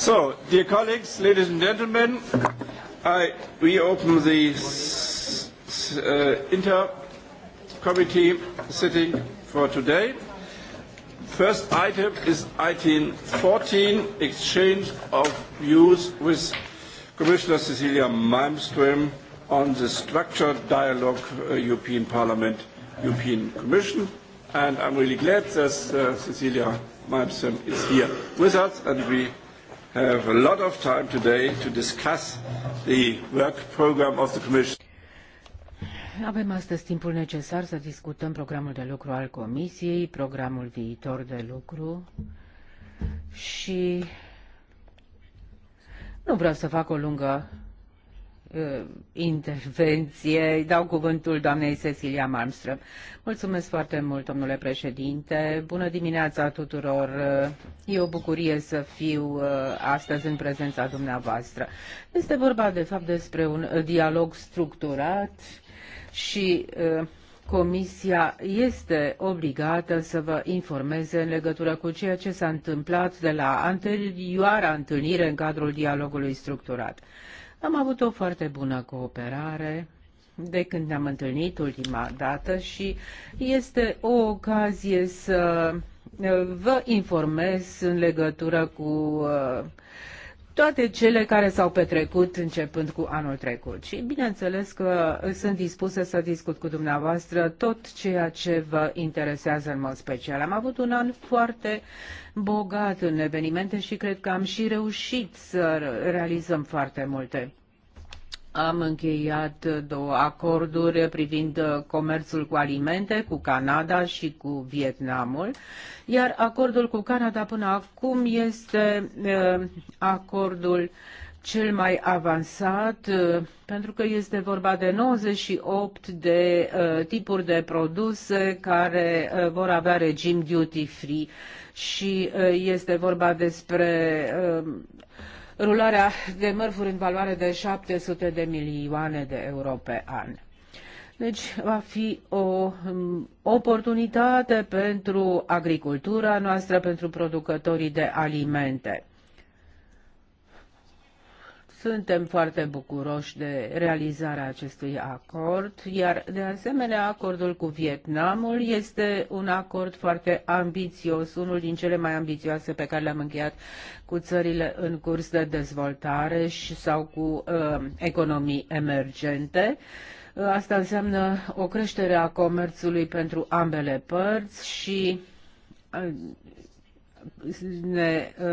So, dear colleagues, ladies and gentlemen, I reopen the uh, inter-committee sitting for today. First item is item 14, exchange of views with Commissioner Cecilia Malmström on the structured dialogue uh, European Parliament, European Commission. And I'm really glad that uh, Cecilia Malmström is here with us and we have a lot of time today to discuss the work program of the Commission. Avem astăzi timpul necesar să discutăm programul de lucru al Comisiei, programul viitor de lucru și nu vreau să fac o lungă Uh, intervenție. Îi dau cuvântul doamnei Cecilia Malmström. Mulțumesc foarte mult, domnule președinte. Bună dimineața tuturor. Uh, e o bucurie să fiu uh, astăzi în prezența dumneavoastră. Este vorba, de fapt, despre un dialog structurat și Comisia este obligată să vă informeze în legătură cu ceea ce s-a întâmplat de la anterioara întâlnire în cadrul dialogului structurat. Am avut o foarte bună cooperare de când ne-am întâlnit ultima dată și este o ocazie să uh, vă informez în legătură cu uh, toate cele care s-au petrecut începând cu anul trecut. Și bineînțeles că sunt dispusă să discut cu dumneavoastră tot ceea ce vă interesează în mod special. Am avut un an foarte bogat în evenimente și cred că am și reușit să realizăm foarte multe. Am încheiat două acorduri privind comerțul cu alimente cu Canada și cu Vietnamul, iar acordul cu Canada până acum este acordul cel mai avansat, pentru că este vorba de 98 de tipuri de produse care vor avea regim duty-free și este vorba despre rularea de mărfuri în valoare de 700 de milioane de euro pe an. Deci va fi o mm, oportunitate pentru agricultura noastră, pentru producătorii de alimente. Suntem foarte bucuroși de realizarea acestui acord, iar de asemenea acordul cu Vietnamul este un acord foarte ambițios, unul din cele mai ambițioase pe care le-am încheiat cu țările în curs de dezvoltare și sau cu uh, economii emergente. Uh, asta înseamnă o creștere a comerțului pentru ambele părți și uh, ne uh,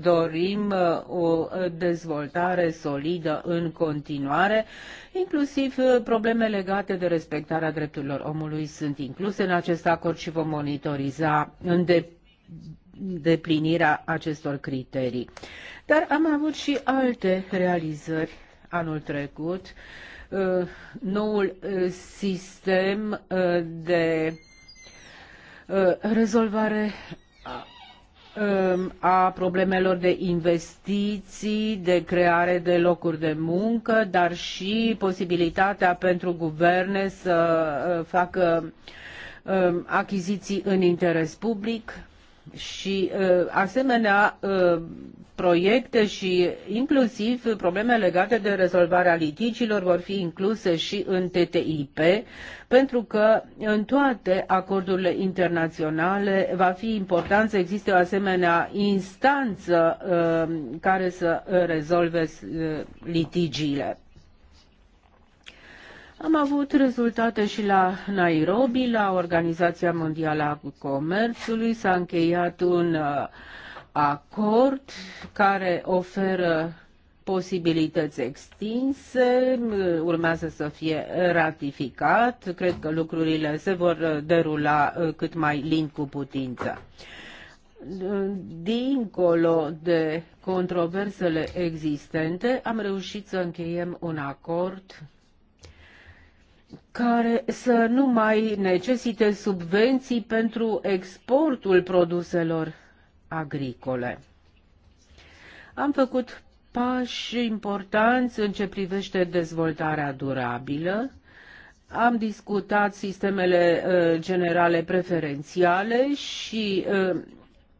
dorim uh, o dezvoltare solidă în continuare, inclusiv uh, probleme legate de respectarea drepturilor omului sunt incluse în acest acord și vom monitoriza în deplinirea acestor criterii. Dar am avut și alte realizări anul trecut. Noul sistem de rezolvare Um, a problemelor de investiții, de creare de locuri de muncă, dar și posibilitatea pentru guverne să uh, facă um, achiziții în interes public și uh, asemenea uh, proiecte și inclusiv probleme legate de rezolvarea litigiilor vor fi incluse și în TTIP, pentru că în toate acordurile internaționale va fi important să existe o asemenea instanță uh, care să rezolve litigiile. Am avut rezultate și la Nairobi, la Organizația Mondială a Comerțului. S-a încheiat un uh, acord care oferă posibilități extinse, uh, urmează să fie ratificat. Cred că lucrurile se vor uh, derula cât mai lin cu putință. Dincolo de controversele existente, am reușit să încheiem un acord care să nu mai necesite subvenții pentru exportul produselor agricole. Am făcut pași importanți în ce privește dezvoltarea durabilă. Am discutat sistemele uh, generale preferențiale și uh,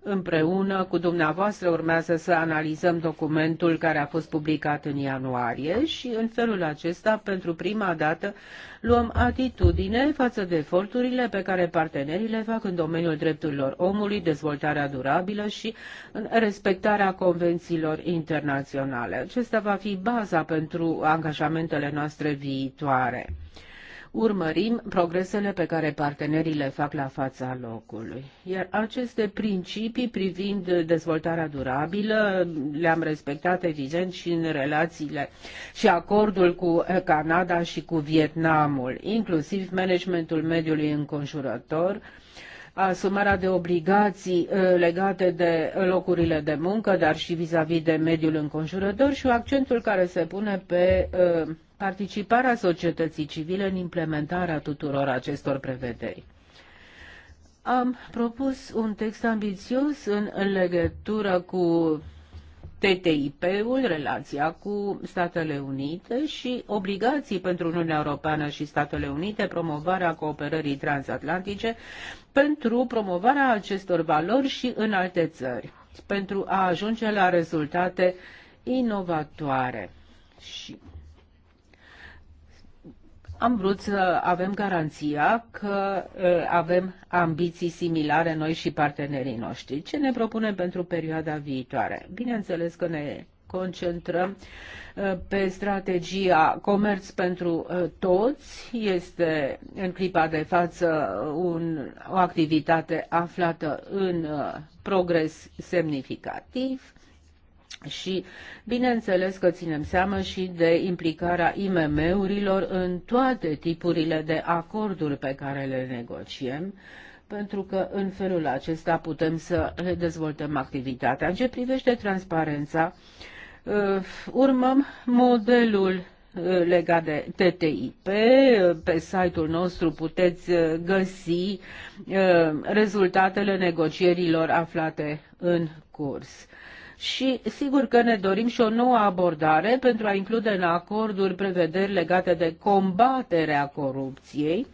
Împreună cu dumneavoastră urmează să analizăm documentul care a fost publicat în ianuarie și în felul acesta, pentru prima dată, luăm atitudine față de eforturile pe care partenerii le fac în domeniul drepturilor omului, dezvoltarea durabilă și în respectarea convențiilor internaționale. Acesta va fi baza pentru angajamentele noastre viitoare urmărim progresele pe care partenerii le fac la fața locului. Iar aceste principii privind dezvoltarea durabilă le-am respectat evident și în relațiile și acordul cu Canada și cu Vietnamul, inclusiv managementul mediului înconjurător, asumarea de obligații uh, legate de locurile de muncă, dar și vis-a-vis -vis de mediul înconjurător și accentul care se pune pe uh, participarea societății civile în implementarea tuturor acestor prevederi. Am propus un text ambițios în legătură cu TTIP-ul, relația cu Statele Unite și obligații pentru Uniunea Europeană și Statele Unite, promovarea cooperării transatlantice pentru promovarea acestor valori și în alte țări, pentru a ajunge la rezultate inovatoare. Și am vrut să avem garanția că avem ambiții similare noi și partenerii noștri. Ce ne propunem pentru perioada viitoare? Bineînțeles că ne concentrăm pe strategia comerț pentru toți. Este în clipa de față un, o activitate aflată în progres semnificativ. Și bineînțeles că ținem seama și de implicarea IMM-urilor în toate tipurile de acorduri pe care le negociem, pentru că în felul acesta putem să dezvoltăm activitatea. În ce privește transparența, uh, urmăm modelul uh, legat de TTIP. Pe site-ul nostru puteți uh, găsi rezultatele negocierilor aflate în curs și sigur că ne dorim și o nouă abordare pentru a include în acorduri prevederi legate de combaterea corupției.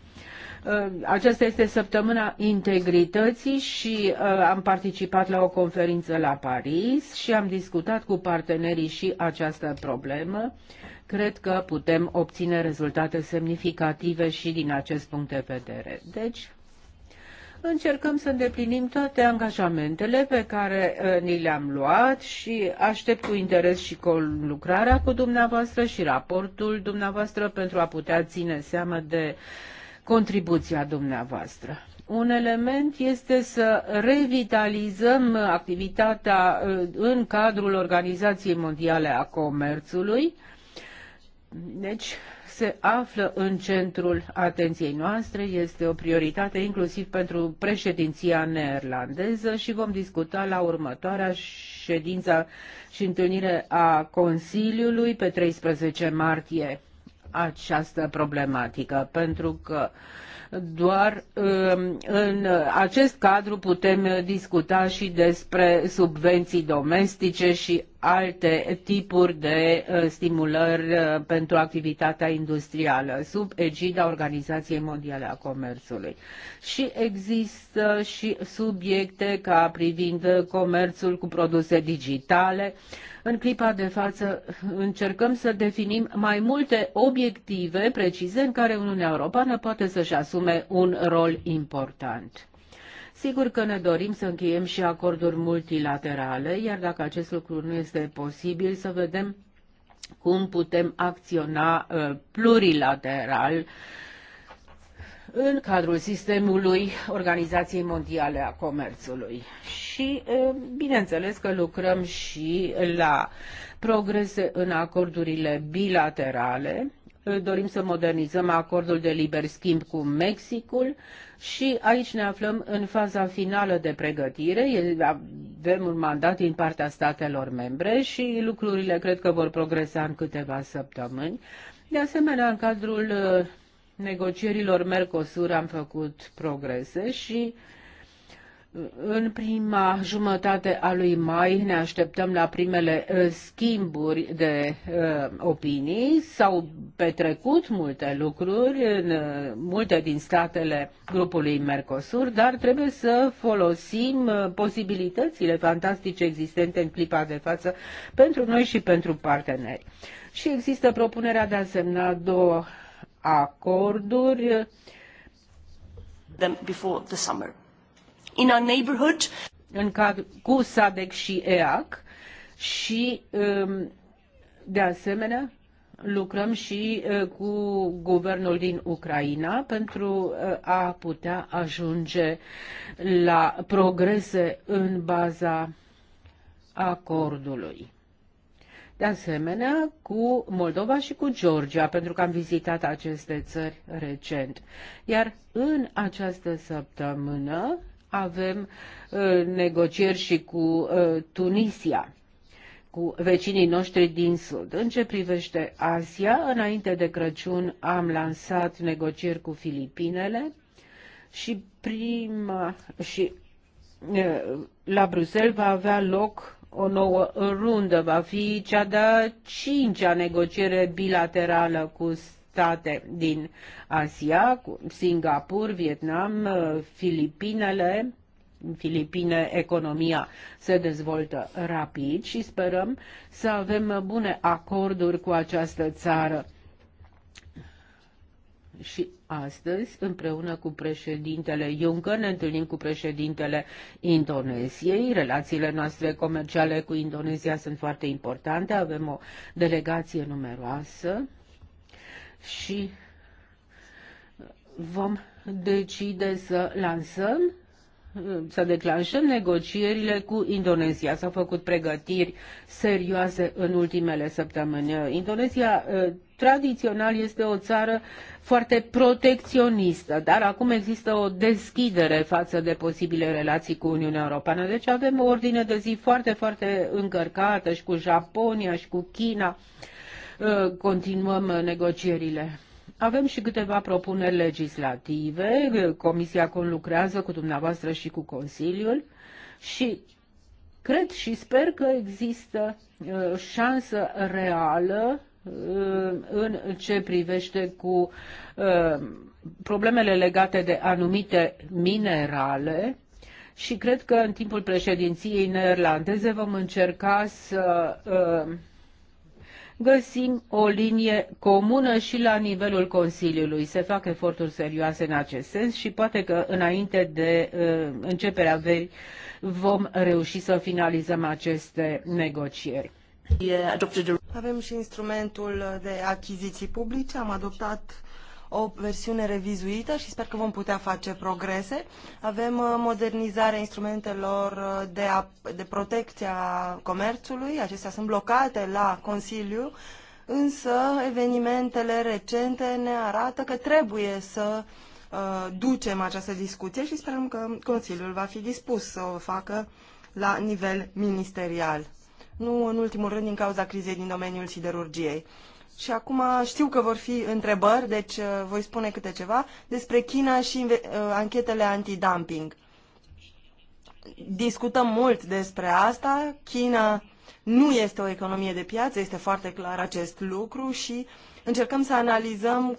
Uh, aceasta este săptămâna integrității și uh, am participat la o conferință la Paris și am discutat cu partenerii și această problemă. Cred că putem obține rezultate semnificative și din acest punct de vedere. Deci, încercăm să îndeplinim toate angajamentele pe care uh, ni le-am luat și aștept cu interes și cu lucrarea cu dumneavoastră și raportul dumneavoastră pentru a putea ține seama de contribuția dumneavoastră. Un element este să revitalizăm activitatea uh, în cadrul Organizației Mondiale a Comerțului. Deci, se află în centrul atenției noastre, este o prioritate inclusiv pentru președinția neerlandeză și vom discuta la următoarea ședință și întâlnire a Consiliului pe 13 martie această problematică, pentru că doar um, în acest cadru putem discuta și despre subvenții domestice și alte tipuri de uh, stimulări uh, pentru activitatea industrială sub egida Organizației Mondiale a Comerțului. Și există și subiecte ca privind comerțul cu produse digitale. În clipa de față încercăm să definim mai multe obiective precise în care Uniunea Europeană poate să-și asume un rol important. Sigur că ne dorim să încheiem și acorduri multilaterale, iar dacă acest lucru nu este posibil, să vedem cum putem acționa uh, plurilateral în cadrul sistemului Organizației Mondiale a Comerțului. Și, uh, bineînțeles, că lucrăm și la progrese în acordurile bilaterale, dorim să modernizăm acordul de liber schimb cu Mexicul și aici ne aflăm în faza finală de pregătire. Avem un mandat din partea statelor membre și lucrurile cred că vor progresa în câteva săptămâni. De asemenea, în cadrul uh, negocierilor Mercosur am făcut progrese și uh, în prima jumătate a lui mai ne așteptăm la primele uh, schimburi de uh, opinii. S-au petrecut multe lucruri în uh, multe din statele grupului Mercosur, dar trebuie să folosim uh, posibilitățile fantastice existente în clipa de față pentru noi și pentru parteneri. Și există propunerea de a semna două acorduri. Uh, before the summer in our neighborhood. În car- cu SADC și EAC și um, de asemenea lucrăm și uh, cu guvernul din Ucraina pentru uh, a putea ajunge la progrese în baza acordului. De asemenea, cu Moldova și cu Georgia, pentru că am vizitat aceste țări recent. Iar în această săptămână avem uh, negocieri și cu uh, Tunisia cu vecinii noștri din Sud. În ce privește Asia, înainte de Crăciun am lansat negocieri cu Filipinele și, prima, și uh, la Bruxelles va avea loc o nouă rundă, va fi cea de-a cincea negociere bilaterală cu state din Asia, Singapur, Vietnam, uh, Filipinele. În Filipine economia se dezvoltă rapid și sperăm să avem bune acorduri cu această țară. Și astăzi, împreună cu președintele Juncker, ne întâlnim cu președintele Indoneziei. Relațiile noastre comerciale cu Indonezia sunt foarte importante. Avem o delegație numeroasă și vom decide să lansăm să declanșăm negocierile cu Indonezia. S-au făcut pregătiri serioase în ultimele săptămâni. Indonezia ă, tradițional este o țară foarte protecționistă, dar acum există o deschidere față de posibile relații cu Uniunea Europeană. Deci avem o ordine de zi foarte, foarte încărcată și cu Japonia și cu China. Ă, continuăm negocierile. Avem și câteva propuneri legislative. Comisia conlucrează cu dumneavoastră și cu Consiliul și cred și sper că există ă, șansă reală ă, în ce privește cu problemele legate de anumite minerale și cred că în timpul președinției neerlandeze vom încerca să găsim o linie comună și la nivelul Consiliului. Se fac eforturi serioase în acest sens și poate că înainte de uh, începerea verii vom reuși să finalizăm aceste negocieri. Avem și instrumentul de achiziții publice. Am adoptat o versiune revizuită și sper că vom putea face progrese. Avem uh, modernizarea instrumentelor uh, de, a, de protecție a comerțului, acestea sunt blocate la Consiliu, însă evenimentele recente ne arată că trebuie să uh, ducem această discuție și sperăm că Consiliul va fi dispus să o facă la nivel ministerial. Nu în ultimul rând din cauza crizei din domeniul siderurgiei. Și acum știu că vor fi întrebări, deci uh, voi spune câte ceva, despre China și uh, anchetele antidumping. Discutăm mult despre asta. China nu este o economie de piață, este foarte clar acest lucru și încercăm să analizăm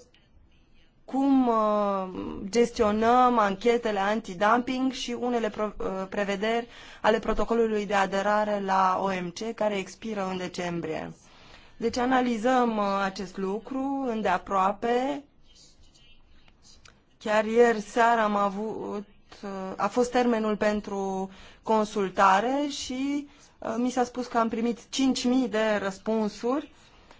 cum uh, gestionăm anchetele antidumping și unele prevederi ale protocolului de aderare la OMC care expiră în decembrie. Deci analizăm uh, acest lucru îndeaproape. Chiar ieri seara am avut, uh, a fost termenul pentru consultare și uh, mi s-a spus că am primit 5.000 de răspunsuri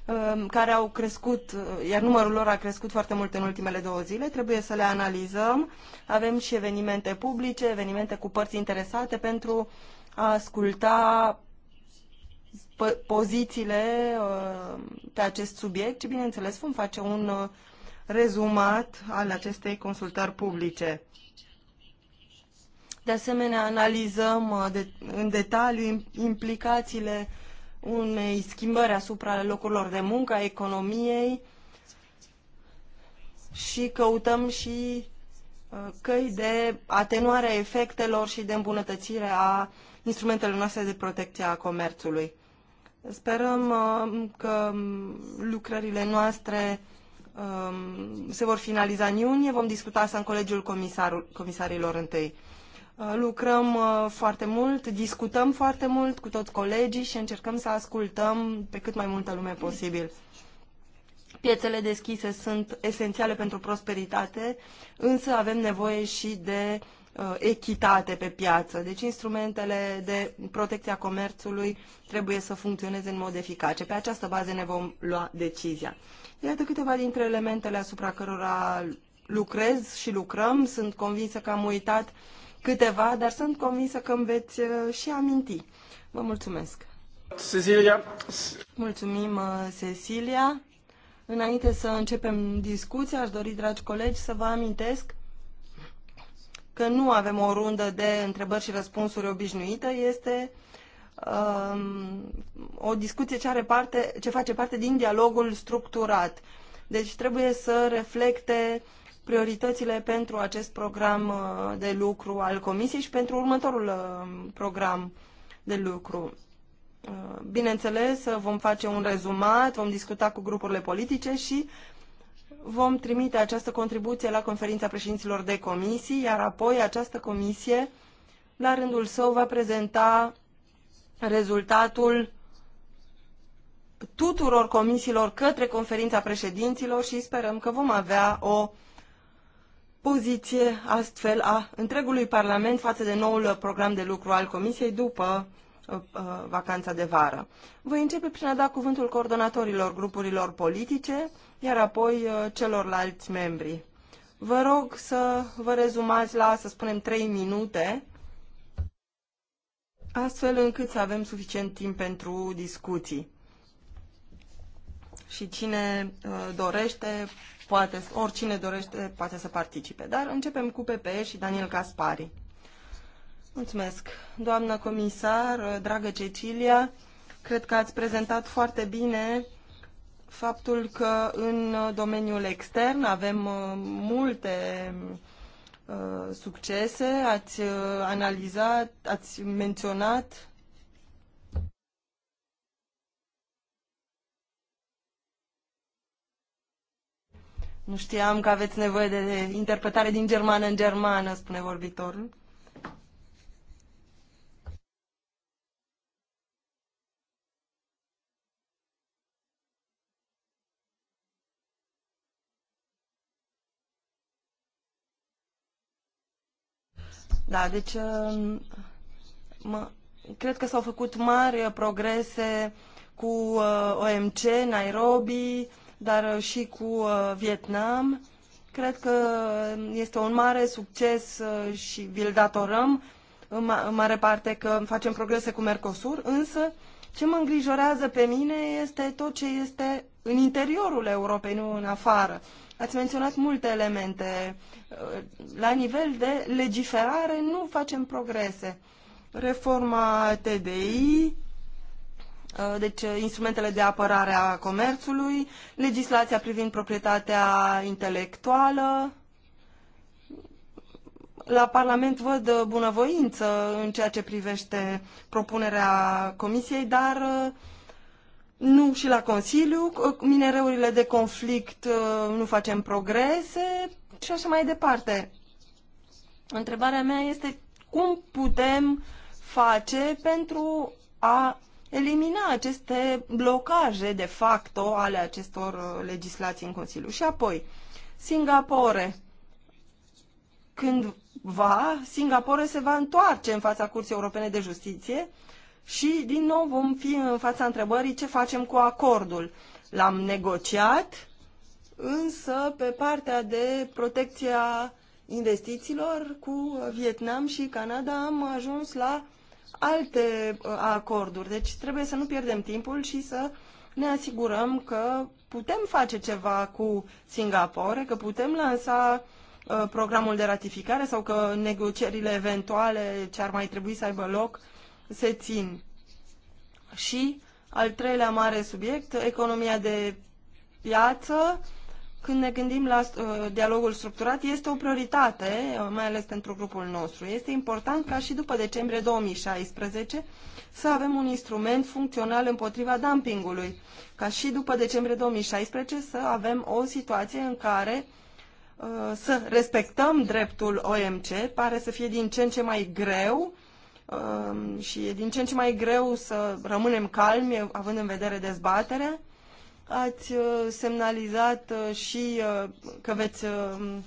um, care au crescut, iar numărul lor a crescut foarte mult în ultimele două zile. Trebuie să le analizăm. Avem și evenimente publice, evenimente cu părți interesate pentru a asculta pozițiile uh, pe acest subiect și, bineînțeles, vom face un uh, rezumat al acestei consultări publice. De asemenea, analizăm uh, în detaliu implicațiile unei schimbări asupra locurilor de muncă, a economiei și căutăm și căi de atenuare a efectelor și de îmbunătățire a instrumentelor noastre de protecție a comerțului. Sperăm uh, că lucrările noastre um, se vor finaliza în iunie. Vom discuta asta în Colegiul Comisarul, Comisarilor întâi. Uh, lucrăm uh, foarte mult, discutăm foarte mult cu toți colegii și încercăm să ascultăm pe cât mai multă lume posibil. Piețele deschise sunt esențiale pentru prosperitate, însă avem nevoie și de uh, Uh, echitate pe piață. Deci instrumentele de protecția comerțului trebuie să funcționeze în mod eficace. Pe această bază ne vom lua decizia. Iată câteva dintre elementele asupra cărora lucrez și lucrăm. Sunt convinsă că am uitat câteva, dar sunt convinsă că îmi veți uh, și aminti. Vă mulțumesc! Cecilia. Mulțumim, uh, Cecilia. Înainte să începem discuția, aș dori, dragi colegi, să vă amintesc că nu avem o rundă de întrebări și răspunsuri obișnuită, este um, o discuție ce, are parte, ce face parte din dialogul structurat. Deci trebuie să reflecte prioritățile pentru acest program uh, de lucru al Comisiei și pentru următorul uh, program de lucru. Uh, bineînțeles, vom face un rezumat, vom discuta cu grupurile politice și uh, vom trimite această contribuție la conferința președinților de comisii, iar apoi această comisie, la rândul său, va prezenta rezultatul tuturor comisiilor către conferința președinților și sperăm că vom avea o poziție astfel a întregului Parlament față de noul program de lucru al Comisiei după Uh, uh, vacanța de vară. Voi începe prin a da cuvântul coordonatorilor grupurilor politice, iar apoi uh, celorlalți membri. Vă rog să vă rezumați la, să spunem, trei minute, astfel încât să avem suficient timp pentru discuții. Și cine dorește, poate, oricine dorește, poate să participe. Dar începem cu PPE și Daniel Caspari. Mulțumesc. Doamna comisar, dragă Cecilia, cred că ați prezentat foarte bine faptul că în domeniul extern avem uh, multe uh, succese, ați uh, analizat, ați menționat Nu știam că aveți nevoie de interpretare din germană în germană, spune vorbitorul. Da, deci um, mă, cred că s-au făcut mari progrese cu uh, OMC, Nairobi, dar uh, și cu uh, Vietnam. Cred că este un mare succes și vi-l datorăm în, ma în mare parte că facem progrese cu Mercosur, însă ce mă îngrijorează pe mine este tot ce este în interiorul Europei, nu în afară. Ați menționat multe elemente. La nivel de legiferare nu facem progrese. Reforma TDI, deci instrumentele de apărare a comerțului, legislația privind proprietatea intelectuală. La Parlament văd bunăvoință în ceea ce privește propunerea Comisiei, dar uh, nu și la Consiliu, minereurile de conflict uh, nu facem progrese și așa mai departe. Întrebarea mea este cum putem face pentru a elimina aceste blocaje de facto ale acestor uh, legislații în Consiliu. Și apoi, Singapore. Când va, Singapore se va întoarce în fața Curții Europene de Justiție și din nou vom fi în fața întrebării ce facem cu acordul. L-am negociat, însă pe partea de protecția investițiilor cu Vietnam și Canada am ajuns la alte uh, acorduri. Deci trebuie să nu pierdem timpul și să ne asigurăm că putem face ceva cu Singapore, că putem lansa uh, programul de ratificare sau că negocierile eventuale ce ar mai trebui să aibă loc se țin. Și al treilea mare subiect, economia de piață, când ne gândim la uh, dialogul structurat, este o prioritate, uh, mai ales pentru grupul nostru. Este important ca și după decembrie 2016 să avem un instrument funcțional împotriva dumpingului, ca și după decembrie 2016 să avem o situație în care uh, să respectăm dreptul OMC, pare să fie din ce în ce mai greu Ehm, și e din ce în ce mai greu să rămânem calmi, având în vedere dezbaterea. Ați uh, semnalizat uh, și uh, că veți um,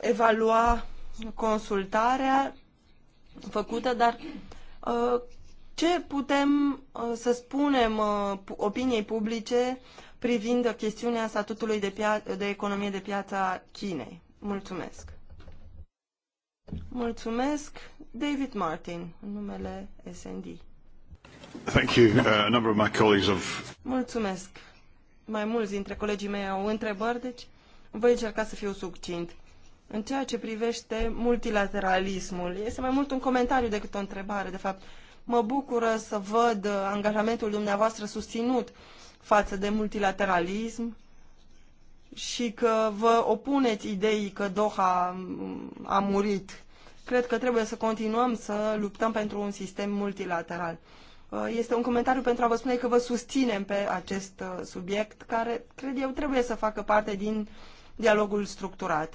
evalua consultarea făcută, dar ce putem să spunem opiniei publice privind chestiunea statutului de, de economie de a Chinei? Mulțumesc. Mulțumesc, David Martin, în numele SND. Thank you. Uh, a number of my colleagues have... Mulțumesc. Mai mulți dintre colegii mei au întrebări, deci voi încerca să fiu succint. În ceea ce privește multilateralismul, este mai mult un comentariu decât o întrebare, de fapt. Mă bucură să văd uh, angajamentul dumneavoastră susținut față de multilateralism, și că vă opuneți ideii că Doha mm, a murit. Cred că trebuie să continuăm să luptăm pentru un sistem multilateral. Uh, este un comentariu pentru a vă spune că vă susținem pe acest uh, subiect, care, cred eu, trebuie să facă parte din dialogul structurat.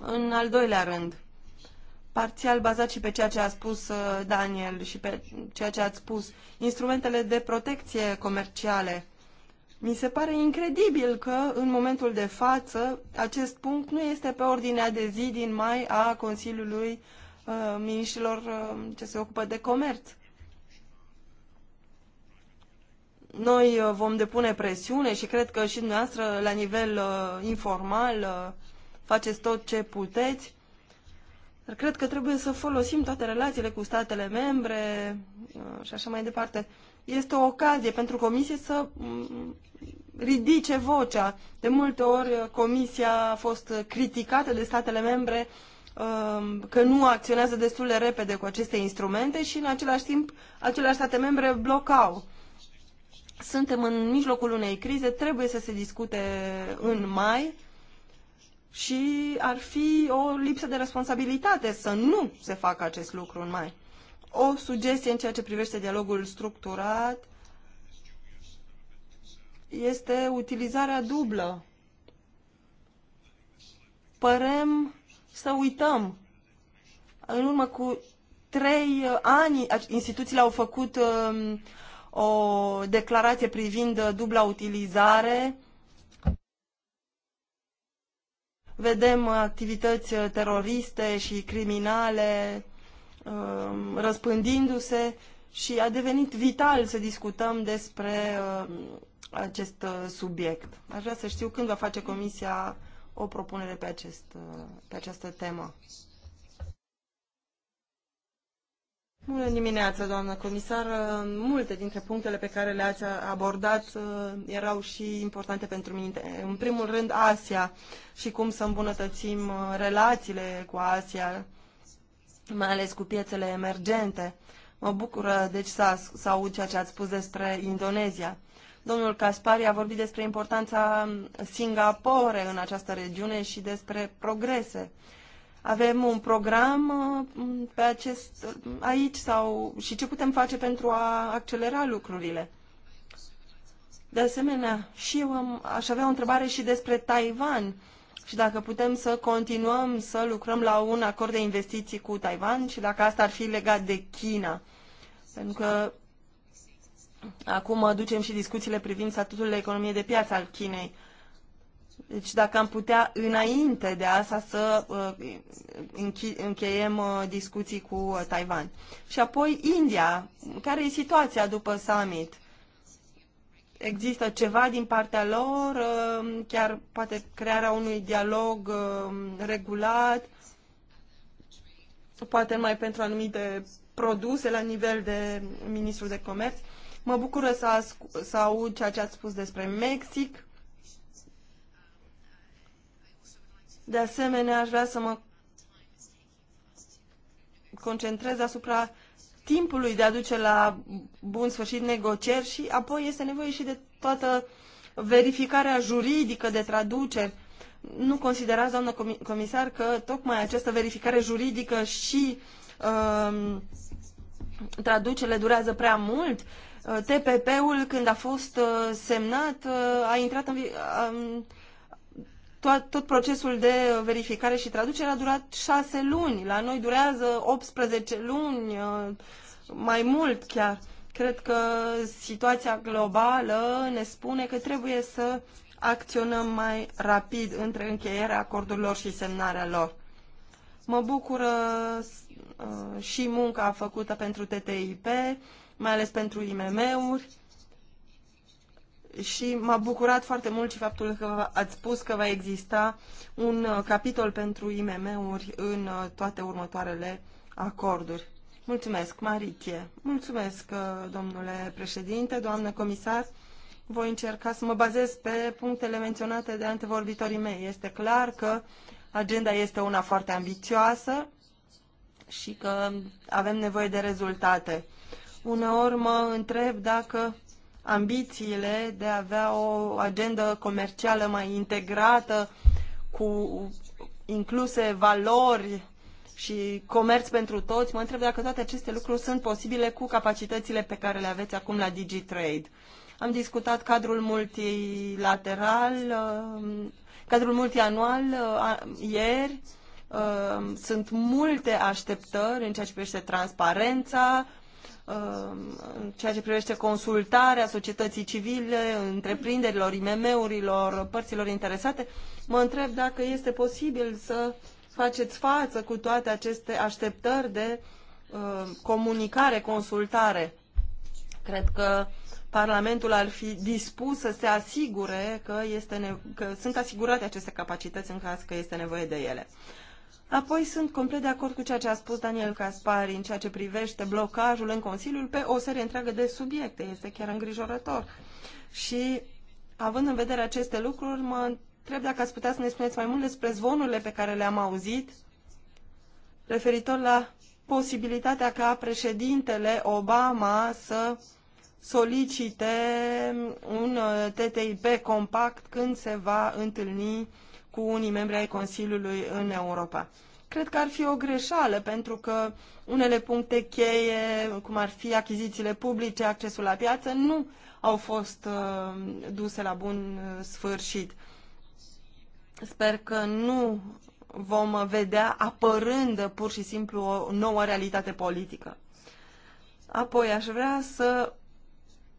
În al doilea rând, parțial bazat și pe ceea ce a spus uh, Daniel și pe ceea ce ați spus, instrumentele de protecție comerciale mi se pare incredibil că, în momentul de față, acest punct nu este pe ordinea de zi din mai a Consiliului uh, Miniștrilor uh, ce se ocupă de comerț. Noi uh, vom depune presiune și cred că și dumneavoastră, la nivel uh, informal, uh, faceți tot ce puteți. Dar cred că trebuie să folosim toate relațiile cu statele membre uh, și așa mai departe. Uh, este o ocazie pentru comisie să mm, ridice vocea. De multe ori uh, comisia a fost criticată de statele membre um, că nu acționează destul de repede cu aceste instrumente și în același timp aceleași state membre blocau. Suntem în mijlocul unei crize, trebuie să se discute în mai și ar fi o lipsă de responsabilitate să nu se facă acest lucru în mai o sugestie în ceea ce privește dialogul structurat este utilizarea dublă. Părem să uităm. În urmă cu trei ani, instituțiile au făcut um, o declarație privind dubla utilizare. Vedem activități teroriste și criminale Um, răspândindu-se și a devenit vital să discutăm despre um, acest uh, subiect. Aș vrea să știu când va face Comisia o propunere pe, acest, uh, pe această temă. Bună dimineața, doamnă comisar. Multe dintre punctele pe care le-ați abordat uh, erau și importante pentru mine. În primul rând, Asia și cum să îmbunătățim relațiile cu Asia mai ales cu piețele emergente. Mă bucură, deci, să, să aud ceea ce ați spus despre Indonezia. Domnul Caspari a vorbit despre importanța Singapore în această regiune și despre progrese. Avem un program uh, pe acest, uh, aici sau și ce putem face pentru a accelera lucrurile. De asemenea, și eu am, aș avea o întrebare și despre Taiwan și dacă putem să continuăm să lucrăm la un acord de investiții cu Taiwan și dacă asta ar fi legat de China. Pentru că acum ducem și discuțiile privind statutul de economie de piață al Chinei. Deci dacă am putea înainte de asta să uh, încheiem uh, discuții cu uh, Taiwan. Și apoi India, care e situația după summit? există ceva din partea lor, um, chiar poate crearea unui dialog um, regulat, poate mai pentru anumite produse la nivel de ministrul de comerț. Mă bucură să, să aud ceea ce ați spus despre Mexic. De asemenea, aș vrea să mă concentrez asupra timpului de a duce la bun sfârșit negocieri și apoi este nevoie și de toată verificarea juridică de traduceri. Nu considerați, doamnă comisar, că tocmai această verificare juridică și uh, traducerile durează prea mult? Uh, TPP-ul, când a fost uh, semnat, uh, a intrat în... Uh, tot, tot procesul de verificare și traducere a durat șase luni. La noi durează 18 luni, uh, mai mult chiar. Cred că situația globală ne spune că trebuie să acționăm mai rapid între încheierea acordurilor și semnarea lor. Mă bucură uh, și munca făcută pentru TTIP, mai ales pentru IMM-uri și m-a bucurat foarte mult și faptul că ați spus că va exista un uh, capitol pentru IMM-uri în uh, toate următoarele acorduri. Mulțumesc, Marichie. Mulțumesc, uh, domnule președinte, doamnă comisar. Voi încerca să mă bazez pe punctele menționate de antevorbitorii mei. Este clar că agenda este una foarte ambițioasă și că avem nevoie de rezultate. Uneori mă întreb dacă ambițiile de a avea o agendă comercială mai integrată cu incluse valori și comerț pentru toți, mă întreb dacă toate aceste lucruri sunt posibile cu capacitățile pe care le aveți acum la DigiTrade. Am discutat cadrul multilateral, um, cadrul multianual uh, ieri. Um, sunt multe așteptări în ceea ce privește transparența, Um, în ceea ce privește consultarea societății civile, întreprinderilor, IMM-urilor, părților interesate, mă întreb dacă este posibil să faceți față cu toate aceste așteptări de um, comunicare, consultare. Cred că Parlamentul ar fi dispus să se asigure că, este că sunt asigurate aceste capacități în caz că este nevoie de ele. Apoi sunt complet de acord cu ceea ce a spus Daniel Caspari în ceea ce privește blocajul în Consiliul pe o serie întreagă de subiecte. Este chiar îngrijorător. Și având în vedere aceste lucruri, mă întreb dacă ați putea să ne spuneți mai mult despre zvonurile pe care le-am auzit referitor la posibilitatea ca președintele Obama să solicite un TTIP compact când se va întâlni cu unii membri ai Consiliului în Europa. Cred că ar fi o greșeală, pentru că unele puncte cheie, cum ar fi achizițiile publice, accesul la piață, nu au fost uh, duse la bun uh, sfârșit. Sper că nu vom vedea apărând pur și simplu o nouă realitate politică. Apoi aș vrea să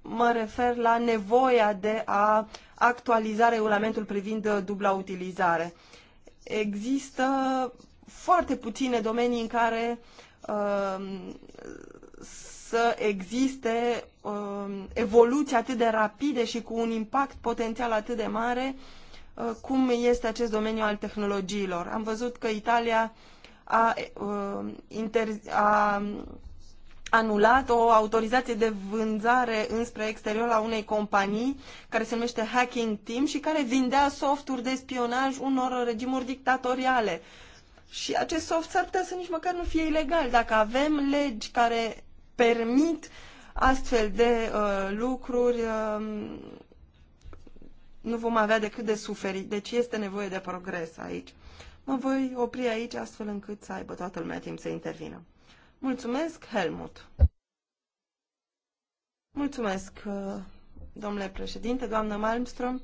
mă refer la nevoia de a actualiza regulamentul privind uh, dubla utilizare. Există foarte puține domenii în care um, să existe um, evoluții atât de rapide și cu un impact potențial atât de mare uh, cum este acest domeniu al tehnologiilor. Am văzut că Italia a, uh, a anulat o autorizație de vânzare înspre exterior la unei companii care se numește Hacking Team și care vindea softuri de spionaj unor regimuri dictatoriale. Și acest soft s-ar putea să nici măcar nu fie ilegal. Dacă avem legi care permit astfel de uh, lucruri, uh, nu vom avea decât de suferit. Deci este nevoie de progres aici. Mă voi opri aici astfel încât să aibă toată lumea timp să intervină. Mulțumesc, Helmut. Mulțumesc, uh, domnule președinte, doamnă Malmström.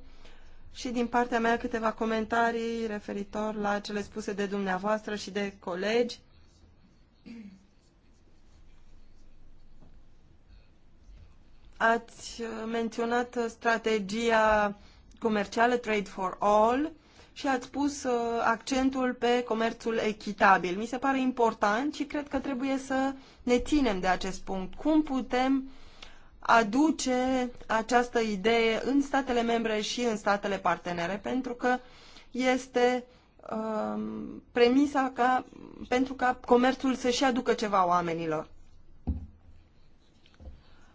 Și din partea mea câteva comentarii referitor la cele spuse de dumneavoastră și de colegi. Ați menționat strategia comercială Trade for All și ați pus uh, accentul pe comerțul echitabil. Mi se pare important și cred că trebuie să ne ținem de acest punct. Cum putem aduce această idee în statele membre și în statele partenere, pentru că este uh, premisa ca, pentru ca comerțul să-și aducă ceva oamenilor.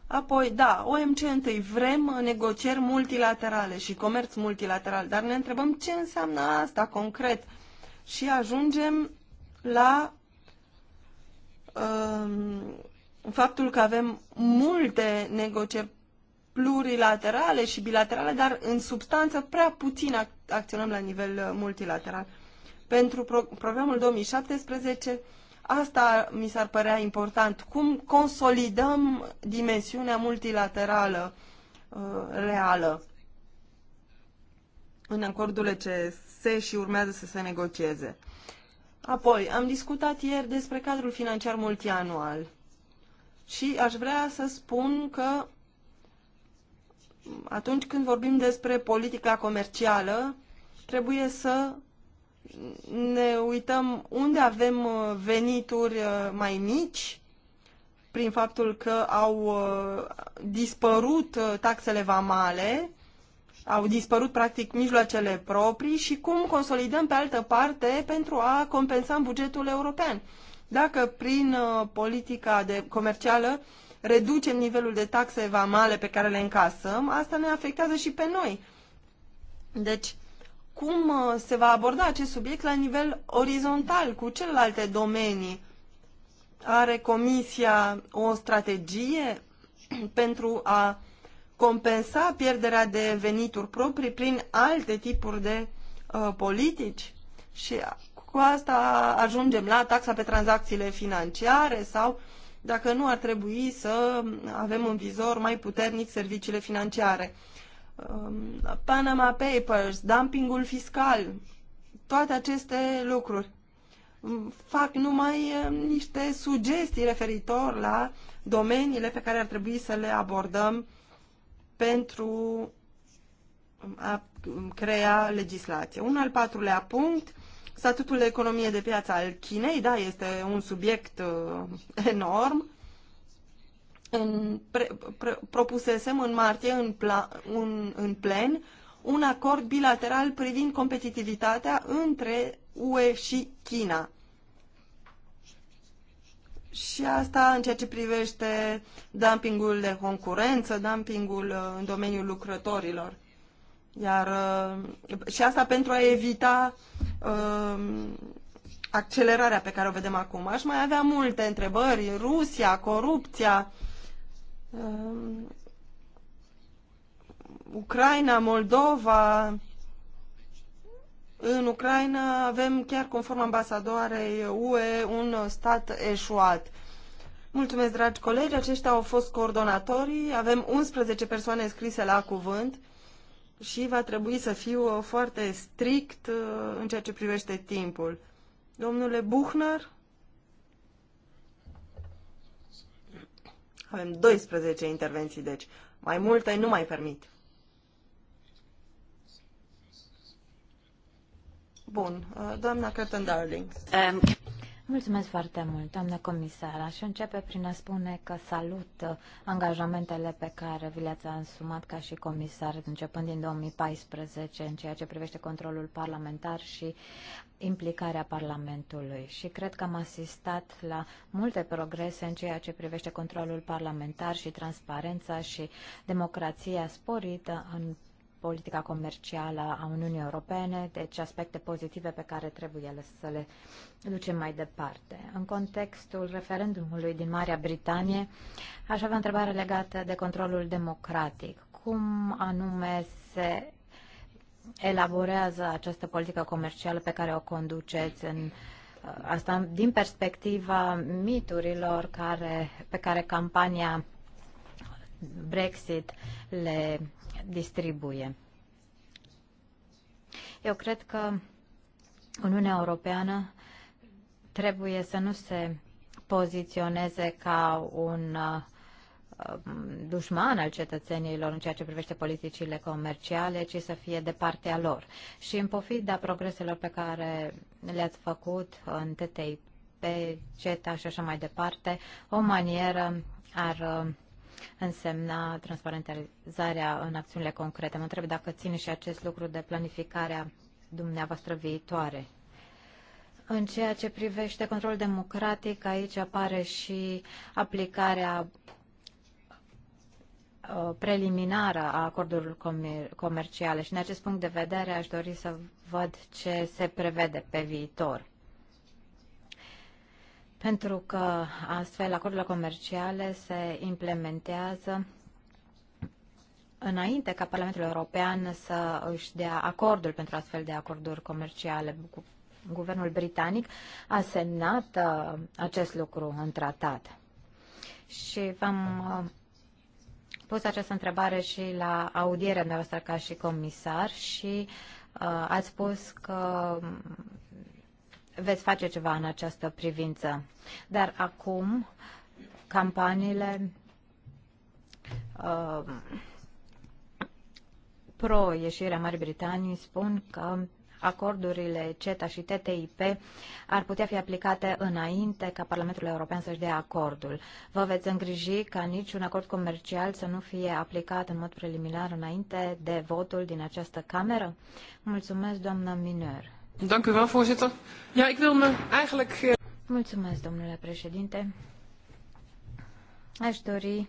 Apoi, da, OMC întâi vrem negocieri multilaterale și comerț multilateral, dar ne întrebăm ce înseamnă asta concret și ajungem la um, faptul că avem multe negocieri plurilaterale și bilaterale, dar în substanță prea puțin ac- acționăm la nivel uh, multilateral. Pentru pro- programul 2017 Asta mi s-ar părea important. Cum consolidăm dimensiunea multilaterală uh, reală în acordurile ce se și urmează să se negocieze. Apoi, am discutat ieri despre cadrul financiar multianual și aș vrea să spun că atunci când vorbim despre politica comercială, trebuie să ne uităm unde avem uh, venituri uh, mai mici prin faptul că au uh, dispărut taxele vamale, au dispărut practic mijloacele proprii și cum consolidăm pe altă parte pentru a compensa în bugetul european. Dacă prin politica de comercială reducem nivelul de taxe vamale pe care le încasăm, asta ne afectează și pe noi. Deci, cum uh, se va aborda acest subiect la nivel orizontal cu celelalte domenii. Are Comisia o strategie pentru a compensa pierderea de venituri proprii prin alte tipuri de uh, politici? Și cu asta ajungem la taxa pe tranzacțiile financiare sau dacă nu ar trebui să avem în vizor mai puternic serviciile financiare. Um, Panama Papers, dumpingul fiscal, toate aceste lucruri. Um, fac numai um, niște sugestii referitor la domeniile pe care ar trebui să le abordăm pentru a crea legislație. Un al patrulea punct, statutul de economie de piață al Chinei, da, este un subiect uh, enorm, în, pre, pre, propusesem în martie în, pla, un, în plen un acord bilateral privind competitivitatea între UE și China. Și asta în ceea ce privește dumpingul de concurență, dumpingul uh, în domeniul lucrătorilor. Iar, uh, și asta pentru a evita uh, accelerarea pe care o vedem acum. Aș mai avea multe întrebări. Rusia, corupția, uh, Ehm, Ucraina, Moldova. În Ucraina avem, chiar conform ambasadoarei UE, un stat eșuat. Mulțumesc, dragi colegi, aceștia au fost coordonatorii. Avem 11 persoane scrise la cuvânt și va trebui să fiu foarte strict eh, în ceea ce privește timpul. Domnule Buchner? Avem 12 intervenții, deci mai multe nu mai permit. Bun, uh, doamna Curtin Darling. Um. Mulțumesc foarte mult, doamnă comisar. Aș începe prin a spune că salut uh, angajamentele pe care vi le-ați asumat ca și comisar începând din 2014 în ceea ce privește controlul parlamentar și implicarea Parlamentului și cred că am asistat la multe progrese în ceea ce privește controlul parlamentar și transparența și democrația sporită în politica comercială a Uniunii Europene, deci aspecte pozitive pe care trebuie să le ducem mai departe. În contextul referendumului din Marea Britanie, aș avea întrebare legată de controlul democratic. Cum anume se elaborează această politică comercială pe care o conduceți în uh, asta din perspectiva miturilor care, pe care campania Brexit le distribuie. Eu cred că Uniunea Europeană trebuie să nu se poziționeze ca un uh, dușman al cetățenilor în ceea ce privește politicile comerciale, ci să fie de partea lor. Și în pofida progreselor pe care le-ați făcut în TTIP, CETA și așa mai departe, o manieră ar uh, însemna transparentizarea în acțiunile concrete. Mă întreb dacă ține și acest lucru de planificarea dumneavoastră viitoare. În ceea ce privește controlul democratic, aici apare și aplicarea uh, preliminară a acordurilor comerciale și în acest punct de vedere aș dori să văd ce se prevede pe viitor pentru că astfel acordurile comerciale se implementează înainte ca Parlamentul European să își dea acordul pentru astfel de acorduri comerciale. Guvernul britanic a semnat uh, acest lucru în tratat. Și v-am uh, pus această întrebare și la audierea noastră ca și comisar și uh, ați spus că veți face ceva în această privință. Dar acum campaniile uh, pro-ieșirea Marii Britanii spun că acordurile CETA și TTIP ar putea fi aplicate înainte ca Parlamentul European să-și dea acordul. Vă veți îngriji ca niciun acord comercial să nu fie aplicat în mod preliminar înainte de votul din această cameră? Mulțumesc, doamnă Minor. Dank u wel, voorzitter. Ja, ik wil me eigenlijk... Eh, Mulțumesc, domnule președinte. Aș dori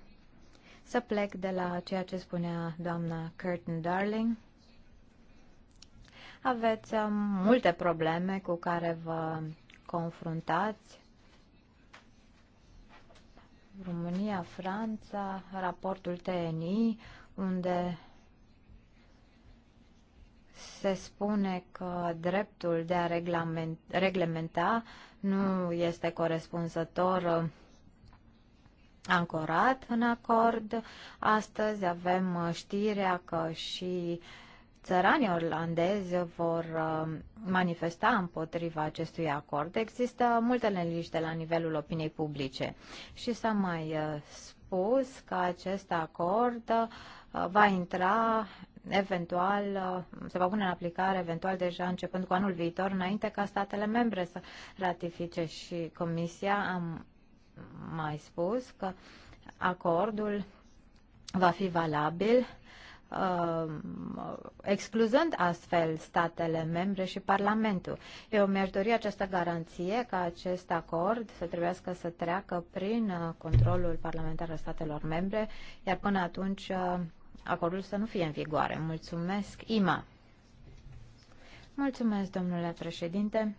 să plec de la ceea ce spunea doamna Curtin Darling. Aveți eh, multe probleme cu care vă confruntați. România, Franța, raportul TNI, unde se spune că dreptul de a reglementa nu este corespunzător uh, ancorat în acord. Astăzi avem uh, știrea că și țăranii orlandezi vor uh, manifesta împotriva acestui acord. Există multe neliniște la nivelul opiniei publice și s-a mai spus că acest acord va intra eventual uh, se va pune în aplicare eventual deja începând cu anul viitor, înainte ca statele membre să ratifice și Comisia am mai spus că acordul va fi valabil uh, excluzând astfel statele membre și Parlamentul. Eu mi-aș dori această garanție ca acest acord să trebuiască să treacă prin uh, controlul parlamentar al statelor membre, iar până atunci uh, acordul să nu fie în vigoare. Mulțumesc, Ima. Mulțumesc, domnule președinte,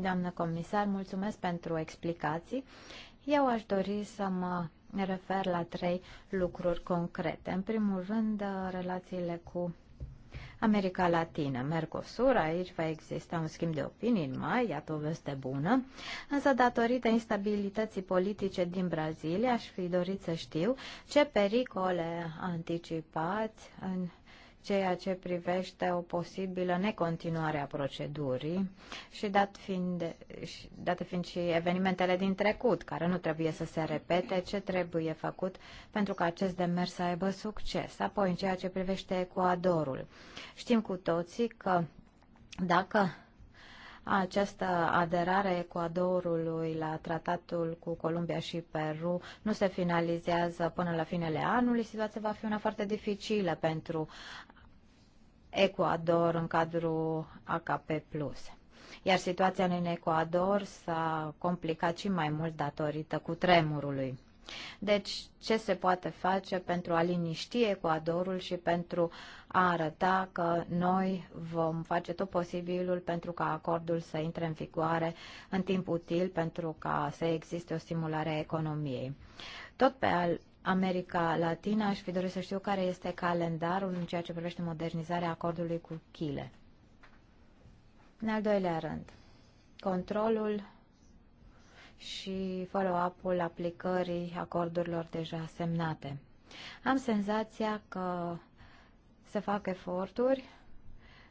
doamnă comisar, mulțumesc pentru explicații. Eu aș dori să mă refer la trei lucruri concrete. În primul rând, relațiile cu America Latină, Mercosur, aici va exista un schimb de opinii în mai, iată o veste bună, însă datorită instabilității politice din Brazilia aș fi dorit să știu ce pericole anticipați în ceea ce privește o posibilă necontinuare a procedurii și dat fiind, și, dat fiind și evenimentele din trecut, care nu trebuie să se repete, ce trebuie făcut pentru ca acest demers să aibă succes. Apoi, în ceea ce privește Ecuadorul, știm cu toții că dacă această aderare Ecuadorului la tratatul cu Columbia și Peru nu se finalizează până la finele anului. Situația va fi una foarte dificilă pentru Ecuador în cadrul AKP+. Iar situația în Ecuador s-a complicat și mai mult datorită cu tremurului. Deci, ce se poate face pentru a liniști Ecuadorul și pentru a arăta că noi vom face tot posibilul pentru ca acordul să intre în vigoare în timp util pentru ca să existe o stimulare a economiei. Tot pe al America Latina, aș fi dorit să știu care este calendarul în ceea ce privește modernizarea acordului cu Chile. În al doilea rând, controlul și follow-up-ul aplicării acordurilor deja semnate. Am senzația că se fac eforturi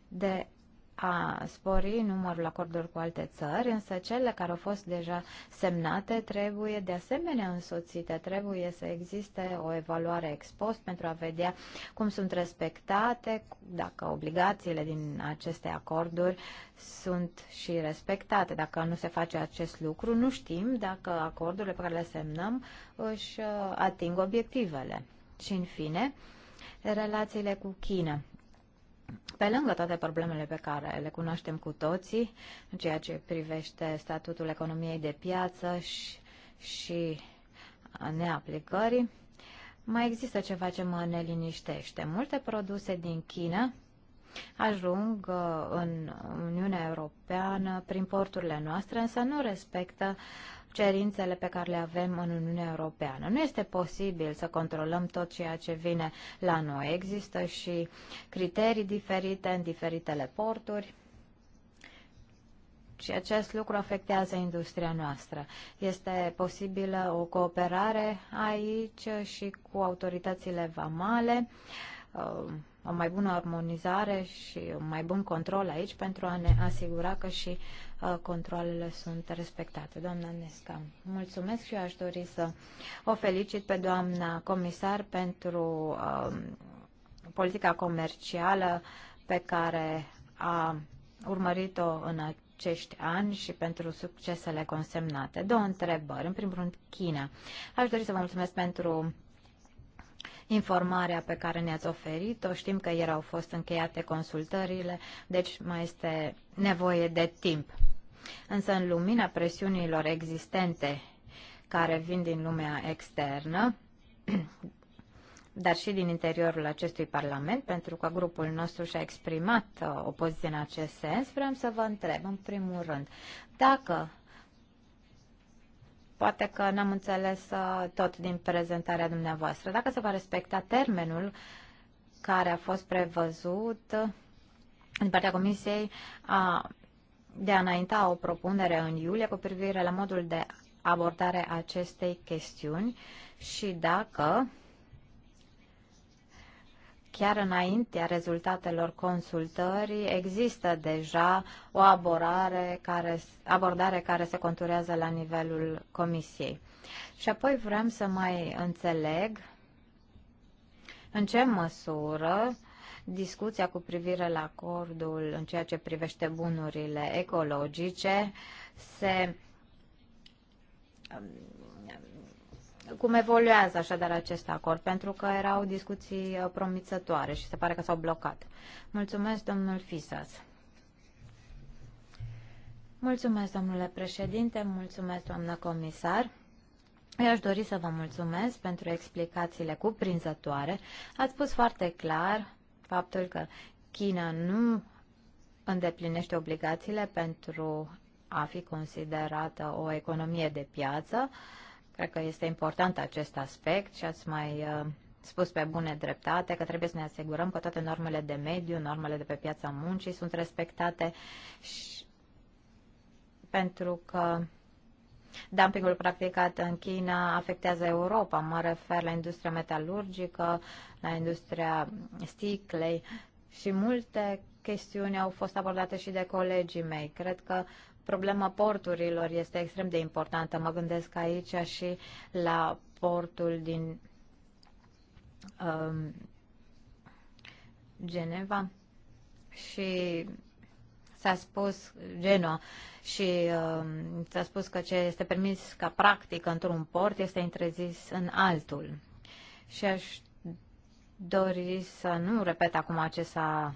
de a spori numărul acordurilor cu alte țări, însă cele care au fost deja semnate trebuie de asemenea însoțite, trebuie să existe o evaluare ex post pentru a vedea cum sunt respectate, dacă obligațiile din aceste acorduri sunt și respectate. Dacă nu se face acest lucru, nu știm dacă acordurile pe care le semnăm își ating obiectivele. Și în fine, relațiile cu China. Pe lângă toate problemele pe care le cunoaștem cu toții, în ceea ce privește statutul economiei de piață și, și neaplicării, mai există ceva ce mă neliniștește. Multe produse din China ajung uh, în Uniunea Europeană prin porturile noastre, însă nu respectă uh, cerințele pe care le avem în Uniunea Europeană. Nu este posibil să controlăm tot ceea ce vine la noi. Există și criterii diferite în diferitele porturi și acest lucru afectează industria noastră. Este posibilă o cooperare aici și cu autoritățile vamale, uh, o mai bună armonizare și un mai bun control aici pentru a ne asigura că și Uh, controlele sunt respectate. Doamna Nesca, mulțumesc și eu aș dori să o felicit pe doamna comisar pentru um, politica comercială pe care a urmărit-o în acești ani și pentru succesele consemnate. Două întrebări. În primul rând, China. Aș dori să vă mulțumesc pentru informarea pe care ne-ați oferit-o. Știm că ieri au fost încheiate consultările, deci mai este nevoie de timp. Însă în lumina presiunilor existente care vin din lumea externă, dar și din interiorul acestui Parlament, pentru că grupul nostru și-a exprimat uh, o poziție în acest sens, vreau să vă întreb, în primul rând, dacă poate că n-am înțeles uh, tot din prezentarea dumneavoastră, dacă se va respecta termenul care a fost prevăzut uh, din partea Comisiei a de a înainta o propunere în iulie cu privire la modul de abordare a acestei chestiuni și dacă chiar înaintea rezultatelor consultării există deja o abordare care, abordare care se conturează la nivelul comisiei. Și apoi vreau să mai înțeleg în ce măsură discuția cu privire la acordul în ceea ce privește bunurile ecologice se um, cum evoluează așadar acest acord, pentru că erau discuții uh, promițătoare și se pare că s-au blocat. Mulțumesc, domnul Fisas. Mulțumesc, domnule președinte, mulțumesc, doamnă comisar. Eu aș dori să vă mulțumesc pentru explicațiile cuprinzătoare. Ați spus foarte clar faptul că China nu îndeplinește obligațiile pentru a fi considerată o economie de piață. Cred că este important acest aspect și ați mai uh, spus pe bune dreptate că trebuie să ne asigurăm că toate normele de mediu, normele de pe piața muncii sunt respectate și pentru că Dumpingul practicat în China afectează Europa. Mă refer la industria metalurgică, la industria sticlei și multe chestiuni au fost abordate și de colegii mei. Cred că problema porturilor este extrem de importantă. Mă gândesc aici și la portul din um, Geneva și s-a spus Genoa și uh, s-a spus că ce este permis ca practică într-un port este interzis în altul. Și aș dori să nu repet acum ce s-a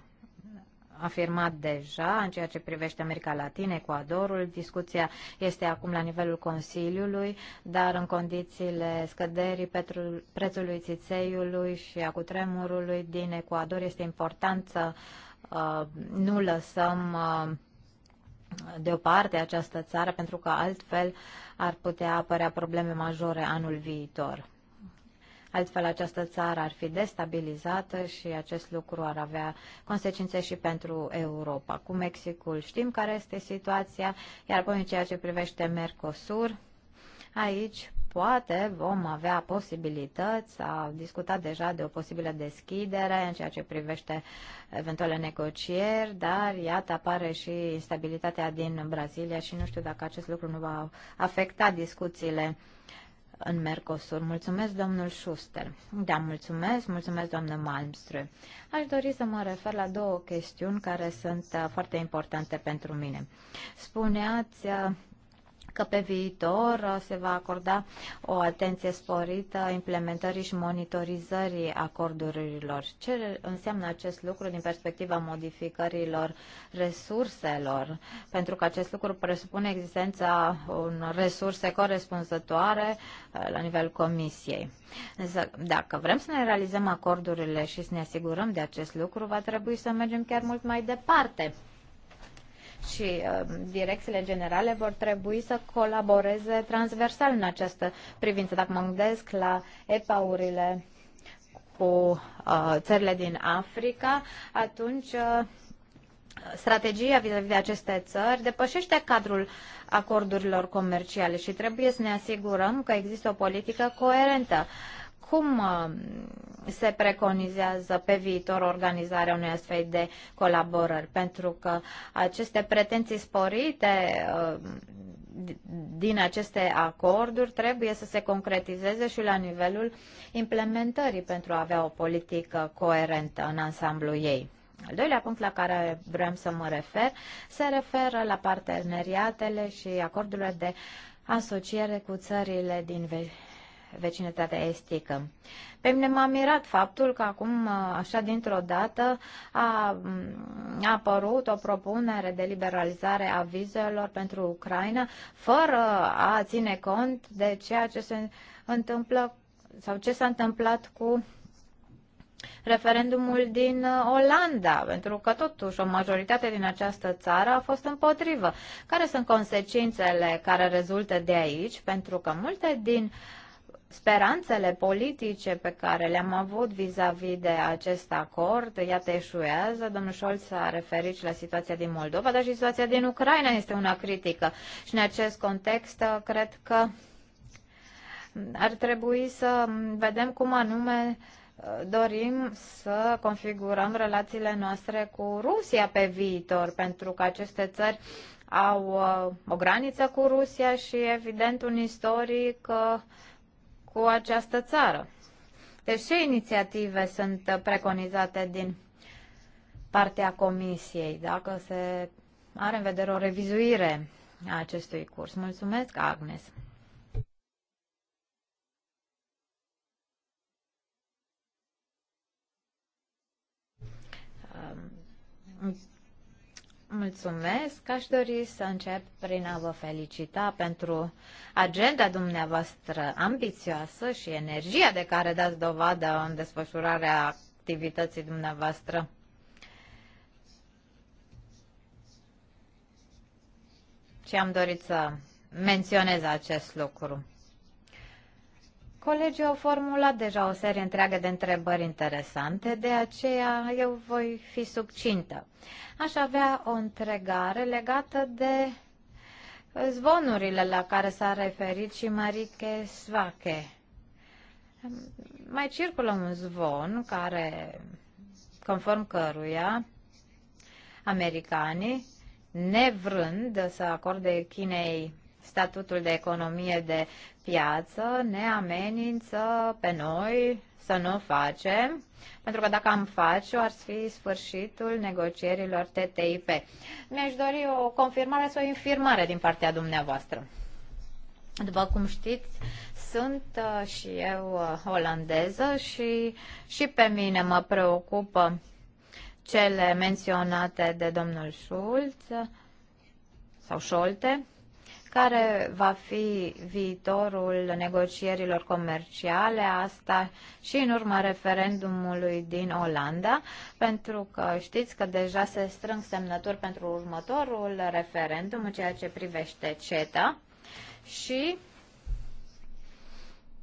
afirmat deja în ceea ce privește America Latină, Ecuadorul. Discuția este acum la nivelul Consiliului, dar în condițiile scăderii prețului țițeiului și a cutremurului din Ecuador este important să uh, Uh, nu lăsăm uh, deoparte această țară, pentru că altfel ar putea apărea probleme majore anul viitor. Altfel, această țară ar fi destabilizată și acest lucru ar avea consecințe și pentru Europa. Cu Mexicul știm care este situația, iar apoi în ceea ce privește Mercosur, aici poate vom avea posibilități, a discutat deja de o posibilă deschidere în ceea ce privește eventuale negocieri, dar iată apare și instabilitatea din Brazilia și nu știu dacă acest lucru nu va afecta discuțiile în Mercosur. Mulțumesc, domnul Schuster. Da, mulțumesc, mulțumesc, doamnă Malmström. Aș dori să mă refer la două chestiuni care sunt uh, foarte importante pentru mine. Spuneați uh, că pe viitor uh, se va acorda o atenție sporită implementării și monitorizării acordurilor. Ce înseamnă acest lucru din perspectiva modificărilor resurselor? Pentru că acest lucru presupune existența unor resurse corespunzătoare uh, la nivel comisiei. Însă, dacă vrem să ne realizăm acordurile și să ne asigurăm de acest lucru, va trebui să mergem chiar mult mai departe și uh, direcțiile generale vor trebui să colaboreze transversal în această privință. Dacă mă gândesc la EPA-urile cu uh, țările din Africa, atunci uh, strategia vis-a-vis -vis de aceste țări depășește cadrul acordurilor comerciale și trebuie să ne asigurăm că există o politică coerentă. Uh, cum uh, se preconizează pe viitor organizarea unei astfel de colaborări? Pentru că aceste pretenții sporite uh, din aceste acorduri trebuie să se concretizeze și la nivelul implementării pentru a avea o politică coerentă în ansamblu ei. Al doilea punct la care vrem să mă refer se referă la parteneriatele și acordurile de asociere cu țările din vecinătatea estică. Pe mine m-a mirat faptul că acum, uh, așa dintr-o dată, a, mm, a apărut o propunere de liberalizare a vizelor pentru Ucraina, fără a ține cont de ceea ce se întâmplă sau ce s-a întâmplat cu referendumul din uh, Olanda, pentru că totuși o majoritate din această țară a fost împotrivă. Care sunt consecințele care rezultă de aici? Pentru că multe din uh, speranțele politice pe care le-am avut vis-a-vis -vis de acest acord, iată, eșuează. Domnul Scholz s-a referit și la situația din Moldova, dar și situația din Ucraina este una critică. Și în acest context, cred că ar trebui să vedem cum anume uh, dorim să configurăm relațiile noastre cu Rusia pe viitor, pentru că aceste țări au uh, o graniță cu Rusia și, evident, un istoric uh, cu această țară. Deci ce inițiative sunt preconizate din partea Comisiei, dacă se are în vedere o revizuire a acestui curs? Mulțumesc, Agnes! Mulțumesc. Aș dori să încep prin a vă felicita pentru agenda dumneavoastră ambițioasă și energia de care dați dovadă în desfășurarea activității dumneavoastră. Și am dorit să menționez acest lucru. Colegii au formulat deja o serie întreagă de întrebări interesante, de aceea eu voi fi subcintă. Aș avea o întregare legată de zvonurile la care s-a referit și Marike Svache. Mai circulă un zvon care, conform căruia, americanii, nevrând să acorde Chinei statutul de economie de piață ne amenință pe noi să nu facem, pentru că dacă am face-o, ar fi sfârșitul negocierilor TTIP. Mi-aș dori o confirmare sau o infirmare din partea dumneavoastră. După cum știți, sunt uh, și eu holandeză uh, și, și pe mine mă preocupă cele menționate de domnul Schulz uh, sau Scholte, care va fi viitorul negocierilor comerciale, asta și în urma referendumului din Olanda, pentru că știți că deja se strâng semnături pentru următorul referendum în ceea ce privește CETA și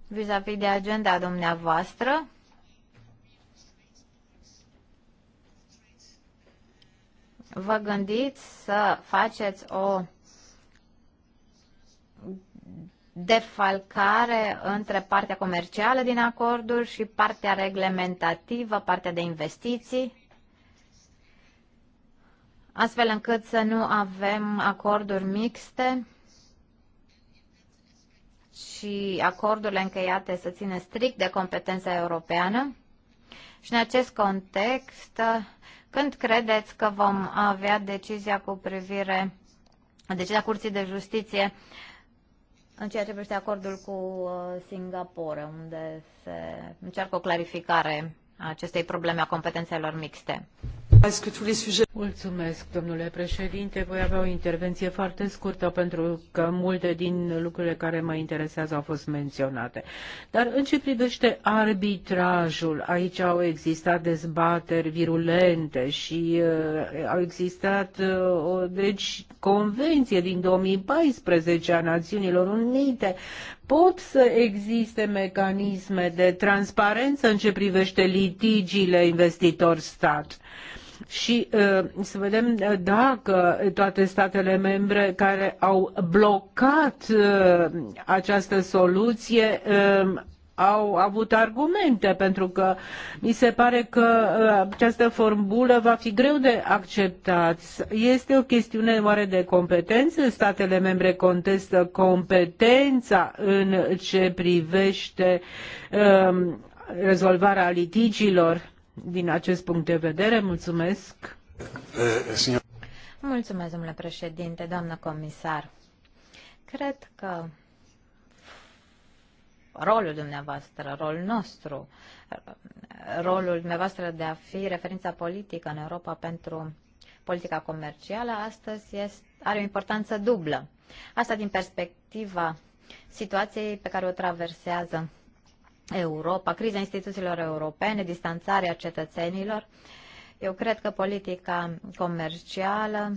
vis-a-vis -vis de agenda dumneavoastră, vă gândiți să faceți o defalcare între partea comercială din acorduri și partea reglementativă, partea de investiții, astfel încât să nu avem acorduri mixte și acordurile încheiate să țină strict de competența europeană. Și în acest context, când credeți că vom avea decizia cu privire, decizia Curții de Justiție uh, în ceea ce privește acordul cu uh, Singapore, unde se încearcă o clarificare a acestei probleme a competențelor mixte domnule președinte. Voi avea o intervenție foarte scurtă pentru că multe din lucrurile care mă interesează au fost menționate. Dar în ce privește arbitrajul, aici au existat dezbateri virulente și uh, au existat uh, o deci, convenție din 2014 a Națiunilor Unite pot să existe mecanisme de transparență în ce privește litigiile investitor-stat și uh, să vedem uh, dacă toate statele membre care au blocat uh, această soluție au avut argumente, pentru că mi se pare că uh, această formulă va fi greu de acceptat. Este o chestiune oare de competență? Statele membre contestă competența în ce privește um, rezolvarea litigiilor din acest punct de vedere. Mulțumesc. Eh, Mulțumesc, domnule președinte, doamnă comisar. Cred că rolul dumneavoastră, rolul nostru, rolul dumneavoastră de a fi referința politică în Europa pentru politica comercială, astăzi este, are o importanță dublă. Asta din perspectiva situației pe care o traversează Europa, criza instituțiilor europene, distanțarea cetățenilor. Eu cred că politica comercială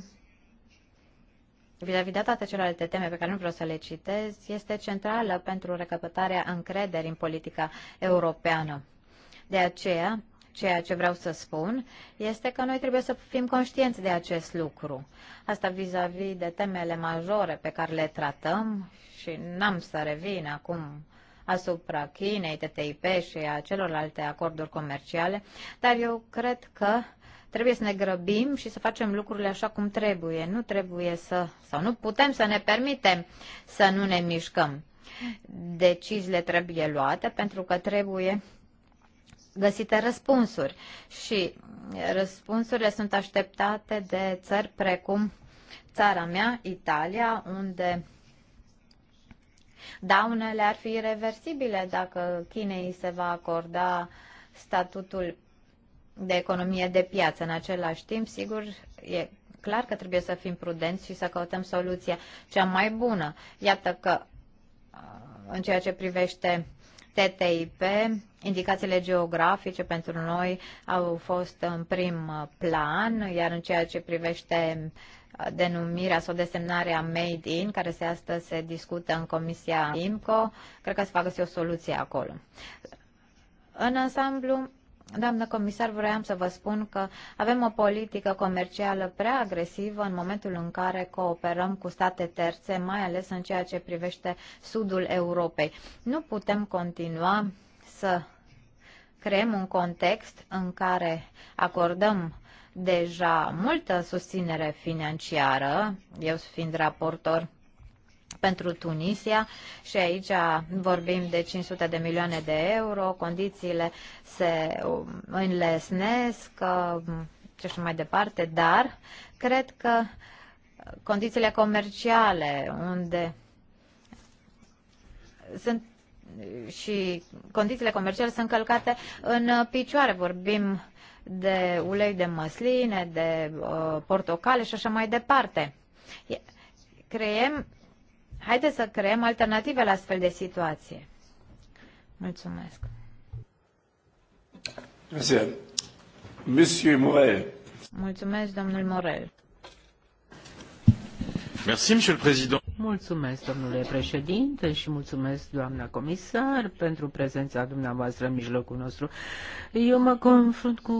vis-a-vis de toate celelalte teme pe care nu vreau să le citez, este centrală pentru recapătarea încrederii în politica europeană. De aceea, ceea ce vreau să spun este că noi trebuie să fim conștienți de acest lucru. Asta vis-a-vis -vis de temele majore pe care le tratăm și n-am să revin acum asupra Chinei, TTIP și a celorlalte acorduri comerciale, dar eu cred că Trebuie să ne grăbim și să facem lucrurile așa cum trebuie. Nu trebuie să, sau nu putem să ne permitem să nu ne mișcăm. Deciziile trebuie luate pentru că trebuie găsite răspunsuri și răspunsurile sunt așteptate de țări precum țara mea, Italia, unde daunele ar fi irreversibile dacă Chinei se va acorda statutul de economie de piață. În același timp, sigur, e clar că trebuie să fim prudenți și să căutăm soluția cea mai bună. Iată că uh, în ceea ce privește TTIP, indicațiile geografice pentru noi au fost în prim uh, plan, iar în ceea ce privește uh, denumirea sau desemnarea Made in, care se astăzi se discută în Comisia IMCO, cred că se va găsi o soluție acolo. În ansamblu, Doamnă comisar, vroiam să vă spun că avem o politică comercială prea agresivă în momentul în care cooperăm cu state terțe, mai ales în ceea ce privește sudul Europei. Nu putem continua să creăm un context în care acordăm deja multă susținere financiară, eu fiind raportor pentru Tunisia și aici vorbim de 500 de milioane de euro, condițiile se înlesnesc um, um, și așa mai departe, dar cred că condițiile comerciale unde sunt și condițiile comerciale sunt călcate în picioare. Vorbim de ulei de măsline, de uh, portocale și așa mai departe. Creiem Haideți să creăm alternative la astfel de situație. Mulțumesc. Monsieur, Morel. Mulțumesc, domnul Morel. monsieur le président. Mulțumesc, domnule președinte, și mulțumesc, doamna comisar, pentru prezența dumneavoastră în mijlocul nostru. Eu mă confrunt cu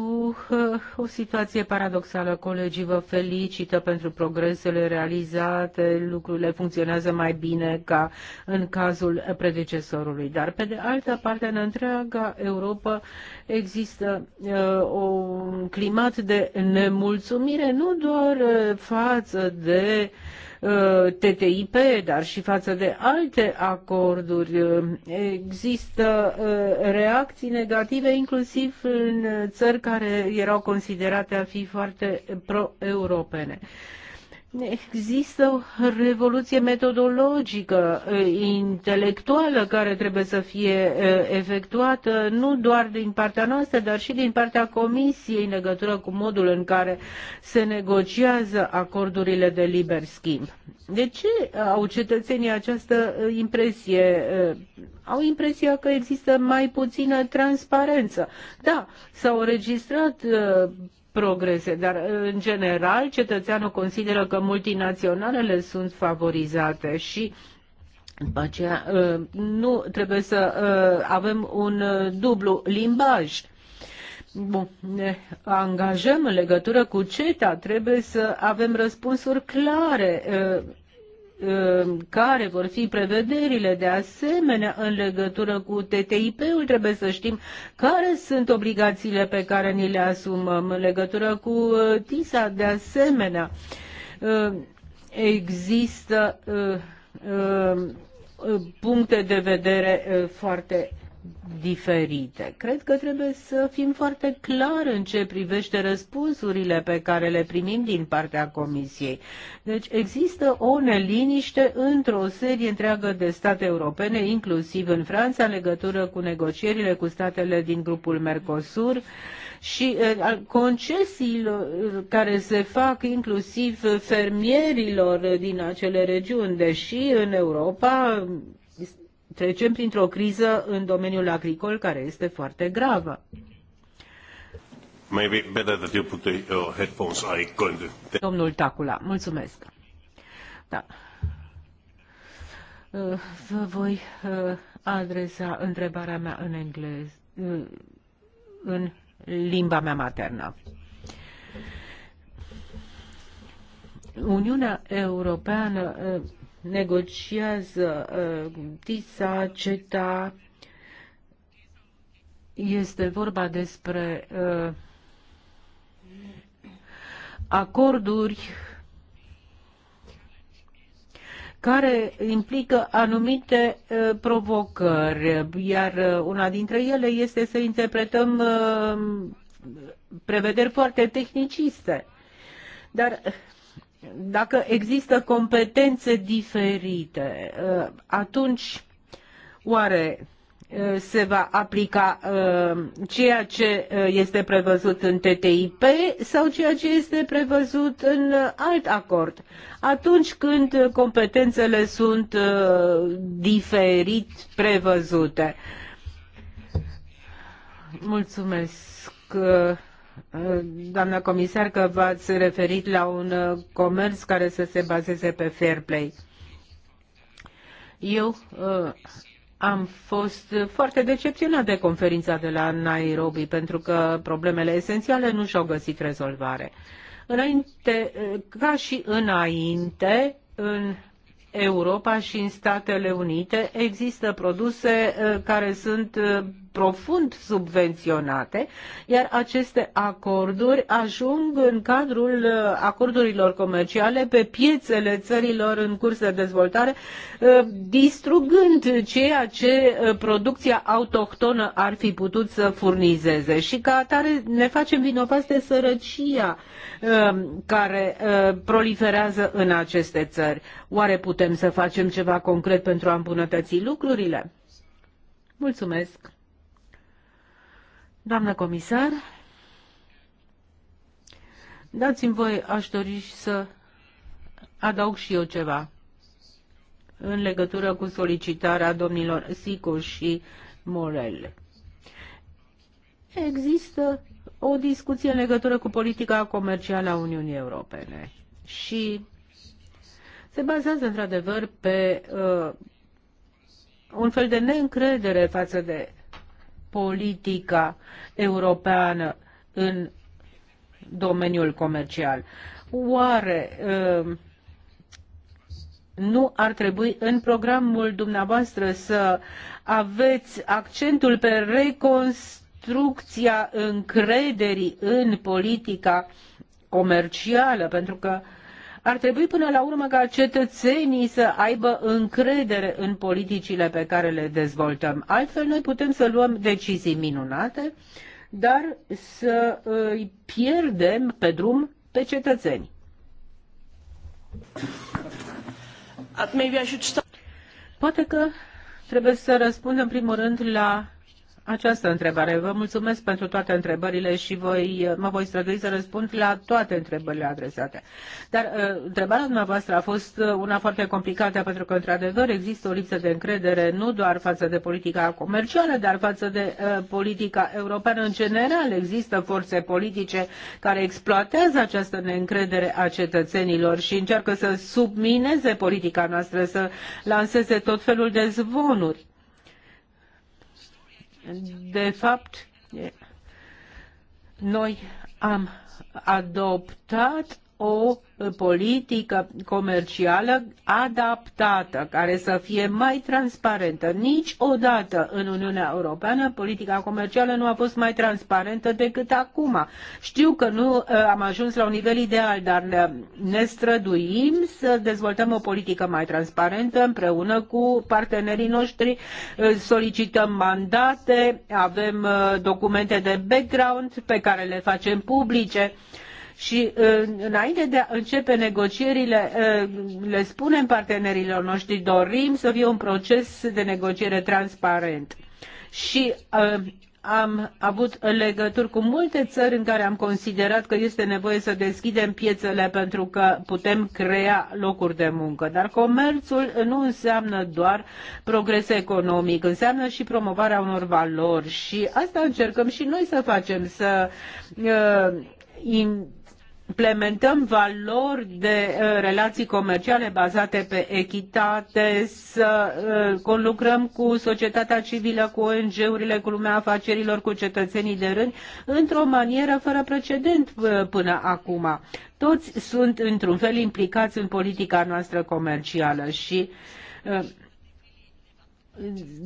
uh, o situație paradoxală. Colegii vă felicită pentru progresele realizate, lucrurile funcționează mai bine ca în cazul predecesorului. Dar, pe de altă parte, în întreaga Europa există uh, un climat de nemulțumire, nu doar uh, față de uh, Uh, TTIP, dar și față de alte acorduri. Uh, există uh, reacții negative inclusiv în țări care erau considerate a fi foarte pro-europene. Există o revoluție metodologică, intelectuală, care trebuie să fie efectuată nu doar din partea noastră, dar și din partea Comisiei în legătură cu modul în care se negociază acordurile de liber schimb. De ce au cetățenii această impresie? Au impresia că există mai puțină transparență. Da, s-au registrat progrese, dar uh, în general cetățeanul consideră că multinaționalele sunt favorizate și după aceea uh, nu trebuie să uh, avem un dublu limbaj. Bun, ne angajăm în legătură cu CETA, trebuie să avem răspunsuri clare Uh, care vor fi prevederile de asemenea în legătură cu TTIP-ul. Trebuie să știm care sunt obligațiile pe care ni le asumăm în legătură cu uh, TISA de asemenea. Uh, există puncte de vedere foarte diferite. Cred că trebuie să fim foarte clari în ce privește răspunsurile pe care le primim din partea Comisiei. Deci există o neliniște într-o serie întreagă de state europene, inclusiv în Franța, în legătură cu negocierile cu statele din grupul Mercosur și concesiilor care se fac inclusiv fermierilor din acele regiuni, deși în Europa trecem printr-o criză în domeniul agricol care este foarte gravă. Maybe better that you put the uh, headphones. I to... Domnul Tacula, mulțumesc. Da. Uh, vă voi uh, adresa întrebarea mea în engleză, în limba mea maternă. Uniunea Europeană negociază uh, TISA, CETA. Este vorba despre uh, acorduri care implică anumite uh, provocări, iar una dintre ele este să interpretăm prevederi foarte tehniciste. Dar dacă există competențe diferite, uh, atunci oare uh, se va aplica uh, ceea ce este prevăzut în TTIP sau ceea ce este prevăzut în alt acord. Atunci când competențele sunt diferit prevăzute. Mulțumesc doamnă comisar, că v-ați referit la un uh, comerț care să se bazeze pe fair play. Eu uh, am fost foarte decepționat de conferința de la Nairobi, pentru că problemele esențiale nu și-au găsit rezolvare. Înainte, uh, ca și înainte, în Europa și în Statele Unite există produse care sunt profund subvenționate, iar aceste acorduri ajung în cadrul uh, acordurilor comerciale pe piețele țărilor în curs de dezvoltare, uh, distrugând ceea ce uh, producția autohtonă ar fi putut să furnizeze. Și ca atare ne facem vinovați de sărăcia care proliferează în aceste țări. Oare putem să facem ceva concret pentru a îmbunătăți lucrurile? Mulțumesc! Doamnă comisar, dați-mi voi, aș dori să adaug și eu ceva în legătură cu solicitarea domnilor Sico și Morel. Există o discuție în legătură cu politica comercială a Uniunii Europene și se bazează într-adevăr pe uh, un fel de neîncredere față de politica europeană în domeniul comercial. Oare uh, nu ar trebui în programul dumneavoastră să aveți accentul pe reconstrucția încrederii în politica comercială, pentru că uh, ar trebui până la urmă ca cetățenii să aibă încredere în politicile pe care le dezvoltăm. Altfel noi putem să luăm decizii minunate, dar să îi pierdem pe drum pe cetățeni. Poate că trebuie să răspundem în primul rând la această întrebare. Vă mulțumesc pentru toate întrebările și voi, mă voi strădui să răspund la toate întrebările adresate. Dar uh, întrebarea dumneavoastră a fost uh, una foarte complicată pentru că, într-adevăr, există o lipsă de încredere nu doar față de politica comercială, dar față de uh, politica europeană în general. Există forțe politice care exploatează această neîncredere a cetățenilor și încearcă să submineze politica noastră, să lanseze tot felul de zvonuri de fapt, noi am adoptat o uh, politică comercială adaptată, care să fie mai transparentă. Niciodată în Uniunea Europeană politica comercială nu a fost mai transparentă decât acum. Știu că nu uh, am ajuns la un nivel ideal, dar ne străduim să dezvoltăm o politică mai transparentă împreună cu partenerii noștri, uh, solicităm mandate, avem documente de background pe care le facem publice și uh, înainte de a începe negocierile, uh, le spunem partenerilor noștri, dorim să fie un proces de negociere transparent. Și uh, am avut legături cu multe țări în care am considerat că este nevoie să deschidem piețele pentru că putem crea locuri de muncă. Dar comerțul nu înseamnă doar progres economic, înseamnă și promovarea unor valori și asta încercăm și noi să facem, să uh, implementăm valori de uh, relații comerciale bazate pe echitate, să uh, conlucrăm cu societatea civilă, cu ONG-urile, cu lumea afacerilor, cu cetățenii de rând, într-o manieră fără precedent uh, până acum. Toți sunt într-un fel implicați în politica noastră comercială și uh,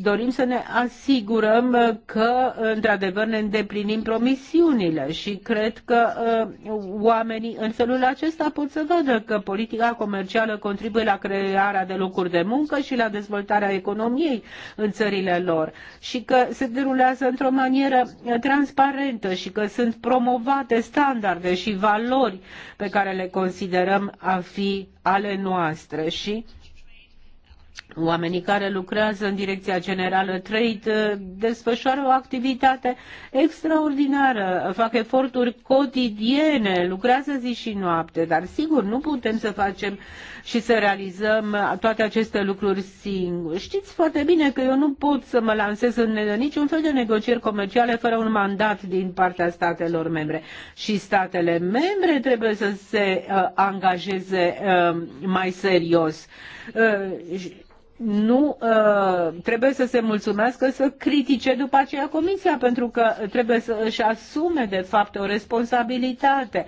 dorim să ne asigurăm uh, că, uh, într-adevăr, ne îndeplinim promisiunile și cred că uh, oamenii în felul acesta pot să vadă că politica comercială contribuie la crearea de locuri de muncă și la dezvoltarea economiei în țările lor și că se derulează într-o manieră transparentă și că sunt promovate standarde și valori pe care le considerăm a fi ale noastre și Oamenii care lucrează în Direcția Generală Trade uh, desfășoară o activitate extraordinară, fac eforturi cotidiene, lucrează zi și noapte, dar sigur nu putem să facem și să realizăm uh, toate aceste lucruri singuri. Știți foarte bine că eu nu pot să mă lansez în niciun fel de negocieri comerciale fără un mandat din partea statelor membre. Și statele membre trebuie să se uh, angajeze uh, mai serios. Uh, nu uh, trebuie să se mulțumească să critique după aceea comisia, pentru că trebuie să își asume de fapt o responsabilitate.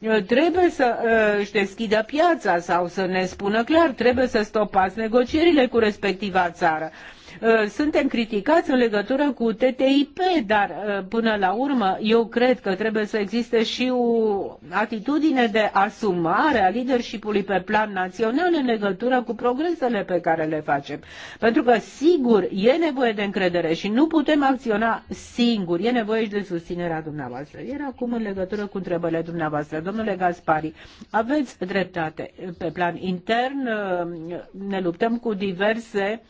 Uh, trebuie să uh, își deschidă piața sau să ne spună clar, trebuie să stopați negocierile cu respectiva țară. Uh, Uh, suntem criticați în legătură cu TTIP, dar uh, până la urmă eu cred că trebuie să existe și o atitudine de asumare a leadership-ului pe plan național în legătură cu progresele pe care le facem. Pentru că, sigur, e nevoie de încredere și nu putem acționa singuri. E nevoie și de susținerea dumneavoastră. Iar acum, în legătură cu întrebările dumneavoastră, domnule Gaspari, aveți dreptate. Pe plan intern uh, ne luptăm cu diverse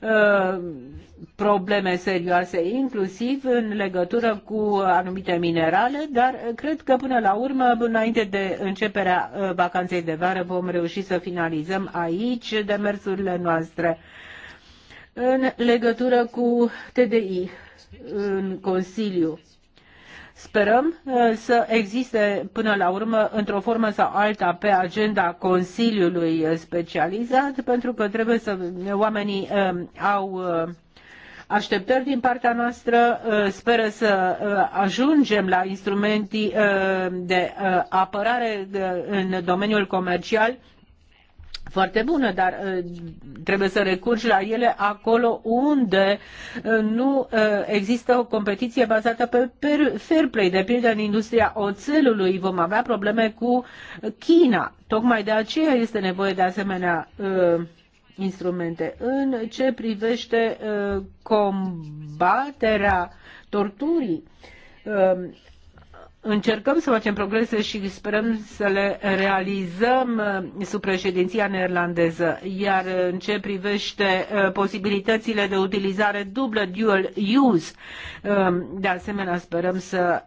Uh, probleme serioase, inclusiv în legătură cu anumite minerale, dar cred că până la urmă, înainte de începerea uh, vacanței de vară, vom reuși să finalizăm aici demersurile noastre în legătură cu TDI în Consiliu. Sperăm uh, să existe până la urmă, într-o formă sau alta, pe agenda Consiliului uh, specializat, pentru că trebuie să uh, oamenii um, au așteptări din partea noastră, speră să ajungem la instrumentii de apărare în domeniul comercial foarte bună, dar uh, trebuie să recurgi la ele acolo unde uh, nu uh, există o competiție bazată pe fair play. De pildă, în industria oțelului vom avea probleme cu China. Tocmai de aceea este nevoie de asemenea instrumente. În ce privește combaterea torturii, încercăm să facem progrese și sperăm să le realizăm uh, sub președinția neerlandeză. Iar în ce privește uh, posibilitățile de utilizare dublă, dual use, uh, de asemenea sperăm să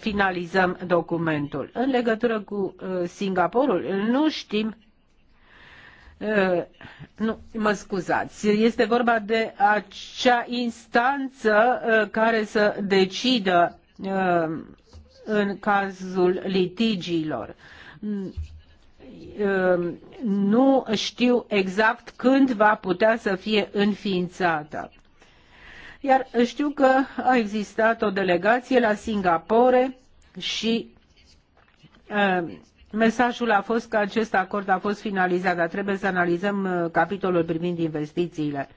finalizăm documentul. În legătură cu Singaporul, nu știm nu, mă scuzați, este vorba de acea instanță care să decidă în cazul litigiilor uh, nu știu exact când va putea să fie înființată. Iar știu că a existat o delegație la Singapore și uh, mesajul a fost că acest acord a fost finalizat, dar trebuie să analizăm uh, capitolul privind investițiile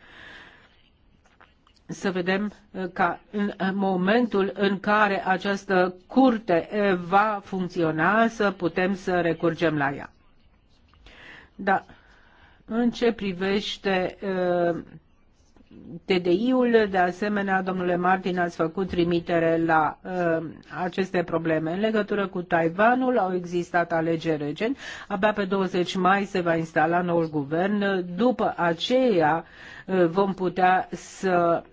să vedem uh, ca în momentul în care această curte uh, va funcționa să putem să recurgem la ea. Da. În ce privește uh, TDI-ul, de asemenea, domnule Martin, ați făcut trimitere la uh, aceste probleme. În legătură cu Taiwanul au existat alegeri regeni. Abia pe 20 mai se va instala noul guvern. După aceea, uh, vom putea să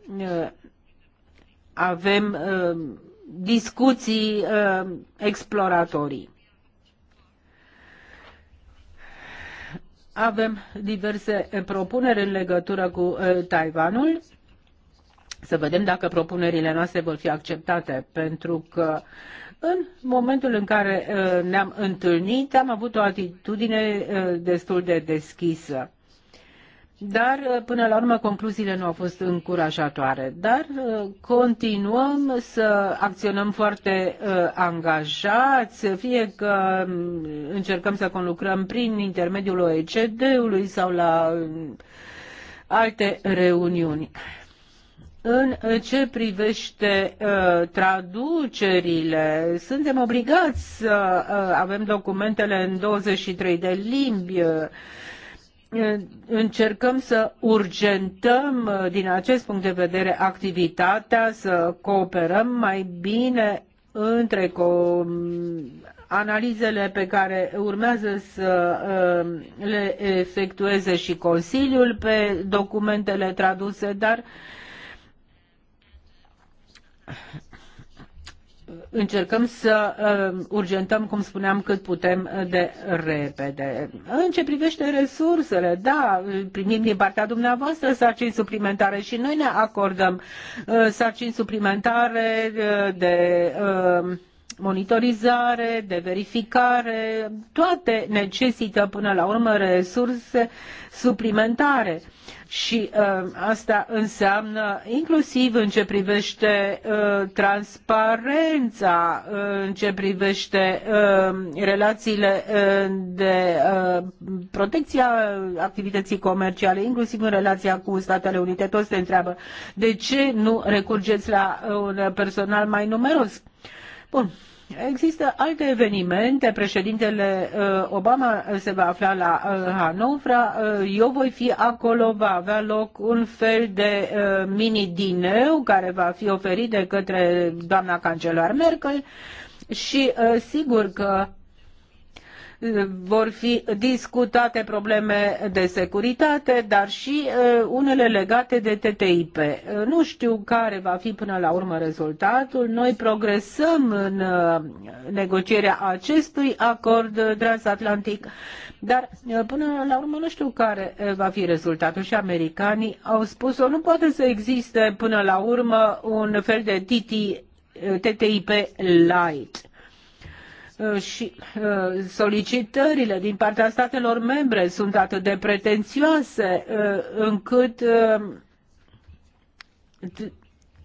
avem discuții exploratorii. Avem diverse propuneri în legătură cu Taiwanul. Să vedem dacă propunerile noastre vor fi acceptate, pentru că în momentul în care ne-am întâlnit am avut o atitudine destul de deschisă. Dar, uh, până la urmă, concluziile nu au fost încurajatoare. Dar uh, continuăm să acționăm foarte uh, angajați, fie că um, încercăm să conlucrăm prin intermediul OECD-ului sau la um, alte reuniuni. În ce privește uh, traducerile, suntem obligați să uh, avem documentele în 23 de limbi. Uh, încercăm să urgentăm uh, din acest punct de vedere activitatea, să cooperăm mai bine între co analizele pe care urmează să uh, le efectueze și Consiliul pe documentele traduse, dar încercăm să uh, urgentăm, cum spuneam, cât putem uh, de repede. În ce privește resursele, da, primim din partea dumneavoastră sarcini suplimentare și noi ne acordăm uh, sarcini suplimentare de monitorizare, de verificare, toate necesită până la urmă resurse suplimentare și uh, asta înseamnă inclusiv în ce privește uh, transparența, uh, în ce privește uh, relațiile uh, de uh, protecția activității comerciale, inclusiv în relația cu Statele Unite. Toți se întreabă de ce nu recurgeți la un personal mai numeros. Bun. Există alte evenimente, președintele uh, Obama se va afla la uh, Hanovra, uh, eu voi fi acolo, va avea loc un fel de mini-dineu care va fi oferit de către doamna cancelar Merkel și sigur că vor fi discutate probleme de securitate, dar și uh, unele legate de TTIP. Uh, nu știu care va fi până la urmă rezultatul. Noi progresăm în uh, negocierea acestui acord transatlantic, dar până la urmă nu știu care va fi rezultatul. Și americanii au spus-o, nu poate să existe până la urmă un fel de TTIP light Uh, și uh, solicitările din partea statelor membre sunt atât de pretențioase uh, încât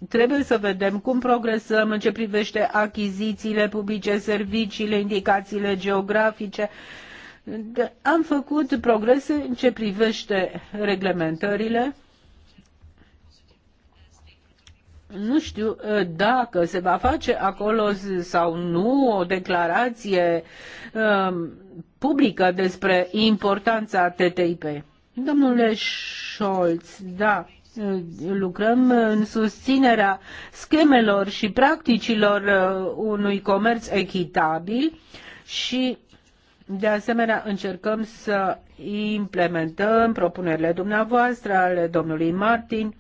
Trebuie să vedem cum progresăm în ce privește achizițiile publice, serviciile, indicațiile geografice. Am făcut progrese în ce privește reglementările nu știu ă, dacă se va face acolo sau nu o declarație ă, publică despre importanța TTIP. Domnule Scholz, da, ă, lucrăm în susținerea schemelor și practicilor unui comerț echitabil și de asemenea, încercăm să implementăm propunerile dumneavoastră ale domnului Martin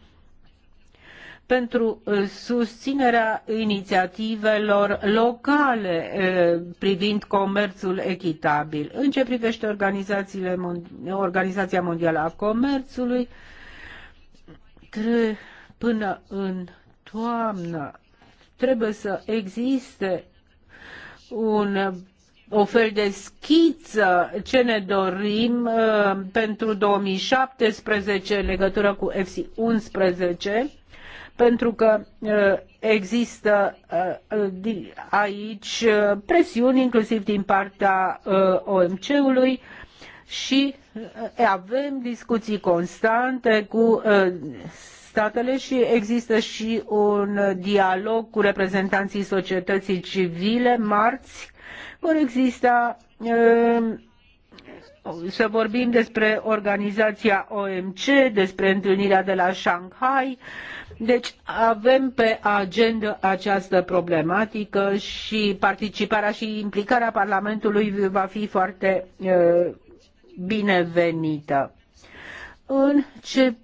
pentru uh, susținerea inițiativelor locale uh, privind comerțul echitabil. În ce privește organizațiile, Organizația Mondială a Comerțului, până în toamnă trebuie să existe un o fel de schiță ce ne dorim uh, pentru 2017 în legătură cu FC 11 pentru că uh, există uh, uh, aici presiuni inclusiv din partea OMC-ului și avem discuții constante cu statele și există și un dialog cu reprezentanții societății civile. Marți vor exista să vorbim despre organizația OMC, despre întâlnirea de la Shanghai deci avem pe agenda această problematică și participarea și implicarea Parlamentului va fi foarte binevenită. În ce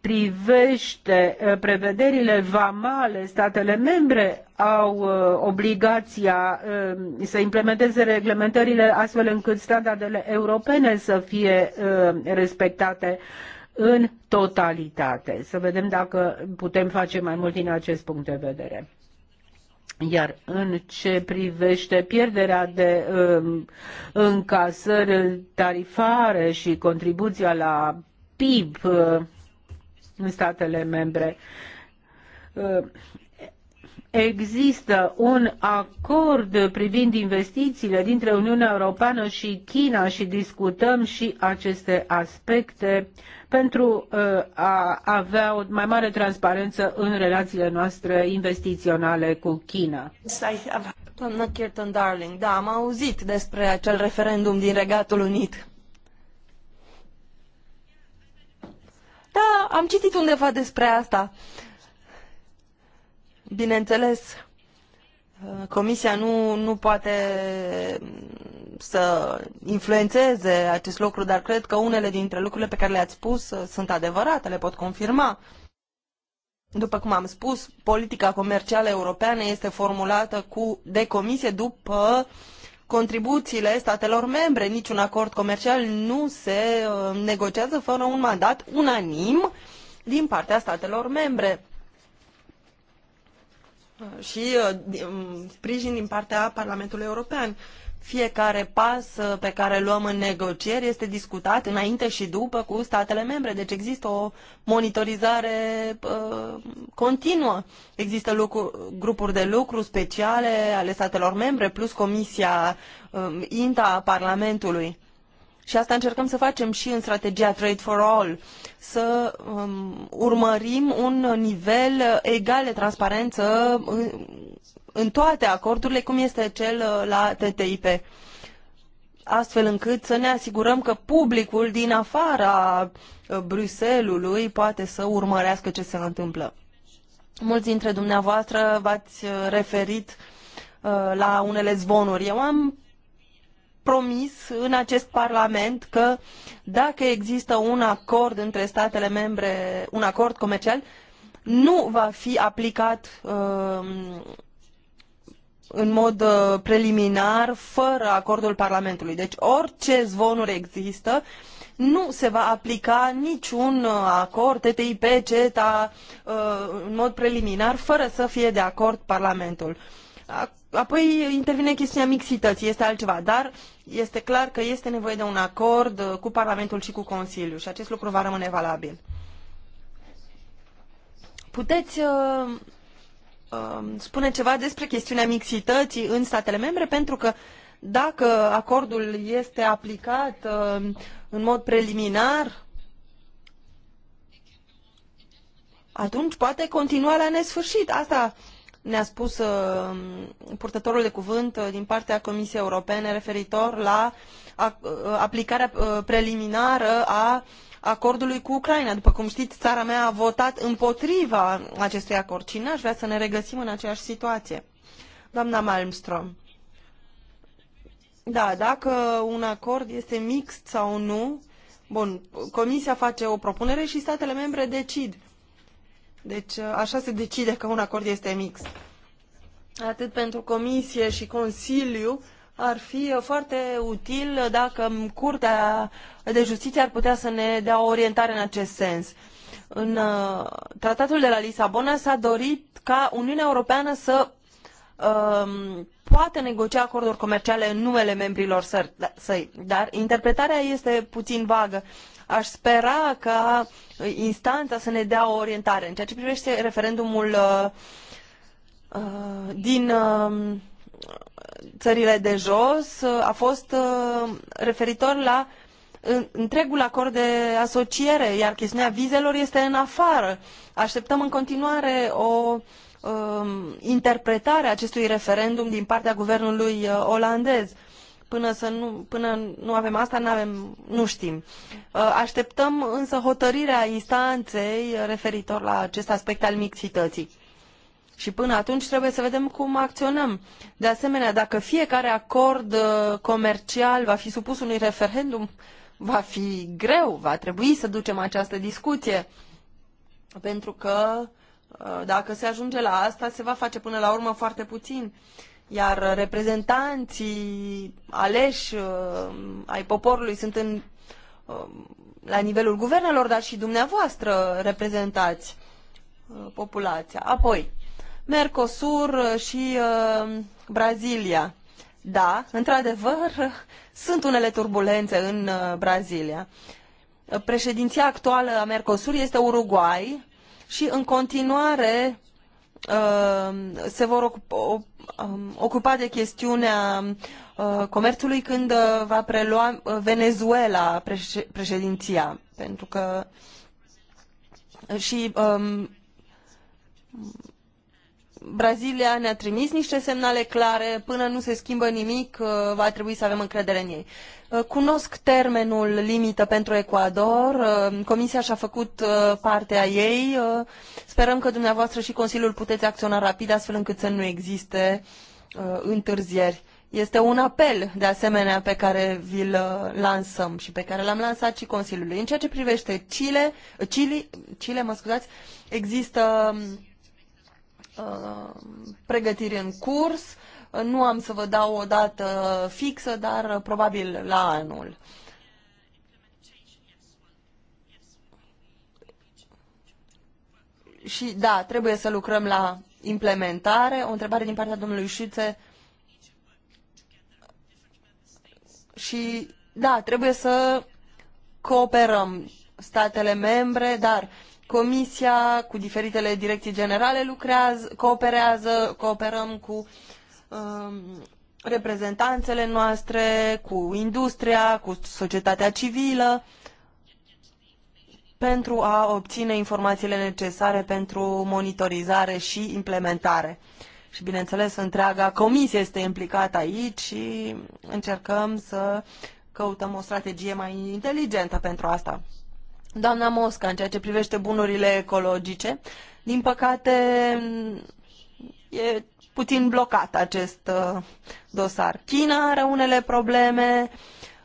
privește prevederile vamale, statele membre au obligația să implementeze reglementările astfel încât standardele europene să fie respectate în totalitate. Să vedem dacă putem face mai mult din acest punct de vedere. Iar în ce privește pierderea de um, încasări tarifare și contribuția la PIB uh, în statele membre, uh, există un acord privind investițiile dintre Uniunea Europeană și China și discutăm și aceste aspecte pentru uh, a avea o mai mare transparență în relațiile noastre investiționale cu China. Doamna Kirtan Darling, da, am auzit despre acel referendum din Regatul Unit. Da, am citit undeva despre asta. Uh, Bineînțeles, Comisia nu, nu poate să influențeze acest lucru, dar cred că unele dintre lucrurile pe care le-ați spus uh, sunt adevărate, le pot confirma. După cum am spus, politica comercială europeană este formulată cu, de comisie după contribuțiile statelor membre. Niciun acord comercial nu se uh, negociază fără un mandat unanim din partea statelor membre și uh, um, sprijin din partea Parlamentului European. Fiecare pas uh, pe care luăm în negocieri este discutat înainte și după cu statele membre, deci există o monitorizare uh, continuă. Există lucru, grupuri de lucru speciale ale statelor membre, plus Comisia uh, INTA a Parlamentului. Și asta încercăm să facem și în strategia Trade for All, să um, urmărim un nivel egal de transparență în, în toate acordurile, cum este cel uh, la TTIP astfel încât să ne asigurăm că publicul din afara uh, Bruselului poate să urmărească ce se întâmplă. Mulți dintre dumneavoastră v-ați uh, referit la unele zvonuri. Eu am promis în acest Parlament că dacă există un acord între statele membre, un acord comercial, nu va fi aplicat uh, în mod uh, preliminar fără acordul Parlamentului. Deci orice zvonuri există, nu se va aplica niciun uh, acord TTIP, CETA, uh, în mod preliminar, fără să fie de acord Parlamentul. Apoi intervine chestiunea mixității, este altceva, dar este clar că este nevoie de un acord uh, cu Parlamentul și cu Consiliul și acest lucru va rămâne valabil. Puteți uh, uh, spune ceva despre chestiunea mixității în statele membre, pentru că dacă acordul este aplicat uh, în mod preliminar, atunci poate continua la nesfârșit. Asta ne-a spus uh, purtătorul de cuvânt uh, din partea Comisiei Europene referitor la uh, aplicarea preliminară a acordului cu Ucraina. După cum știți, țara mea a votat împotriva acestui acord Cine n-aș vrea să ne regăsim în aceeași situație. Doamna Malmström. Da, dacă un acord este mixt sau nu, bun, Comisia face o propunere și statele membre decid deci uh, așa se decide că un acord este mixt. Atât pentru Comisie și Consiliu ar fi uh, foarte util dacă Curtea de Justiție ar putea să ne dea o orientare în acest sens. În uh, tratatul de la Lisabona s-a dorit ca Uniunea Europeană să Um, poate negocia acorduri comerciale în numele membrilor da, săi, dar interpretarea este puțin vagă. Aș spera ca uh, instanța să ne dea o orientare. În ceea ce privește referendumul uh, uh, din um, țările de jos, a fost referitor la întregul acord de asociere, iar chestiunea vizelor este în afară. Așteptăm în continuare o um, interpretare a acestui referendum din partea guvernului uh, olandez. Până, să nu, până nu avem asta, nu avem, nu știm. Uh, așteptăm însă hotărirea instanței referitor la acest aspect al mixității. Și până atunci trebuie să vedem cum acționăm. De asemenea, dacă fiecare acord uh, comercial va fi supus unui referendum, va fi greu, va trebui să ducem această discuție. Pentru că Uh, dacă se ajunge la asta, se va face până la urmă foarte puțin. Iar reprezentanții aleși uh, ai poporului sunt în, uh, la nivelul guvernelor, dar și dumneavoastră reprezentați populația. Apoi, Mercosur și uh, Brazilia. Da, într-adevăr, sunt unele turbulențe în uh, Brazilia. Președinția actuală a Mercosur este Uruguay, și în continuare uh, se vor um, ocupa de chestiunea uh, comerțului când uh, va prelua Venezuela președinția, pentru că și um, Brazilia ne-a trimis niște semnale clare, până nu se schimbă nimic, uh, va trebui să avem încredere în ei. Uh, cunosc termenul limită pentru Ecuador, uh, Comisia și-a făcut partea ei, sperăm că dumneavoastră și Consiliul puteți acționa rapid astfel încât să nu existe întârzieri. Este un apel, de asemenea, pe care vi-l lansăm și pe care l-am lansat și Consiliului. În ceea ce privește Chile, Chile, Chile mă scuzați, există um, Uh, pregătiri în curs. Nu am să vă dau o dată fixă, dar probabil la anul. Și da, trebuie să lucrăm la implementare. O întrebare din partea domnului Șuțe. Și da, trebuie să cooperăm statele membre, dar uh, Comisia cu diferitele direcții generale lucrează, cooperează, cooperăm cu um, reprezentanțele noastre, cu industria, cu societatea civilă, pentru a obține informațiile necesare pentru monitorizare și implementare. Și bineînțeles, întreaga comisie este implicată aici și încercăm să căutăm o strategie mai inteligentă pentru asta. Doamna Mosca, în ceea ce privește bunurile ecologice, din păcate e puțin blocat acest uh, dosar. China are unele probleme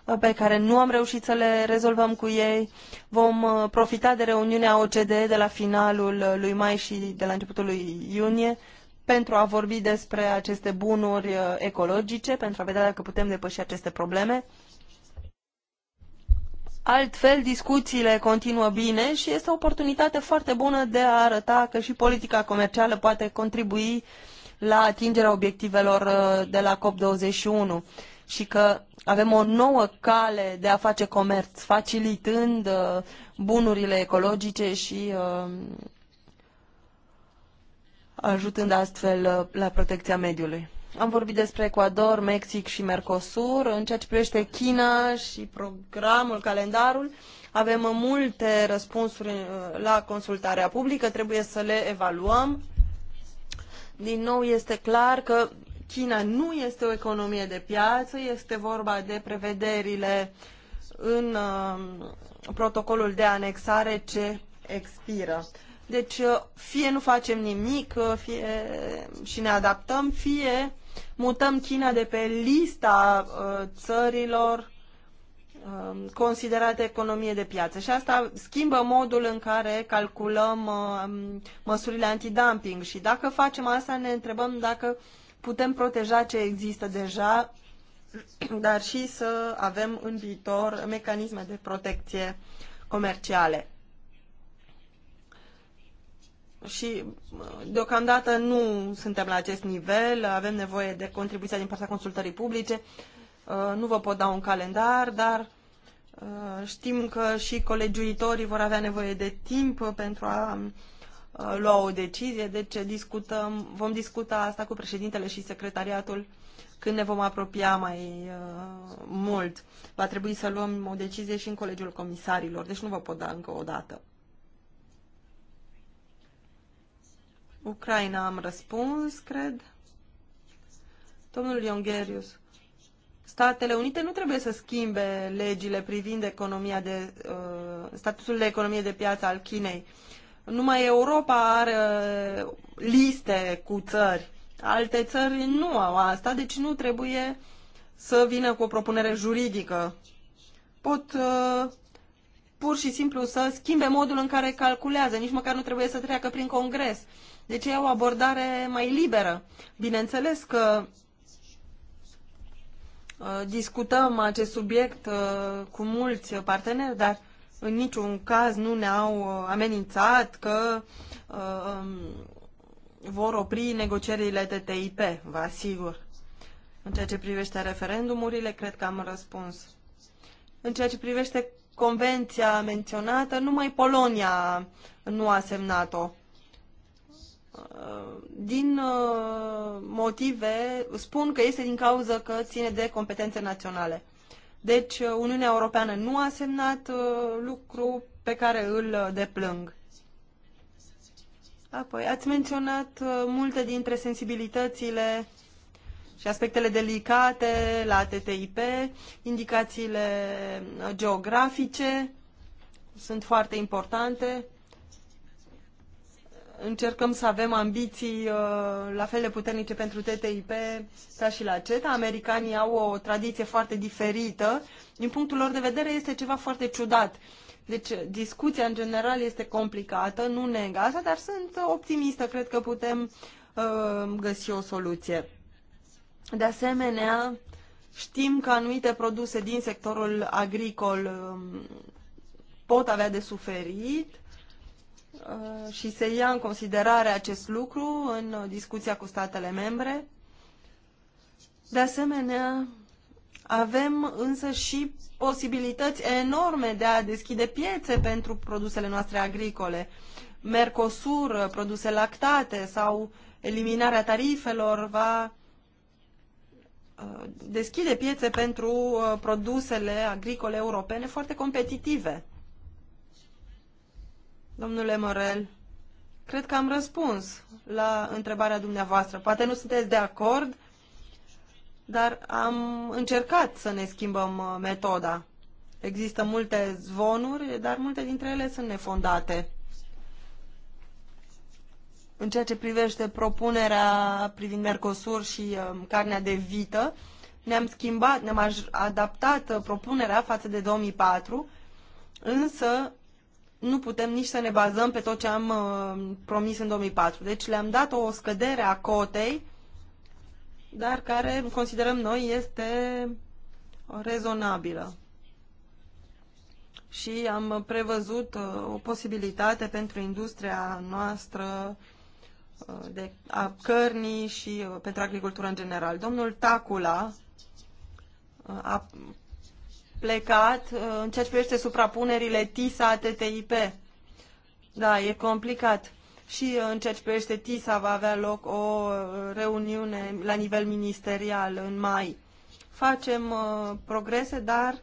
uh, pe care nu am reușit să le rezolvăm cu ei. Vom uh, profita de reuniunea OCDE de la finalul lui mai și de la începutul lui iunie pentru a vorbi despre aceste bunuri ecologice, pentru a vedea dacă putem depăși aceste probleme. Altfel, discuțiile continuă bine și este o oportunitate foarte bună de a arăta că și politica comercială poate contribui la atingerea obiectivelor uh, de la COP21 și că avem o nouă cale de a face comerț, facilitând uh, bunurile ecologice și uh, ajutând astfel la protecția mediului. Am vorbit despre Ecuador, Mexic și Mercosur. În ceea ce privește China și programul, calendarul, avem multe răspunsuri uh, la consultarea publică, trebuie să le evaluăm. Din nou este clar că China nu este o economie de piață, este vorba de prevederile în uh, protocolul de anexare ce expiră. Deci uh, fie nu facem nimic uh, fie și ne adaptăm, fie mutăm China de pe lista uh, țărilor um, considerate economie de piață. Și asta schimbă modul în care calculăm um, măsurile antidumping. Și dacă facem asta, ne întrebăm dacă putem proteja ce există deja, dar și să avem în viitor mecanisme de protecție comerciale și uh, deocamdată nu suntem la acest nivel, avem nevoie de contribuția din partea consultării publice. Uh, nu vă pot da un calendar, dar uh, știm că și colegiuitorii vor avea nevoie de timp pentru a lua o decizie, deci discutăm, vom discuta asta cu președintele și secretariatul când ne vom apropia mai mult. Va trebui să luăm o decizie și în Colegiul Comisarilor, deci nu vă pot da încă o dată. Ucraina am răspuns, cred. Domnul Iongherius, Statele Unite nu trebuie să schimbe legile privind economia de, uh, statusul de economie de piață al Chinei. Numai Europa are uh, liste cu țări. Alte țări nu au asta, deci nu trebuie să vină cu o propunere juridică. Pot uh, pur și simplu să schimbe modul în care calculează, nici măcar nu trebuie să treacă prin Congres. Uh, deci e o abordare mai liberă. Bineînțeles că uh, discutăm acest subiect uh, cu mulți parteneri, dar în niciun caz nu ne-au uh, amenințat că um, vor opri negocierile TTIP, vă asigur. În ceea ce privește referendumurile, cred că am răspuns. În ceea ce privește convenția menționată, numai Polonia nu a semnat-o din uh, motive, spun că este din cauza că ține de competențe naționale. Deci uh, Uniunea Europeană nu a semnat uh, lucru pe care îl deplâng. Apoi, ați menționat multe dintre sensibilitățile și aspectele delicate la TTIP, indicațiile geografice sunt foarte importante încercăm să avem ambiții uh, la fel de puternice pentru TTIP ca și la CETA. Americanii au o tradiție foarte diferită. Din punctul lor de vedere este ceva foarte ciudat. Deci discuția în general este complicată, nu neg asta, dar sunt optimistă, cred că putem uh, găsi o soluție. De asemenea, știm că anumite produse din sectorul agricol uh, pot avea de suferit Uh, și se ia în considerare acest lucru în uh, discuția cu statele membre. De asemenea, avem însă și posibilități enorme de a deschide piețe pentru produsele noastre agricole. Mercosur, uh, produse lactate sau eliminarea tarifelor va deschide piețe pentru produsele agricole europene foarte competitive. Domnule Morel, cred că am răspuns la întrebarea dumneavoastră. Poate nu sunteți de acord, dar am încercat să ne schimbăm uh, metoda. Există multe zvonuri, dar multe dintre ele sunt nefondate. În ceea ce privește propunerea privind Mercosur și um, carnea de vită, ne-am schimbat, ne-am adaptat uh, propunerea față de 2004, însă nu putem nici să ne bazăm pe tot ce am uh, promis în 2004. Deci le-am dat o scădere a cotei, dar care considerăm noi este rezonabilă. Și am prevăzut uh, o posibilitate pentru industria noastră uh, de, a cărnii și pentru agricultură în general. Domnul Tacula a plecat uh, în ceea ce privește suprapunerile TISA-TTIP. Da, e complicat. Și uh, în ceea ce privește TISA va avea loc o uh, reuniune la nivel ministerial în mai. Facem progrese, dar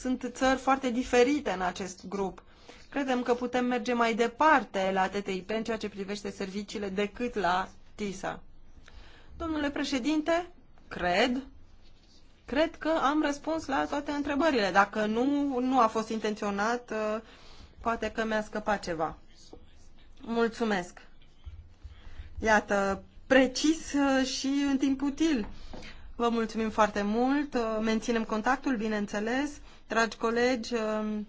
sunt țări foarte diferite în acest grup. Credem că putem merge mai departe la TTIP în ceea ce privește serviciile decât la TISA. Domnule președinte, cred Cred că am răspuns la toate întrebările. Dacă nu, nu a fost intenționat, uh, poate că mi-a scăpat ceva. Mulțumesc. Iată, precis uh, și în timp util. Vă mulțumim foarte mult. Uh, menținem contactul, bineînțeles. Dragi colegi, um,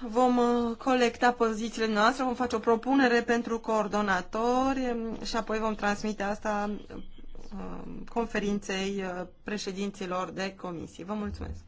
vom colecta pozițiile noastre, vom face o propunere pentru coordonatori um, și apoi vom transmite asta Um, conferinței uh, președinților de comisii. Vă mulțumesc!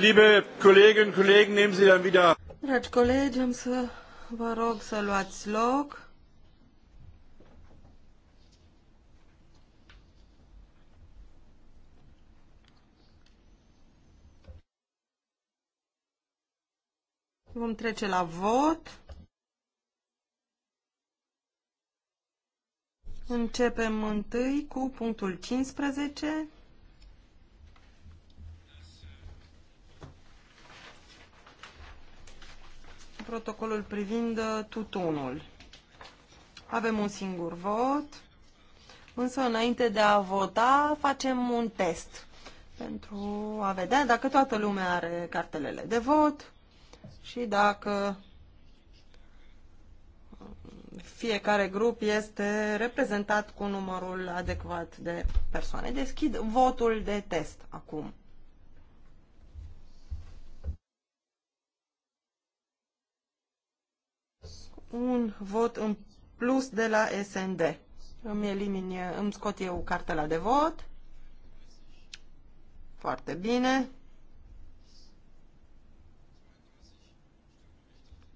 liebe Kolleginnen und Kollegen, nehmen Sie dann wieder. Dragi colegi, am să vă rog să luați loc. Vom trece la vot. Începem întâi cu punctul 15. protocolul privind uh, tutunul. Avem un singur vot, însă înainte de a vota facem un test pentru a vedea dacă toată lumea are cartelele de vot și dacă uh, fiecare grup este reprezentat cu numărul adecvat de persoane. Deschid votul de test acum. un vot în plus de la SND. Îmi elimin, îmi scot eu cartela de vot. Foarte bine.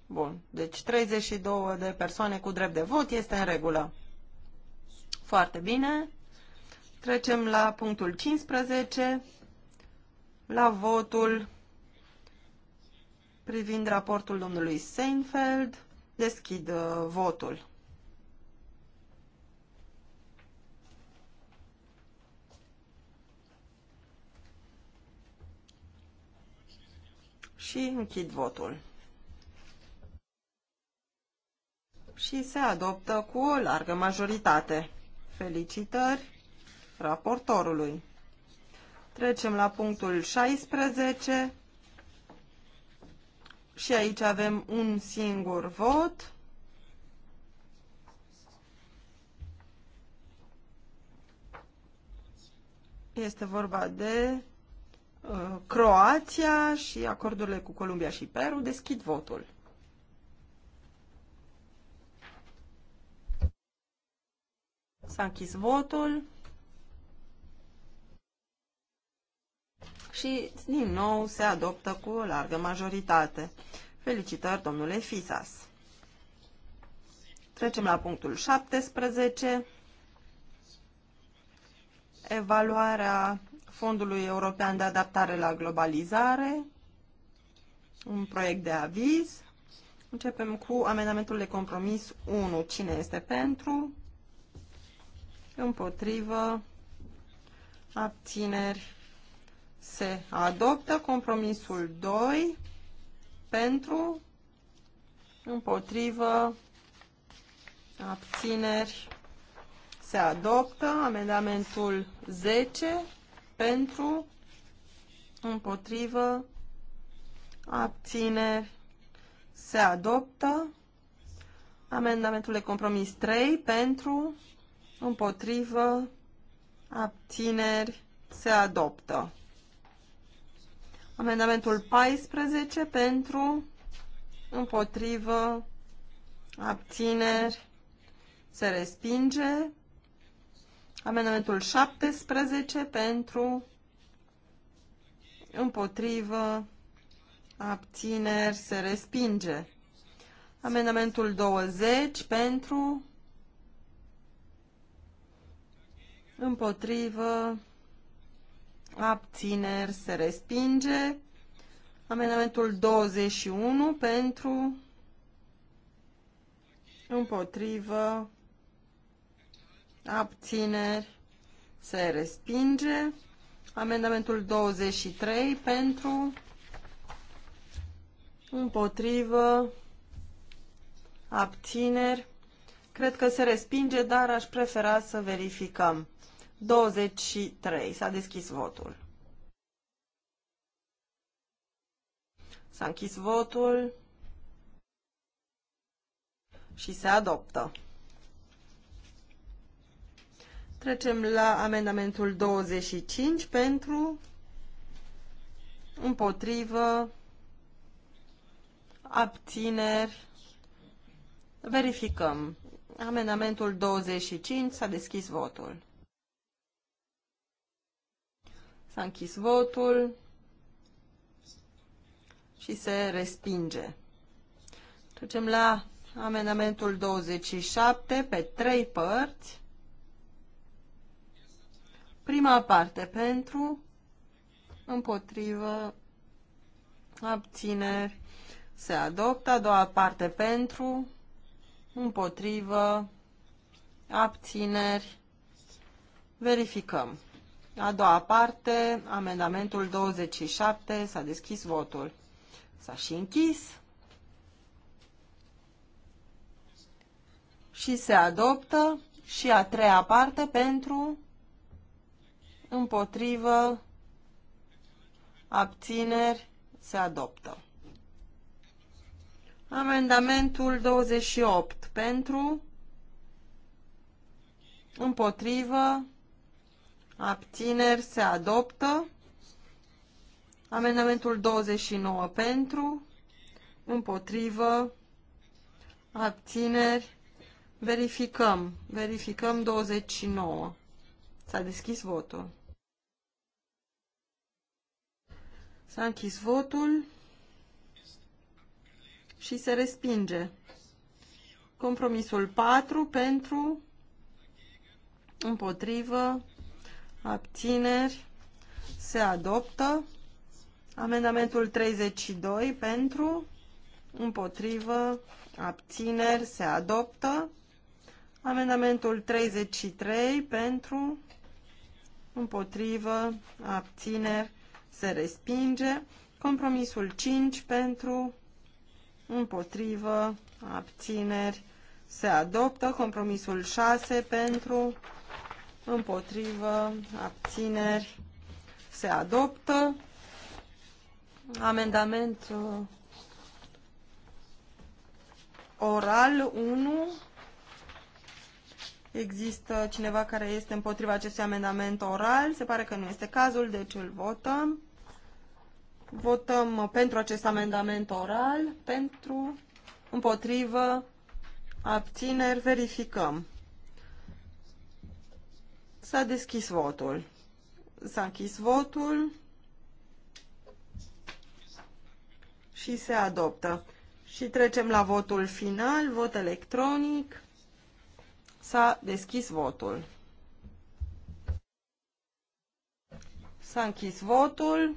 Bun, deci 32 de persoane cu drept de vot este în regulă. Foarte bine. Trecem la punctul 15, la votul privind raportul domnului Seinfeld. Deschid uh, votul. și închid votul. Și se adoptă cu o largă majoritate. Felicitări raportorului. Trecem la punctul 16. Și aici avem un singur vot. Este vorba de uh, Croația și acordurile cu Columbia și Peru. Deschid votul. S-a închis votul. și, din nou, se adoptă cu o largă majoritate. Felicitări, domnule Fisas! Trecem la punctul 17. Evaluarea Fondului European de Adaptare la Globalizare, un proiect de aviz. Începem cu amendamentul de compromis 1. Cine este pentru? Împotrivă? Abțineri? se adoptă. Compromisul 2 pentru, împotrivă, abțineri, se adoptă. Amendamentul 10 pentru, împotrivă, abțineri, se adoptă. Amendamentul de compromis 3 pentru, împotrivă, abțineri, se adoptă. Amendamentul 14 pentru, împotrivă, abțineri, se respinge. Amendamentul 17 pentru, împotrivă, abțineri, se respinge. Amendamentul 20 pentru, împotrivă, abțineri se respinge. Amendamentul 21 pentru, împotrivă, abțineri se respinge. Amendamentul 23 pentru, împotrivă, abțineri. Cred că se respinge, dar aș prefera să verificăm. 23. S-a deschis votul. S-a închis votul și se adoptă. Trecem la amendamentul 25 pentru împotrivă abțineri. Verificăm. Amendamentul 25 s-a deschis votul. S-a închis votul și se respinge. Trecem la amendamentul 27 pe trei părți. Prima parte pentru, împotrivă, abțineri, se adoptă. A doua parte pentru, împotrivă, abțineri, verificăm. A doua parte, amendamentul 27, s-a deschis votul. S-a și închis. Și se adoptă și a treia parte pentru, împotrivă, abțineri, se adoptă. Amendamentul 28 pentru, împotrivă, abțineri, se adoptă. Amendamentul 29 pentru, împotrivă, abțineri, verificăm, verificăm 29. S-a deschis votul. S-a închis votul și se respinge. Compromisul 4 pentru, împotrivă, abțineri, se adoptă. Amendamentul 32 pentru, împotrivă, abțineri, se adoptă. Amendamentul 33 pentru, împotrivă, abțineri, se respinge. Compromisul 5 pentru, împotrivă, abțineri, se adoptă. Compromisul 6 pentru, împotrivă, abțineri, se adoptă. Amendament uh, oral 1. Există cineva care este împotriva acestui amendament oral? Se pare că nu este cazul, deci îl votăm. Votăm pentru acest amendament oral, pentru, împotrivă, abțineri, verificăm. S-a deschis votul. S-a închis votul și se adoptă. Și trecem la votul final, vot electronic. S-a deschis votul. S-a închis votul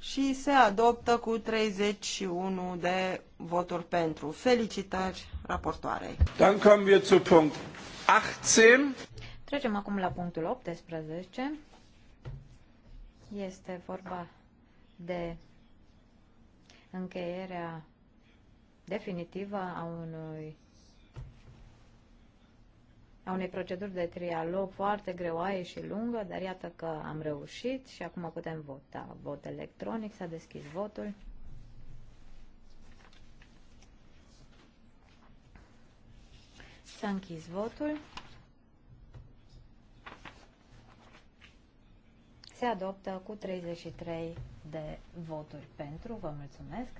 și se adoptă cu 31 de voturi pentru. Felicitări raportoarei. Dann kommen wir zu 18. Trecem acum la punctul 18. Este vorba de încheierea definitivă a unui a unei proceduri de trialog foarte greoaie și lungă, dar iată că am reușit și acum putem vota. Vot electronic, s-a deschis votul. S-a închis votul. Se adoptă cu 33 de voturi pentru. Vă mulțumesc.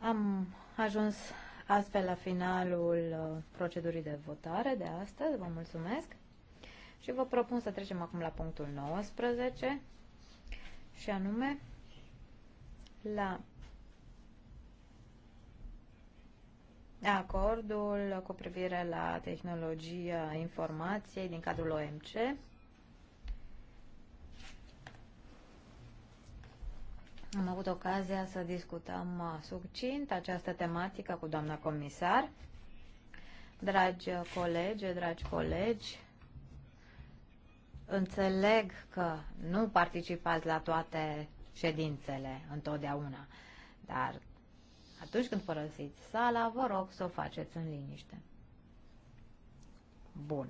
Am ajuns astfel la finalul uh, procedurii de votare de astăzi. Vă mulțumesc. Și vă propun să trecem acum la punctul 19 și anume la acordul cu privire la tehnologia informației din cadrul OMC. Am avut ocazia să discutăm uh, succint această tematică cu doamna comisar. Dragi colegi, dragi colegi, înțeleg că nu participați la toate ședințele întotdeauna, dar atunci când părăsiți sala, vă rog să o faceți în liniște. Bun.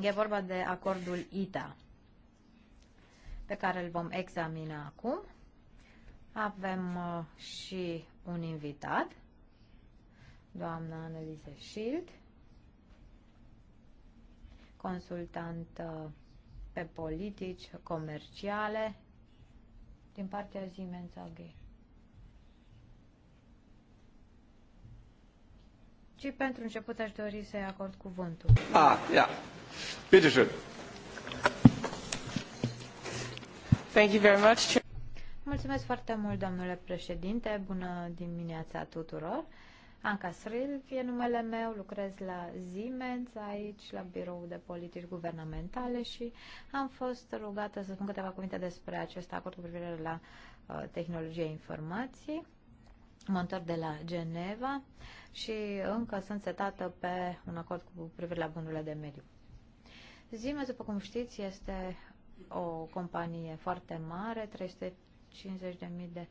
E vorba de acordul ITA, pe care îl vom examina acum. Avem uh, și un invitat, doamna Annelise Schild, consultant uh, pe politici comerciale din partea Siemens AG. Și pentru început aș dori să-i acord cuvântul. Ah, ia. Bine Thank you very much. Mulțumesc foarte mult, domnule președinte. Bună dimineața tuturor. Anca Sril e numele meu, lucrez la Siemens aici, la birou de politici guvernamentale și am fost rugată să spun câteva cuvinte despre acest acord cu privire la uh, tehnologia informației. Montor de la Geneva și încă sunt setată pe un acord cu privire la bunurile de mediu. Siemens, după cum știți, este o companie foarte mare, 350.000 de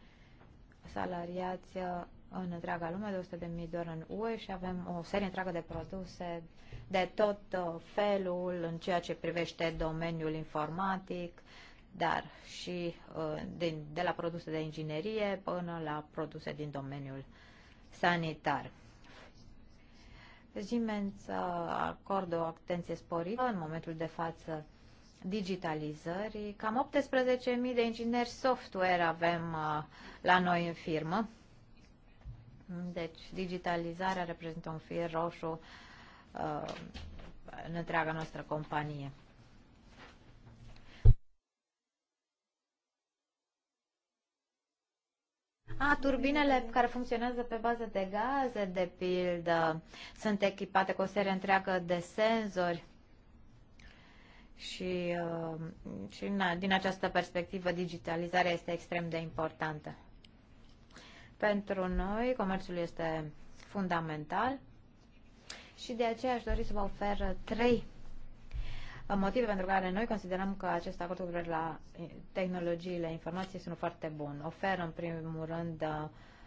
salariați uh, în întreaga lume, 200.000 doar în UE și avem o serie întreagă de produse de tot uh, felul în ceea ce privește domeniul informatic, dar și uh, de, de la produse de inginerie până la produse din domeniul sanitar. Siemens uh, acordă o atenție sporită în momentul de față digitalizării. Cam 18.000 de ingineri software avem la noi în firmă. Deci, digitalizarea reprezintă un fir roșu uh, în întreaga noastră companie. A, turbinele care funcționează pe bază de gaze, de pildă, sunt echipate cu o serie întreagă de senzori. Și, uh, și din această perspectivă, digitalizarea este extrem de importantă. Pentru noi, comerțul este fundamental și de aceea aș dori să vă ofer trei motive pentru care noi considerăm că acest acord cu privire la tehnologiile informației sunt foarte bun. Oferă, în primul rând,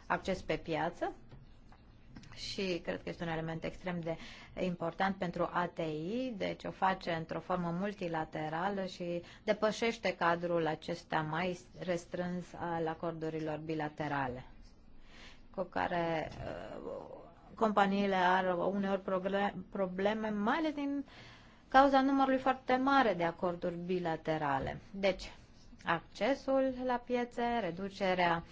acces pe piață și cred că este un element extrem de important pentru ATI, deci o face într-o formă multilaterală și depășește cadrul acesta mai restrâns al acordurilor bilaterale cu care uh, companiile au uneori probleme, mai ales din cauza numărului foarte mare de acorduri bilaterale. Deci, accesul la piețe, reducerea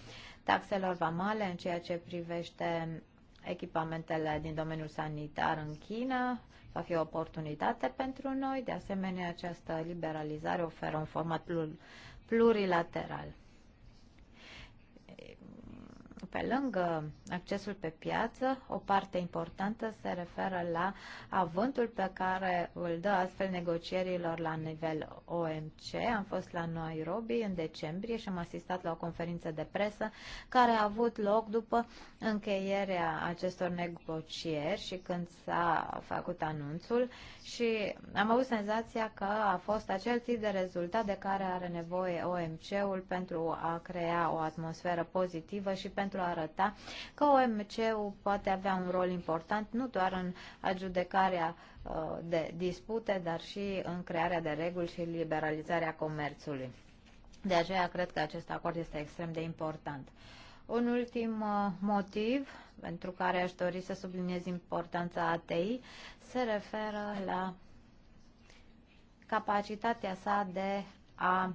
taxelor vamale în ceea ce privește echipamentele din domeniul sanitar în China, va fi o oportunitate pentru noi. De asemenea, această liberalizare oferă un format plurilateral pe lângă accesul pe piață, o parte importantă se referă la avântul pe care îl dă astfel negocierilor la nivel OMC. Am fost la Nairobi în decembrie și am asistat la o conferință de presă care a avut loc după încheierea acestor negocieri și când s-a făcut anunțul și am avut senzația că a fost acel tip de rezultat de care are nevoie OMC-ul pentru a crea o atmosferă pozitivă și pentru a arăta că OMC-ul poate avea un rol important nu doar în adjudecarea uh, de dispute, dar și în crearea de reguli și liberalizarea comerțului. De aceea cred că acest acord este extrem de important. Un ultim uh, motiv pentru care aș dori să subliniez importanța ATI se referă la capacitatea sa de a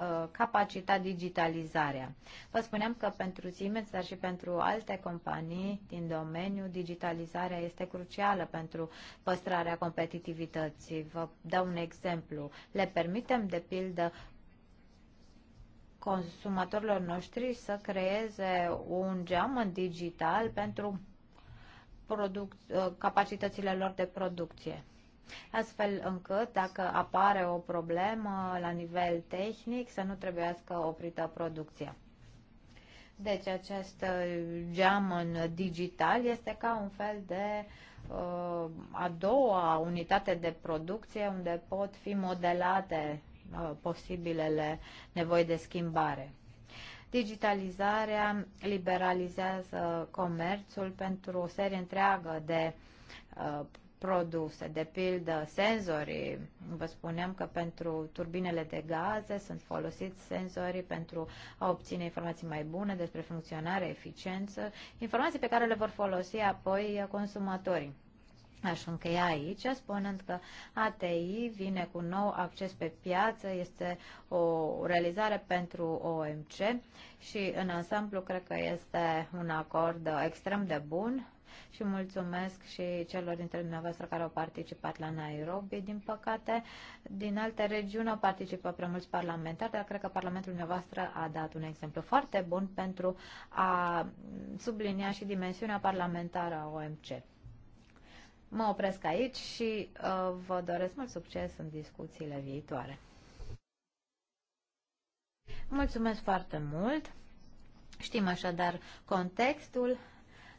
Uh, capacita digitalizarea. Vă spuneam că pentru Siemens, dar și pentru alte companii din domeniu, digitalizarea este crucială pentru păstrarea competitivității. Vă dau un exemplu. Le permitem, de pildă, consumatorilor noștri să creeze un geam în digital pentru uh, capacitățile lor de producție astfel încât dacă apare o problemă la nivel tehnic să nu trebuiască oprită producția. Deci acest geam în digital este ca un fel de uh, a doua unitate de producție unde pot fi modelate uh, posibilele nevoi de schimbare. Digitalizarea liberalizează comerțul pentru o serie întreagă de uh, produse, de pildă senzorii. Vă spuneam că pentru turbinele de gaze sunt folosiți senzorii pentru a obține informații mai bune despre funcționare, eficiență, informații pe care le vor folosi apoi consumatorii. Aș încheia aici, spunând că ATI vine cu nou acces pe piață, este o realizare pentru OMC și în ansamblu cred că este un acord extrem de bun și mulțumesc și celor dintre dumneavoastră care au participat la Nairobi. Din păcate, din alte regiuni au participat prea mulți parlamentari, dar cred că Parlamentul dumneavoastră a dat un exemplu foarte bun pentru a sublinia și dimensiunea parlamentară a OMC. Mă opresc aici și uh, vă doresc mult succes în discuțiile viitoare. Mulțumesc foarte mult! Știm așadar contextul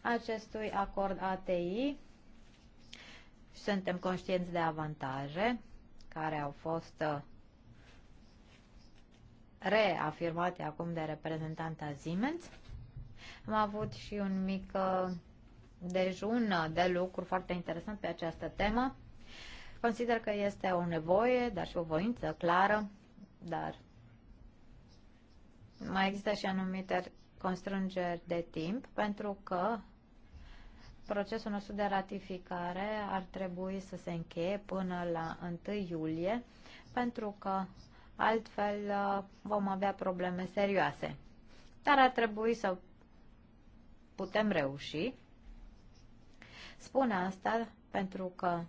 acestui acord ATI. Suntem conștienți de avantaje care au fost uh, reafirmate acum de reprezentanta Siemens. Am avut și un mic uh, dejun uh, de lucru foarte interesant pe această temă. Consider că este o nevoie, dar și o voință clară, dar mai există și anumite constrângeri de timp, pentru că procesul nostru de ratificare ar trebui să se încheie până la 1 iulie, pentru că altfel uh, vom avea probleme serioase. Dar ar trebui să putem reuși. Spun asta pentru că,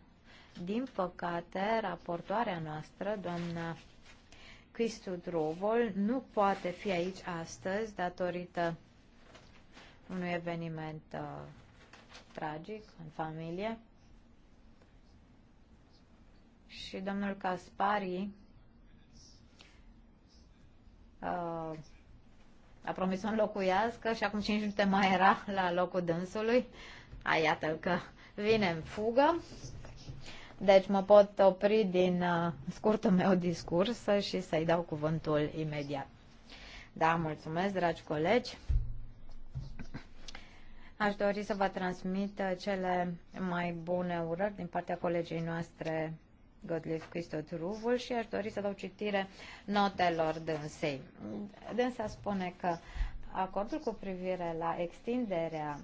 din păcate, raportoarea noastră, doamna Cristu Drovol nu poate fi aici astăzi datorită unui eveniment uh, tragic în familie. Și domnul Caspari uh, a promis să înlocuiască și acum 5 minute mai era la locul dânsului. A, iată că vine în fugă. Deci mă pot opri din uh, scurtul meu discurs și să-i dau cuvântul imediat. Da, mulțumesc, dragi colegi. Aș dori să vă transmit uh, cele mai bune urări din partea colegii noastre Godlif Cristot Ruvul și aș dori să dau citire notelor dânsei. Dânsa spune că acordul cu privire la extinderea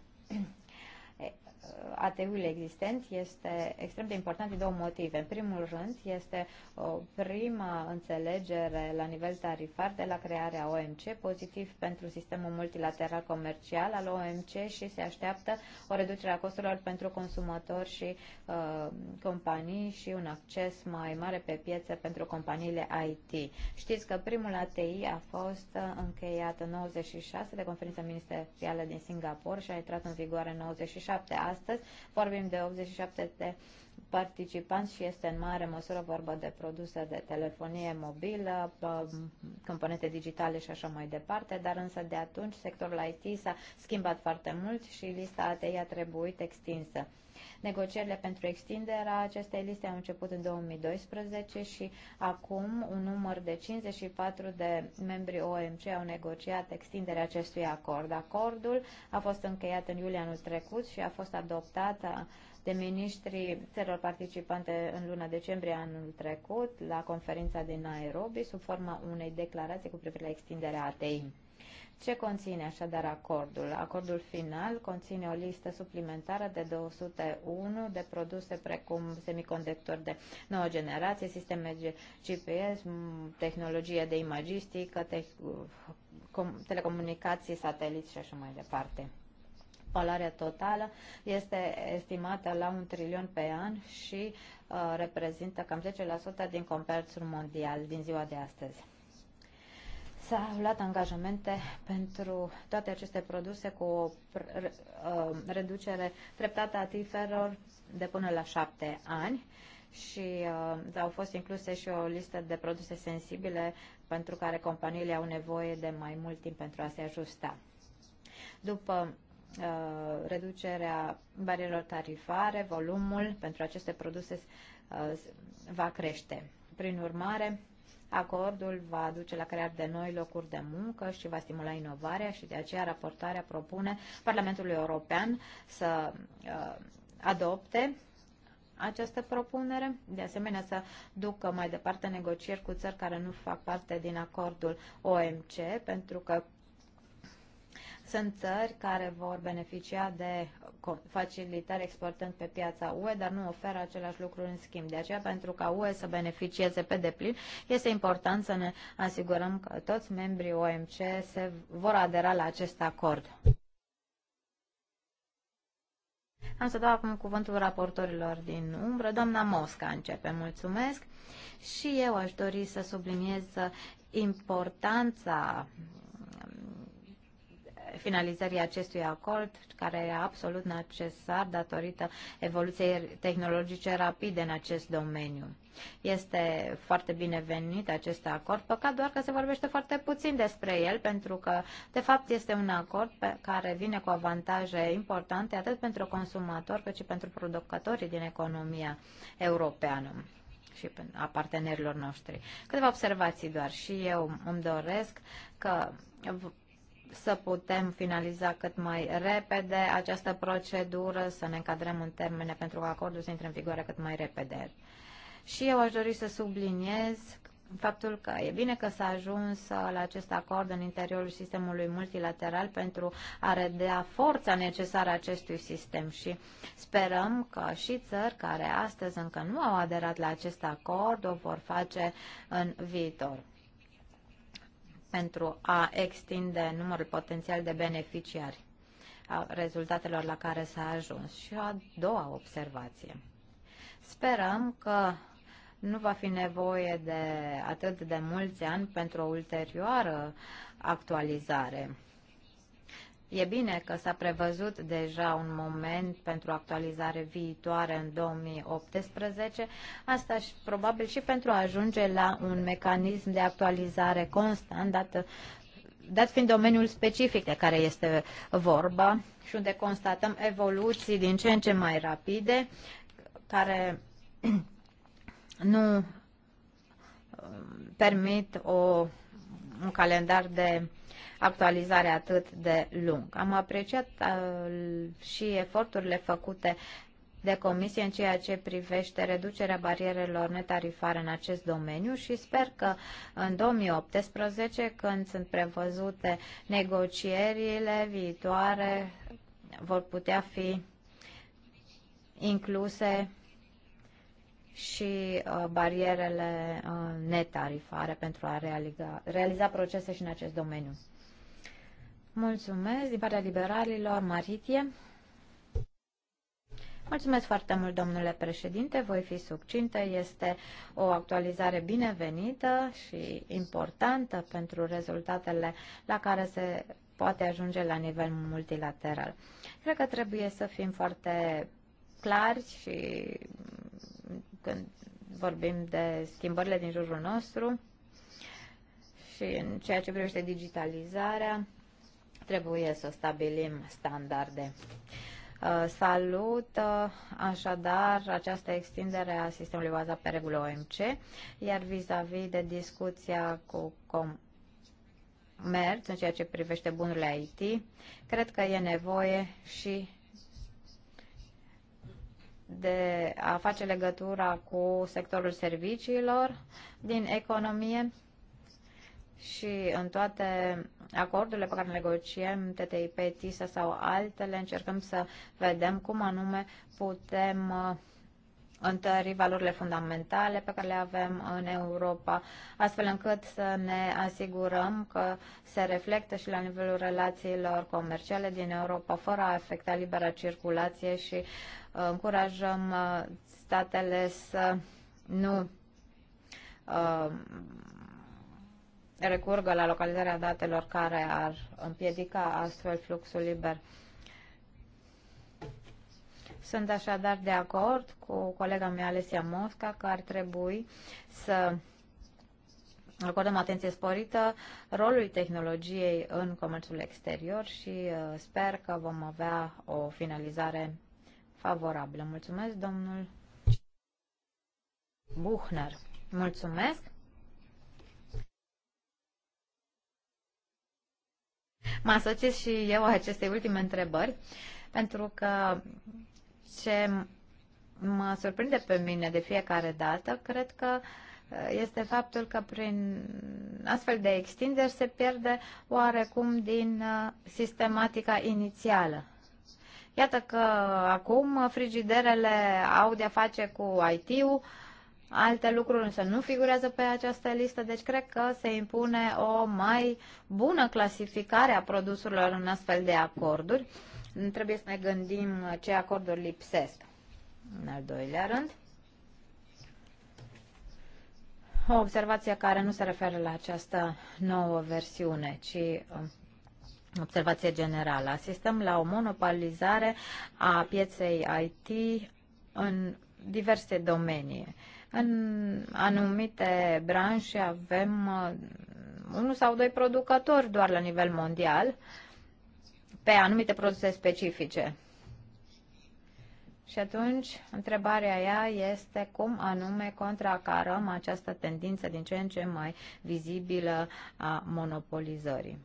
Uh, ATU-ul existent este extrem de important din două motive. În primul rând, este o prima înțelegere la nivel tarifar de la crearea OMC, pozitiv pentru sistemul multilateral comercial al OMC și se așteaptă o reducere a costurilor pentru consumatori și uh, companii și un acces mai mare pe piețe pentru companiile IT. Știți că primul ATI a fost uh, încheiat în 96 de conferința ministerială din Singapore și a intrat în vigoare în 97. Astăzi astăzi. Vorbim de 87 de participanți și este în mare măsură vorba de produse de telefonie mobilă, componente digitale și așa mai departe, dar însă de atunci sectorul IT s-a schimbat foarte mult și lista ATI a trebuit extinsă. Negocierile pentru extinderea acestei liste au început în 2012 și acum un număr de 54 de membri OMC au negociat extinderea acestui acord. Acordul a fost încheiat în iulie anul trecut și a fost adoptat de ministrii țărilor participante în luna decembrie anul trecut la conferința din Nairobi sub forma unei declarații cu privire la extinderea ATI. Ce conține așadar acordul? Acordul final conține o listă suplimentară de 201 de produse precum semiconductori de nouă generație, sisteme GPS, tehnologie de imagistică, te- telecomunicații, sateliți și așa mai departe. Valoarea totală este estimată la un trilion pe an și uh, reprezintă cam 10% din comerțul mondial din ziua de astăzi s-a luat angajamente pentru toate aceste produse cu o uh, reducere treptată a tiferor de până la șapte ani și uh, au fost incluse și o listă de produse sensibile pentru care companiile au nevoie de mai mult timp pentru a se ajusta. După uh, reducerea barierelor tarifare, volumul pentru aceste produse uh, va crește. Prin urmare, Acordul va aduce la crearea de noi locuri de muncă și va stimula inovarea și de aceea raportarea propune Parlamentului European să uh, adopte această propunere, de asemenea să ducă mai departe negocieri cu țări care nu fac parte din acordul OMC, pentru că sunt țări care vor beneficia de facilitări exportând pe piața UE, dar nu oferă același lucru în schimb. De aceea, pentru ca UE să beneficieze pe deplin, este important să ne asigurăm că toți membrii OMC se vor adera la acest acord. Am să dau acum cuvântul raportorilor din umbră. Doamna Mosca începe. Mulțumesc. Și eu aș dori să subliniez importanța finalizării acestui acord, care era absolut necesar datorită evoluției tehnologice rapide în acest domeniu. Este foarte binevenit acest acord, păcat doar că se vorbește foarte puțin despre el, pentru că, de fapt, este un acord pe care vine cu avantaje importante atât pentru consumatori cât și pentru producătorii din economia europeană și a partenerilor noștri. Câteva observații doar și eu îmi doresc că să putem finaliza cât mai repede această procedură, să ne încadrăm în termene pentru că acordul să intre în vigoare cât mai repede. Și eu aș dori să subliniez faptul că e bine că s-a ajuns la acest acord în interiorul sistemului multilateral pentru a redea forța necesară acestui sistem și sperăm că și țări care astăzi încă nu au aderat la acest acord o vor face în viitor pentru a extinde numărul potențial de beneficiari a rezultatelor la care s-a ajuns. Și a doua observație. Sperăm că nu va fi nevoie de atât de mulți ani pentru o ulterioară actualizare. E bine că s-a prevăzut deja un moment pentru actualizare viitoare în 2018, asta și, probabil și pentru a ajunge la un mecanism de actualizare constant, dat, dat fiind domeniul specific de care este vorba și unde constatăm evoluții din ce în ce mai rapide, care nu um, permit o, un calendar de actualizare atât de lung. Am apreciat uh, și eforturile făcute de comisie în ceea ce privește reducerea barierelor netarifare în acest domeniu și sper că în 2018, când sunt prevăzute negocierile viitoare, vor putea fi incluse și uh, barierele uh, netarifare pentru a realiza, realiza procese și în acest domeniu. Mulțumesc din partea liberalilor, Maritie. Mulțumesc foarte mult, domnule președinte, voi fi succintă. Este o actualizare binevenită și importantă pentru rezultatele la care se poate ajunge la nivel multilateral. Cred că trebuie să fim foarte clari și când vorbim de schimbările din jurul nostru și în ceea ce privește digitalizarea, trebuie să stabilim standarde. Uh, salut uh, așadar această extindere a sistemului bazat pe regulă OMC, iar vis-a-vis -vis de discuția cu comerț în ceea ce privește bunurile IT, cred că e nevoie și de a face legătura cu sectorul serviciilor din economie și în toate acordurile pe care negociem, TTIP, TISA sau altele, încercăm să vedem cum anume putem uh, întări valorile fundamentale pe care le avem în Europa, astfel încât să ne asigurăm că se reflectă și la nivelul relațiilor comerciale din Europa, fără a afecta libera circulație și uh, încurajăm uh, statele să nu recurgă la localizarea datelor care ar împiedica astfel fluxul liber. Sunt așadar de acord cu colega mea Alessia Mosca că ar trebui să acordăm atenție sporită rolului tehnologiei în comerțul exterior și uh, sper că vom avea o finalizare favorabilă. Mulțumesc, domnul Buchner. Mulțumesc. Mă asociez și eu acestei ultime întrebări, pentru că ce mă surprinde pe mine de fiecare dată, cred că uh, este faptul că prin astfel de extinderi se pierde oarecum din uh, sistematica inițială. Iată că acum frigiderele au de-a face cu IT-ul, Alte lucruri însă nu figurează pe această listă, deci cred că se impune o mai bună clasificare a produselor în astfel de acorduri. Trebuie să ne gândim ce acorduri lipsesc. În al doilea rând, o observație care nu se referă la această nouă versiune, ci um, observație generală. Asistăm la o monopolizare a pieței IT în diverse domenii. În anumite branșe avem uh, unul sau doi producători doar la nivel mondial pe anumite produse specifice. Și atunci, întrebarea ea este cum anume contracarăm această tendință din ce în ce mai vizibilă a monopolizării.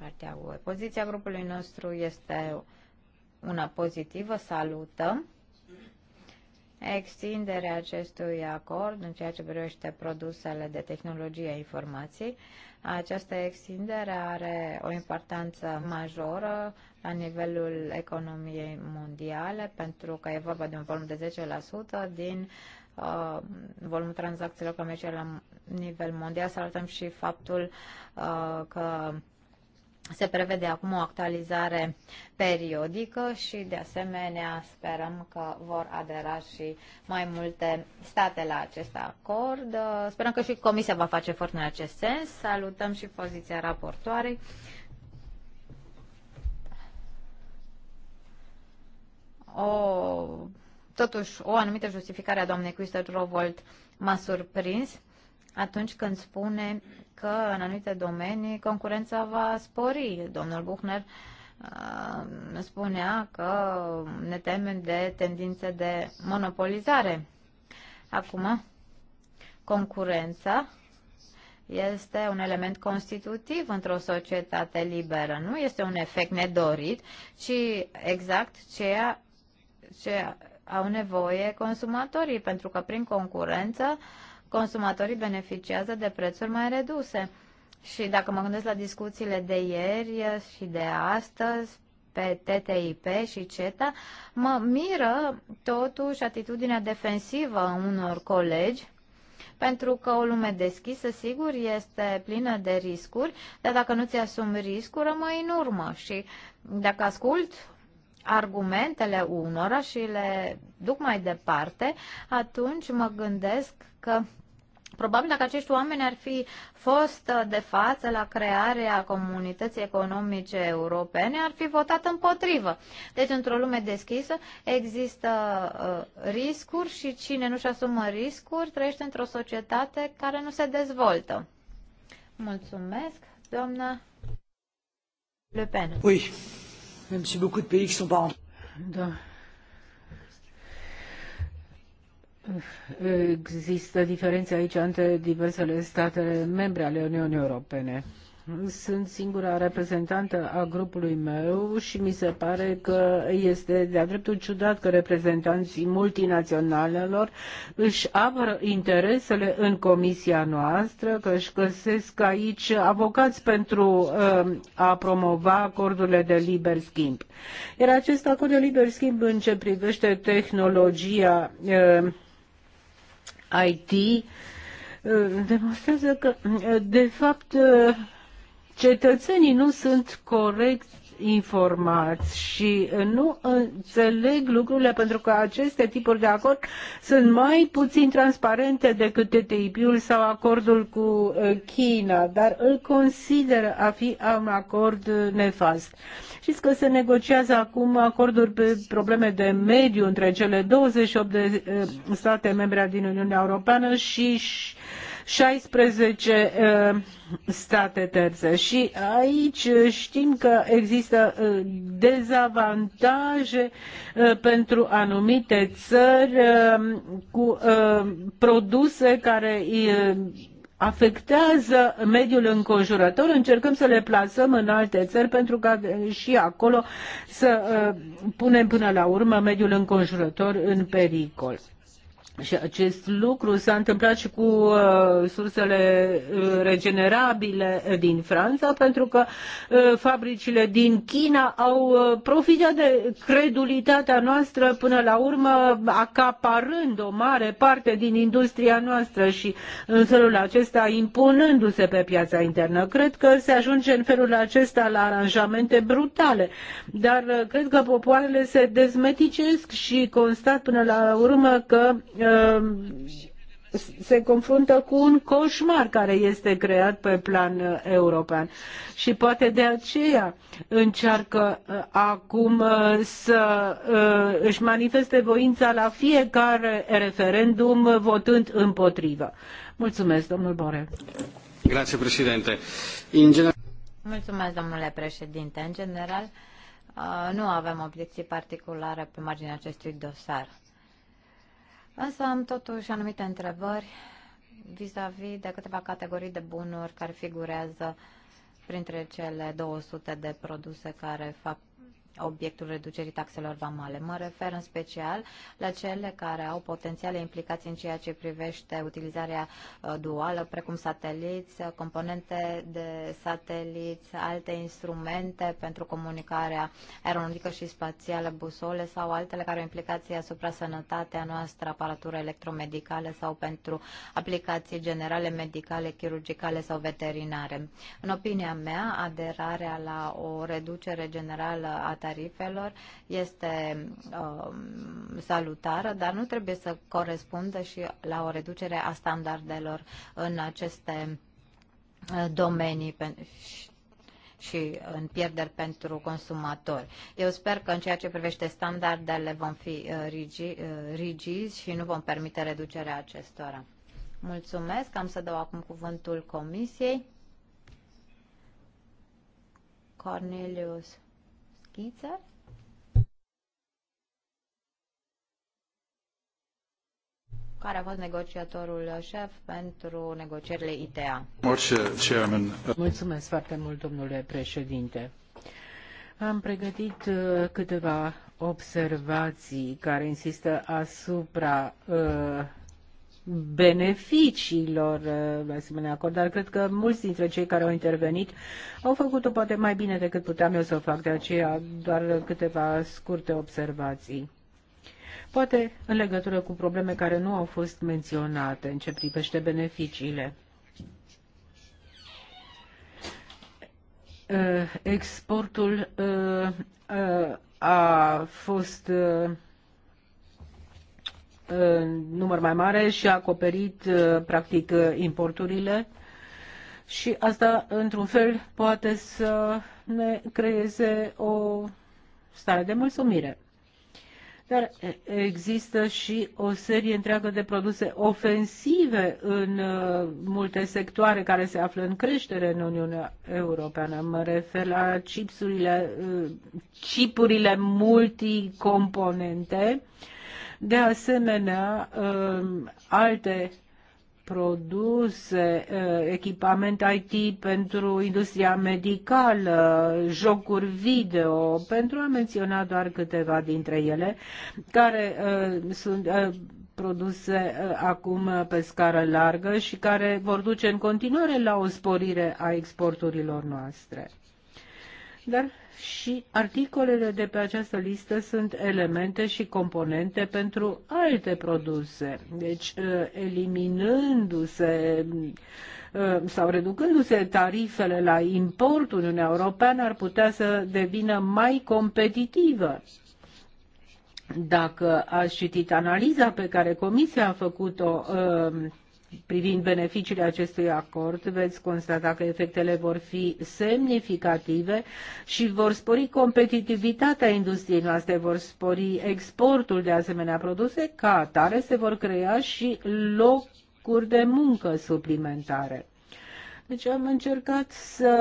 partea UE. Poziția grupului nostru este una pozitivă, salutăm extinderea acestui acord în ceea ce privește produsele de tehnologie a informației. Această extindere are o importanță majoră la nivelul economiei mondiale, pentru că e vorba de un volum de 10% din uh, volumul tranzacțiilor comerciale la nivel mondial. Salutăm și faptul uh, că se prevede acum o actualizare periodică și, de asemenea, sperăm că vor adera și mai multe state la acest acord. Sperăm că și Comisia va face efort în acest sens. Salutăm și poziția raportoarei. O, totuși, o anumită justificare a doamnei Christopher Rovolt m-a surprins atunci când spune că în anumite domenii concurența va spori. Domnul Buchner uh, spunea că ne temem de tendințe de monopolizare. Acum, concurența este un element constitutiv într-o societate liberă. Nu este un efect nedorit, ci exact ceea ce au nevoie consumatorii, pentru că prin concurență uh, consumatorii beneficiază de prețuri mai reduse. Și dacă mă gândesc la discuțiile de ieri și de astăzi pe TTIP și CETA, mă miră totuși atitudinea defensivă a unor colegi pentru că o lume deschisă, sigur, este plină de riscuri, dar dacă nu ți-asumi riscul, rămâi în urmă. Și dacă ascult argumentele unora și le duc mai departe, atunci mă gândesc că Probabil dacă acești oameni ar fi fost uh, de față la crearea comunității economice europene, ar fi votat împotrivă. Deci, într-o lume deschisă, există uh, riscuri și cine nu-și asumă riscuri trăiește într-o societate care nu se dezvoltă. Mulțumesc, doamna Le Pen. Oui, même si beaucoup de pays qui sont pas... Da, Există diferențe aici între diversele state membre ale Uniunii Europene. Sunt singura reprezentantă a grupului meu și mi se pare că este de-a dreptul ciudat că reprezentanții multinaționalelor își apără interesele în comisia noastră, că își găsesc aici avocați pentru uh, a promova acordurile de liber schimb. Iar acest acord de liber schimb în ce privește tehnologia uh, IT uh, demonstrează că, uh, de fapt, uh, cetățenii nu sunt corect informați și uh, nu înțeleg lucrurile pentru că aceste tipuri de acord sunt mai puțin transparente decât TTIP-ul sau acordul cu uh, China, dar îl consider a fi un acord uh, nefast. Știți că se negociază acum acorduri pe probleme de mediu între cele 28 de state membre din Uniunea Europeană și 16 uh, state tere i aici uh, știm că există uh, dezavantaje pentru anumite țări cu produse care afectează mediul înconjurător, încercăm să le plasăm în alte țări pentru ca și acolo să punem până la urmă mediul înconjurător în pericol. Și acest lucru s-a întâmplat și cu uh, sursele uh, regenerabile uh, din Franța, pentru că uh, fabricile din China au uh, profitat de credulitatea noastră până la urmă, acaparând o mare parte din industria noastră și în felul acesta impunându-se pe piața internă. Cred că se ajunge în felul acesta la aranjamente brutale, dar uh, cred că popoarele se dezmeticesc și constat până la urmă că uh, Uh, se confruntă cu un coșmar care este creat pe plan uh, european. Și poate de aceea încearcă uh, acum să își manifeste voința la fiecare referendum votând împotrivă. Mulțumesc, domnul Borel. Grazie, președinte. general... Mulțumesc, domnule președinte. În general, nu avem obiecții particulare pe marginea acestui dosar. Însă am totuși anumite întrebări vis-a-vis -vis de câteva categorii de bunuri care figurează printre cele 200 de produse care fac obiectul reducerii taxelor vamale. Mă refer în special la cele care au potențiale implicații în ceea ce privește utilizarea uh, duală, precum sateliți, uh, componente de sateliți, alte instrumente pentru comunicarea aeronautică și spațială, busole sau altele care au implicații asupra sănătatea noastră, aparatură electromedicală sau pentru aplicații generale medicale, chirurgicale sau veterinare. În opinia mea, aderarea la o reducere generală a tarifelor este um, salutară, dar nu trebuie să corespundă și la o reducere a standardelor în aceste uh, domenii și în pierderi pentru consumatori. Eu sper că în ceea ce privește standardele vom fi uh, uh, rigizi și nu vom permite reducerea acestora. Mulțumesc. Am să dau acum cuvântul Comisiei. Cornelius fetiță. care a fost negociatorul șef pentru negocierile ITA. Mulțumesc foarte mult, domnule președinte. Am pregătit uh, câteva observații care insistă asupra uh, beneficiilor uh, asemenea acord, dar cred că mulți dintre cei care au intervenit au făcut-o poate mai bine decât puteam eu să o fac, de aceea doar câteva scurte observații. Poate în legătură cu probleme care nu au fost menționate în ce privește beneficiile. Uh, exportul uh, a fost Uh, număr mai mare și a acoperit uh, practic uh, importurile și asta într-un fel poate să ne creeze o stare de mulțumire. Dar există și o serie întreagă de produse ofensive în multe sectoare care se află în creștere în Uniunea Europeană. Mă refer la chipurile multicomponente, uh, de asemenea, um, alte produse, uh, echipament IT pentru industria medicală, jocuri video, pentru a menționa doar câteva dintre ele, care uh, sunt uh, produse acum pe scară largă și care vor duce în continuare la o sporire a exporturilor noastre. Dar și articolele de pe această listă sunt elemente și componente pentru alte produse. Deci, uh, eliminându-se uh, sau reducându-se tarifele la import, Uniunea Europeană ar putea să devină mai competitivă. Dacă ați citit analiza pe care Comisia a făcut-o uh, privind beneficiile acestui acord, veți constata că efectele vor fi semnificative și vor spori competitivitatea industriei noastre, vor spori exportul de asemenea produse, ca atare se vor crea și locuri de muncă suplimentare. Deci am încercat să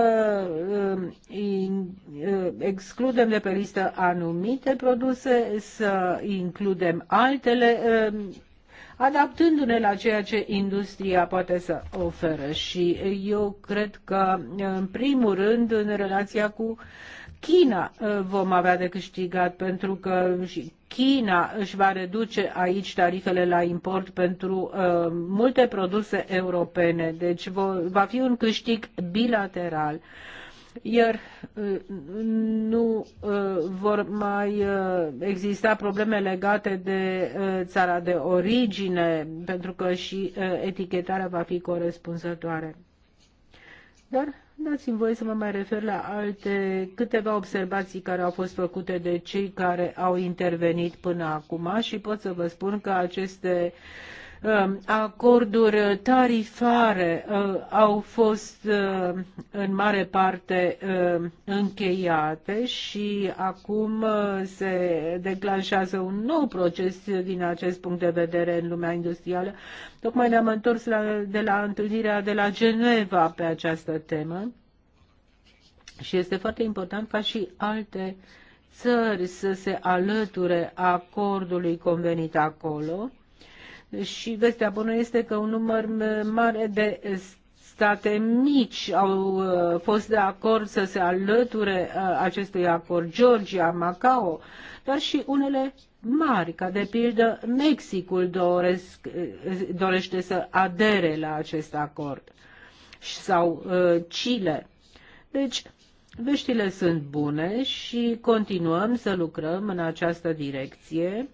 um, uh, excludem de pe listă anumite produse, să includem altele um, adaptându-ne la ceea ce industria poate să ofere. Și eu cred că, în primul rând, în relația cu China uh, vom avea de câștigat pentru că și China își va reduce aici tarifele la import pentru uh, multe produse europene. Deci va fi un câștig bilateral. Uh, iar uh, nu uh, vor mai uh, exista probleme legate de țara de origine, pentru că și etichetarea va fi corespunzătoare. Dar dați-mi voie să mă mai refer la alte câteva observații care au fost făcute de cei care au intervenit până acum și pot să vă spun că aceste uh, Um, acorduri tarifare uh, au fost uh, în mare parte um, încheiate și acum uh, se declanșează un nou proces din acest punct de vedere în lumea industrială. Tocmai ne-am întors la, de la întâlnirea de la Geneva pe această temă și este foarte important ca și alte țări să se alăture acordului convenit acolo și vestea bună este că un număr mare de state mici au uh, fost de acord să se alăture uh, acestui acord, Georgia, Macao, dar și unele mari, ca de pildă Mexicul doresc, uh, dorește să adere la acest acord sau Chile. Deci, veștile sunt bune și continuăm să lucrăm în această direcție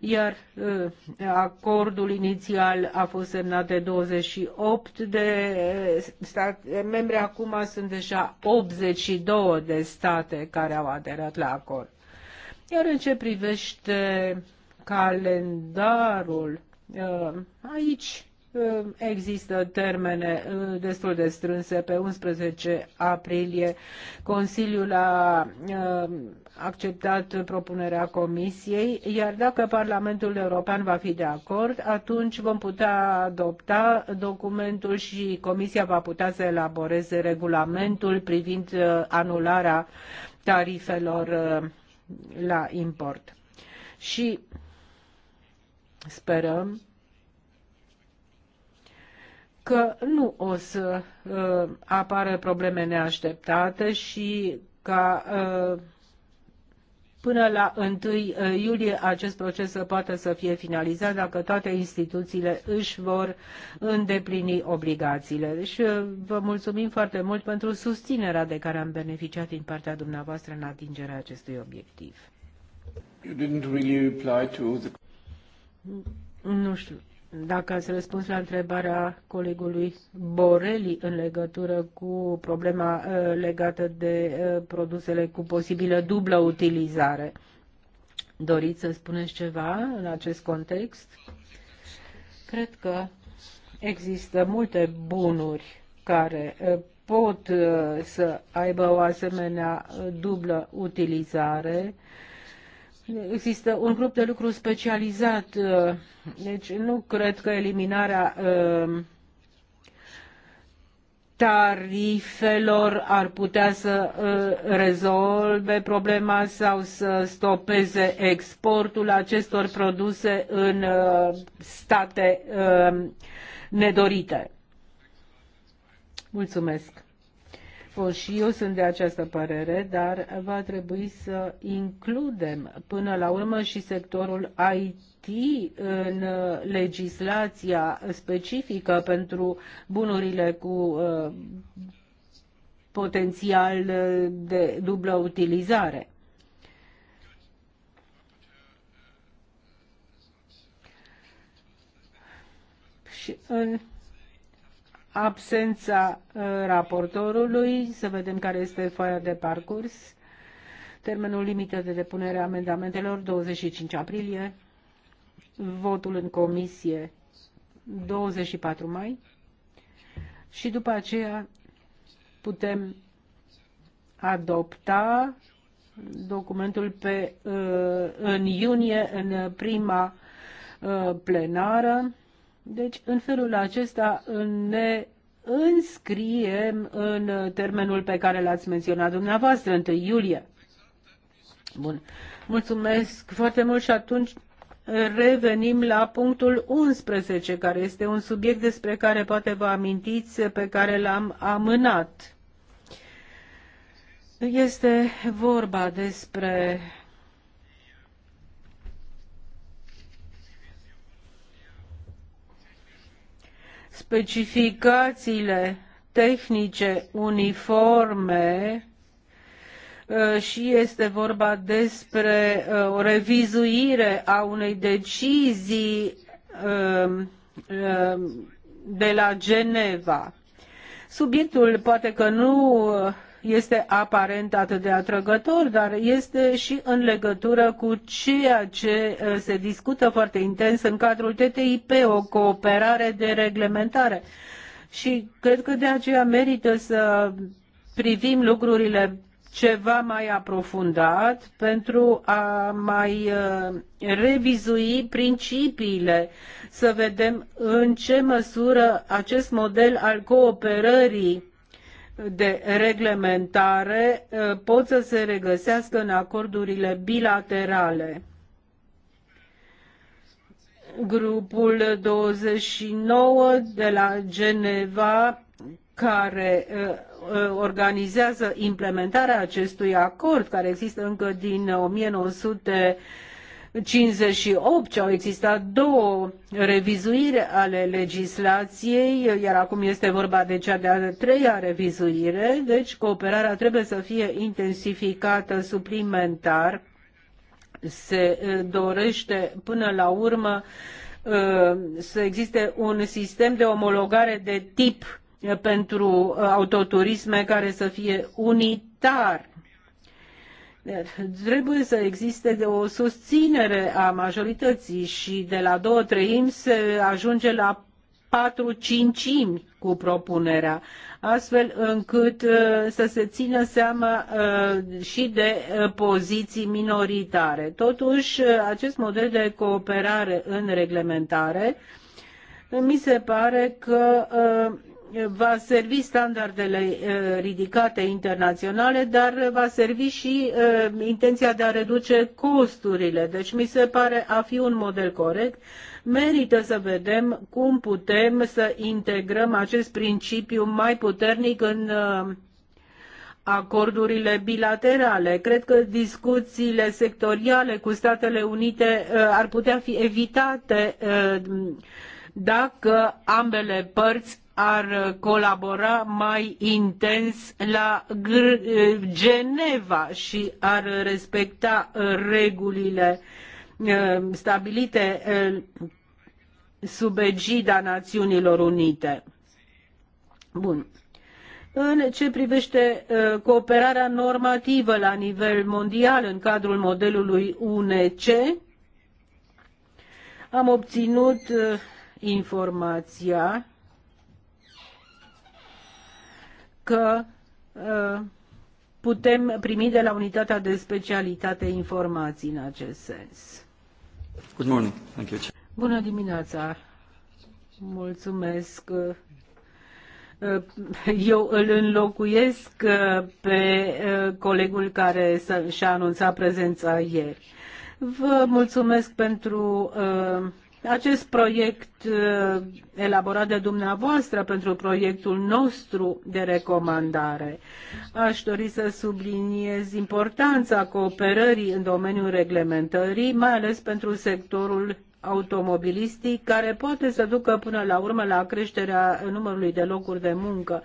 iar ă, acordul inițial a fost semnat de 28 de ă, state membre, acum sunt deja 82 de state care au aderat la acord. Iar în ce privește calendarul, ă, aici Există termene destul de strânse. Pe 11 aprilie Consiliul a acceptat propunerea Comisiei, iar dacă Parlamentul European va fi de acord, atunci vom putea adopta documentul și Comisia va putea să elaboreze regulamentul privind uh, anularea tarifelor uh, la import. Și sperăm că nu o să uh, apară probleme neașteptate și ca uh, până la 1 eh, iulie acest proces să poată să fie finalizat dacă toate instituțiile își vor îndeplini obligațiile. Deci vă mulțumim foarte mult pentru susținerea de care am beneficiat din partea dumneavoastră în atingerea acestui obiectiv. You didn't really reply to the... Nu știu. Dacă ați răspuns la întrebarea colegului Borelli în legătură cu problema uh, legată de uh, produsele cu posibilă dublă utilizare, doriți să spuneți ceva în acest context? Cred că există multe bunuri care uh, pot să aibă o asemenea dublă utilizare Există un grup de lucru specializat, uh, deci nu cred că eliminarea uh, tarifelor ar putea să uh, rezolve problema sau să stopeze exportul acestor produse în state nedorite. Mulțumesc fost și eu sunt de această părere, dar va trebui să includem până la urmă și sectorul IT în uh, legislația specifică pentru bunurile cu uh, potențial uh, de dublă utilizare. Și în absența uh, raportorului, să vedem care este foaia de parcurs. Termenul limită de depunere a amendamentelor 25 aprilie, votul în comisie 24 mai și după aceea putem adopta documentul pe, uh, în iunie, în prima uh, plenară. Deci, în felul acesta ne înscriem în termenul pe care l-ați menționat dumneavoastră, 1 iulie. Bun. Mulțumesc foarte mult și atunci revenim la punctul 11, care este un subiect despre care poate vă amintiți, pe care l-am amânat. Este vorba despre specificațiile tehnice uniforme uh, și este vorba despre uh, o revizuire a unei decizii um, um, de la Geneva. Subiectul poate că nu uh, este aparent atât de atrăgător, dar este și în legătură cu ceea ce uh, se discută foarte intens în cadrul TTIP, o cooperare de reglementare. Și cred că de aceea merită să privim lucrurile ceva mai aprofundat pentru a mai uh, revizui principiile, să vedem în ce măsură acest model al cooperării de reglementare uh, pot să se regăsească în acordurile bilaterale. Grupul 29 de la Geneva care uh, uh, organizează implementarea acestui acord care există încă din 1900 58 au existat două revizuiri ale legislației, iar acum este vorba de cea de-a treia revizuire, deci cooperarea trebuie să fie intensificată suplimentar. Se dorește până la urmă să existe un sistem de omologare de tip pentru autoturisme care să fie unitar Trebuie să existe de o susținere a majorității și de la două treimi se ajunge la patru cincimi cu propunerea, astfel încât uh, să se țină seama uh, și de uh, poziții minoritare. Totuși, acest model de cooperare în reglementare mi se pare că uh, va servi standardele uh, ridicate internaționale, dar va servi și uh, intenția de a reduce costurile. Deci mi se pare a fi un model corect. Merită să vedem cum putem să integrăm acest principiu mai puternic în uh, acordurile bilaterale. Cred că discuțiile sectoriale cu Statele Unite ar putea fi evitate dacă ambele părți ar colabora mai intens la Geneva și ar respecta uh, regulile uh, stabilite uh, sub egida Națiunilor Unite. Bun. În ce privește cooperarea normativă la nivel mondial în cadrul modelului UNC, am obținut informația că uh, putem primi de la unitatea de specialitate informații în acest sens. Good morning. Thank you. Bună dimineața. Mulțumesc. Uh, eu îl înlocuiesc uh, pe colegul care și-a anunțat prezența ieri. Vă mulțumesc pentru uh, acest proiect uh, elaborat de dumneavoastră pentru proiectul nostru de recomandare. Aș dori să subliniez importanța cooperării în domeniul reglementării, mai ales pentru sectorul automobilistic, care poate să ducă până la urmă la creșterea numărului de locuri de muncă.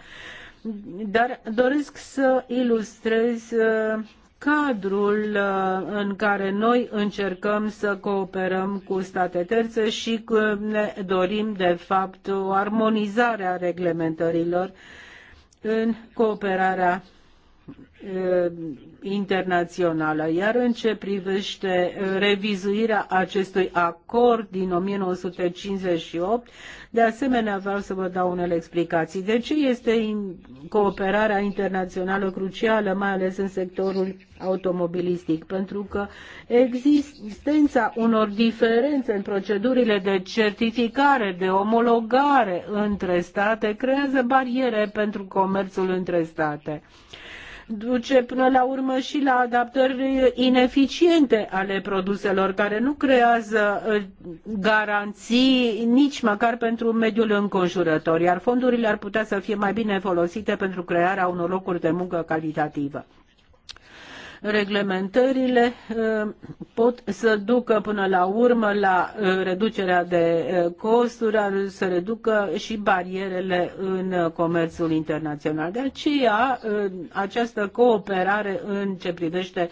Dar doresc să ilustrez uh, cadrul uh, în care noi încercăm să cooperăm cu state terțe și ne dorim, de fapt, o armonizare a reglementărilor în cooperarea Uh, internațională. Iar în ce privește uh, revizuirea acestui acord din 1958, de asemenea vreau să vă dau unele explicații. De ce este cooperarea internațională crucială, mai ales în sectorul automobilistic? Pentru că existența unor diferențe în procedurile de certificare, de omologare între state, creează bariere pentru comerțul între state duce până la urmă și la adaptări ineficiente ale produselor care nu creează uh, garanții nici măcar pentru mediul înconjurător, iar fondurile ar putea să fie mai bine folosite pentru crearea unor locuri de muncă calitativă reglementările uh, pot să ducă până la urmă la uh, reducerea de uh, costuri, să reducă și barierele în comerțul internațional. De aceea, această cooperare în ce privește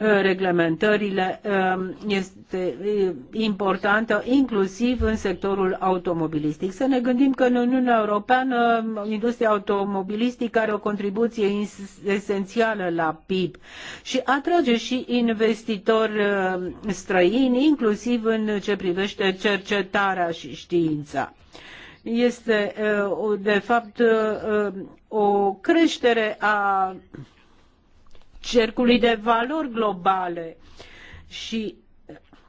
Uh, reglementările um, este uh, importantă, inclusiv în sectorul automobilistic. Să ne gândim că în Uniunea Europeană um, industria automobilistică are o contribuție esențială la PIB și atrage și investitori uh, străini, inclusiv în ce privește cercetarea și știința este de fapt o creștere a cercului de valori globale. Și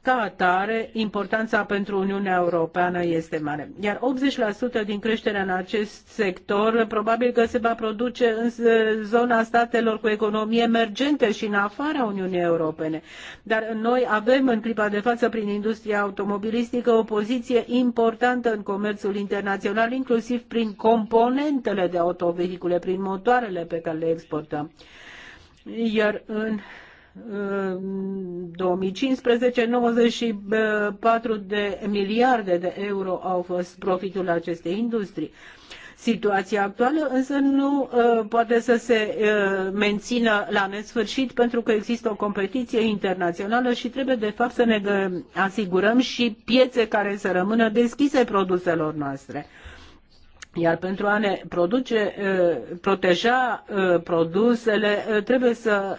ca atare, importanța pentru Uniunea Europeană este mare. Iar 80% din creșterea în acest sector probabil că se va produce în zona statelor cu economie emergente și în afara Uniunii Europene. Dar noi avem în clipa de față prin industria automobilistică o poziție importantă în comerțul internațional, inclusiv prin componentele de autovehicule, prin motoarele pe care le exportăm iar în 2015 uh, 94 de miliarde de euro au fost profitul acestei industrii. Situația actuală însă nu uh, poate să se uh, mențină la nesfârșit pentru că există o competiție internațională și trebuie de fapt să ne asigurăm și piețe care să rămână deschise produselor noastre. Iar pentru a ne produce, proteja produsele, trebuie să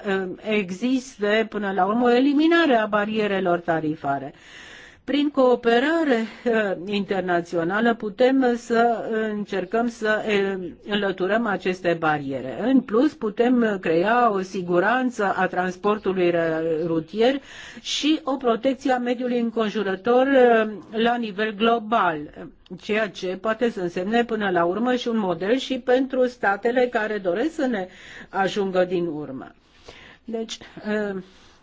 existe până la urmă eliminarea barierelor tarifare prin cooperare eh, internațională putem să încercăm să eh, înlăturăm aceste bariere. În plus, putem crea o siguranță a transportului rutier și o protecție a mediului înconjurător eh, la nivel global, ceea ce poate să însemne până la urmă și un model și pentru statele care doresc să ne ajungă din urmă. Deci,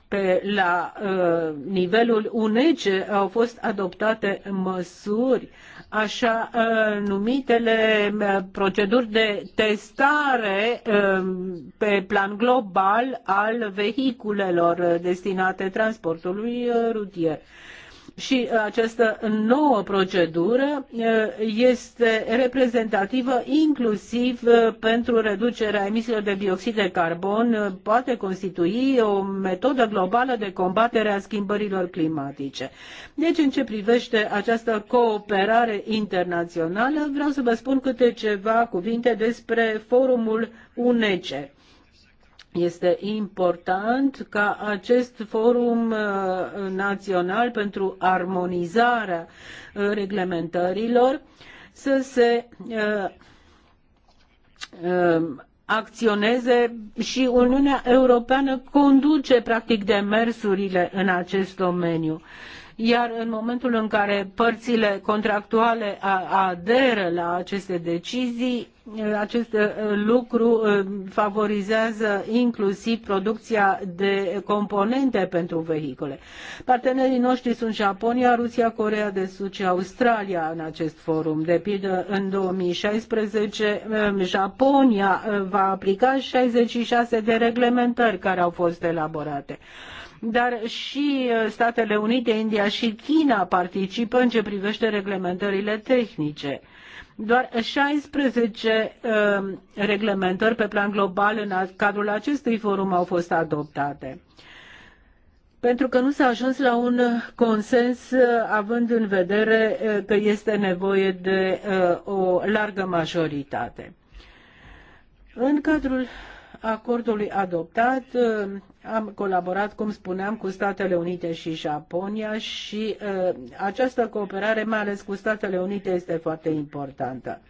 pe, la uh, nivelul UNECE au fost adoptate măsuri, așa uh, numitele uh, proceduri de testare uh, pe plan global al vehiculelor uh, destinate transportului uh, rutier. Uh, și uh, această nouă procedură uh, este reprezentativă inclusiv uh, pentru reducerea emisiilor de dioxid de carbon, poate constitui o metodă globală de combatere a schimbărilor climatice. Deci, în ce privește această cooperare internațională, vreau să vă spun câte ceva cuvinte despre forumul UNECE este important ca acest forum uh, național pentru armonizarea uh, reglementărilor să se uh, acționeze și Uniunea Europeană conduce practic demersurile în acest domeniu. Uh, iar în momentul în care părțile contractuale aderă la aceste decizii, acest uh, lucru uh, favorizează inclusiv producția de componente pentru vehicule. Partenerii noștri sunt Japonia, Rusia, Corea de Sud și Australia în acest forum. De pildă, în 2016, um, Japonia uh, va aplica 66 de reglementări care au fost elaborate dar și uh, Statele Unite, India și China participă în ce privește reglementările tehnice. Doar 16 uh, reglementări pe plan global în cadrul acestui forum au fost adoptate pentru că nu s-a ajuns la un consens uh, având în vedere uh, că este nevoie de o largă majoritate. În cadrul acordului adoptat am colaborat, cum spuneam, cu Statele Unite și Japonia și uh, această cooperare, mai ales cu Statele Unite, este foarte importantă.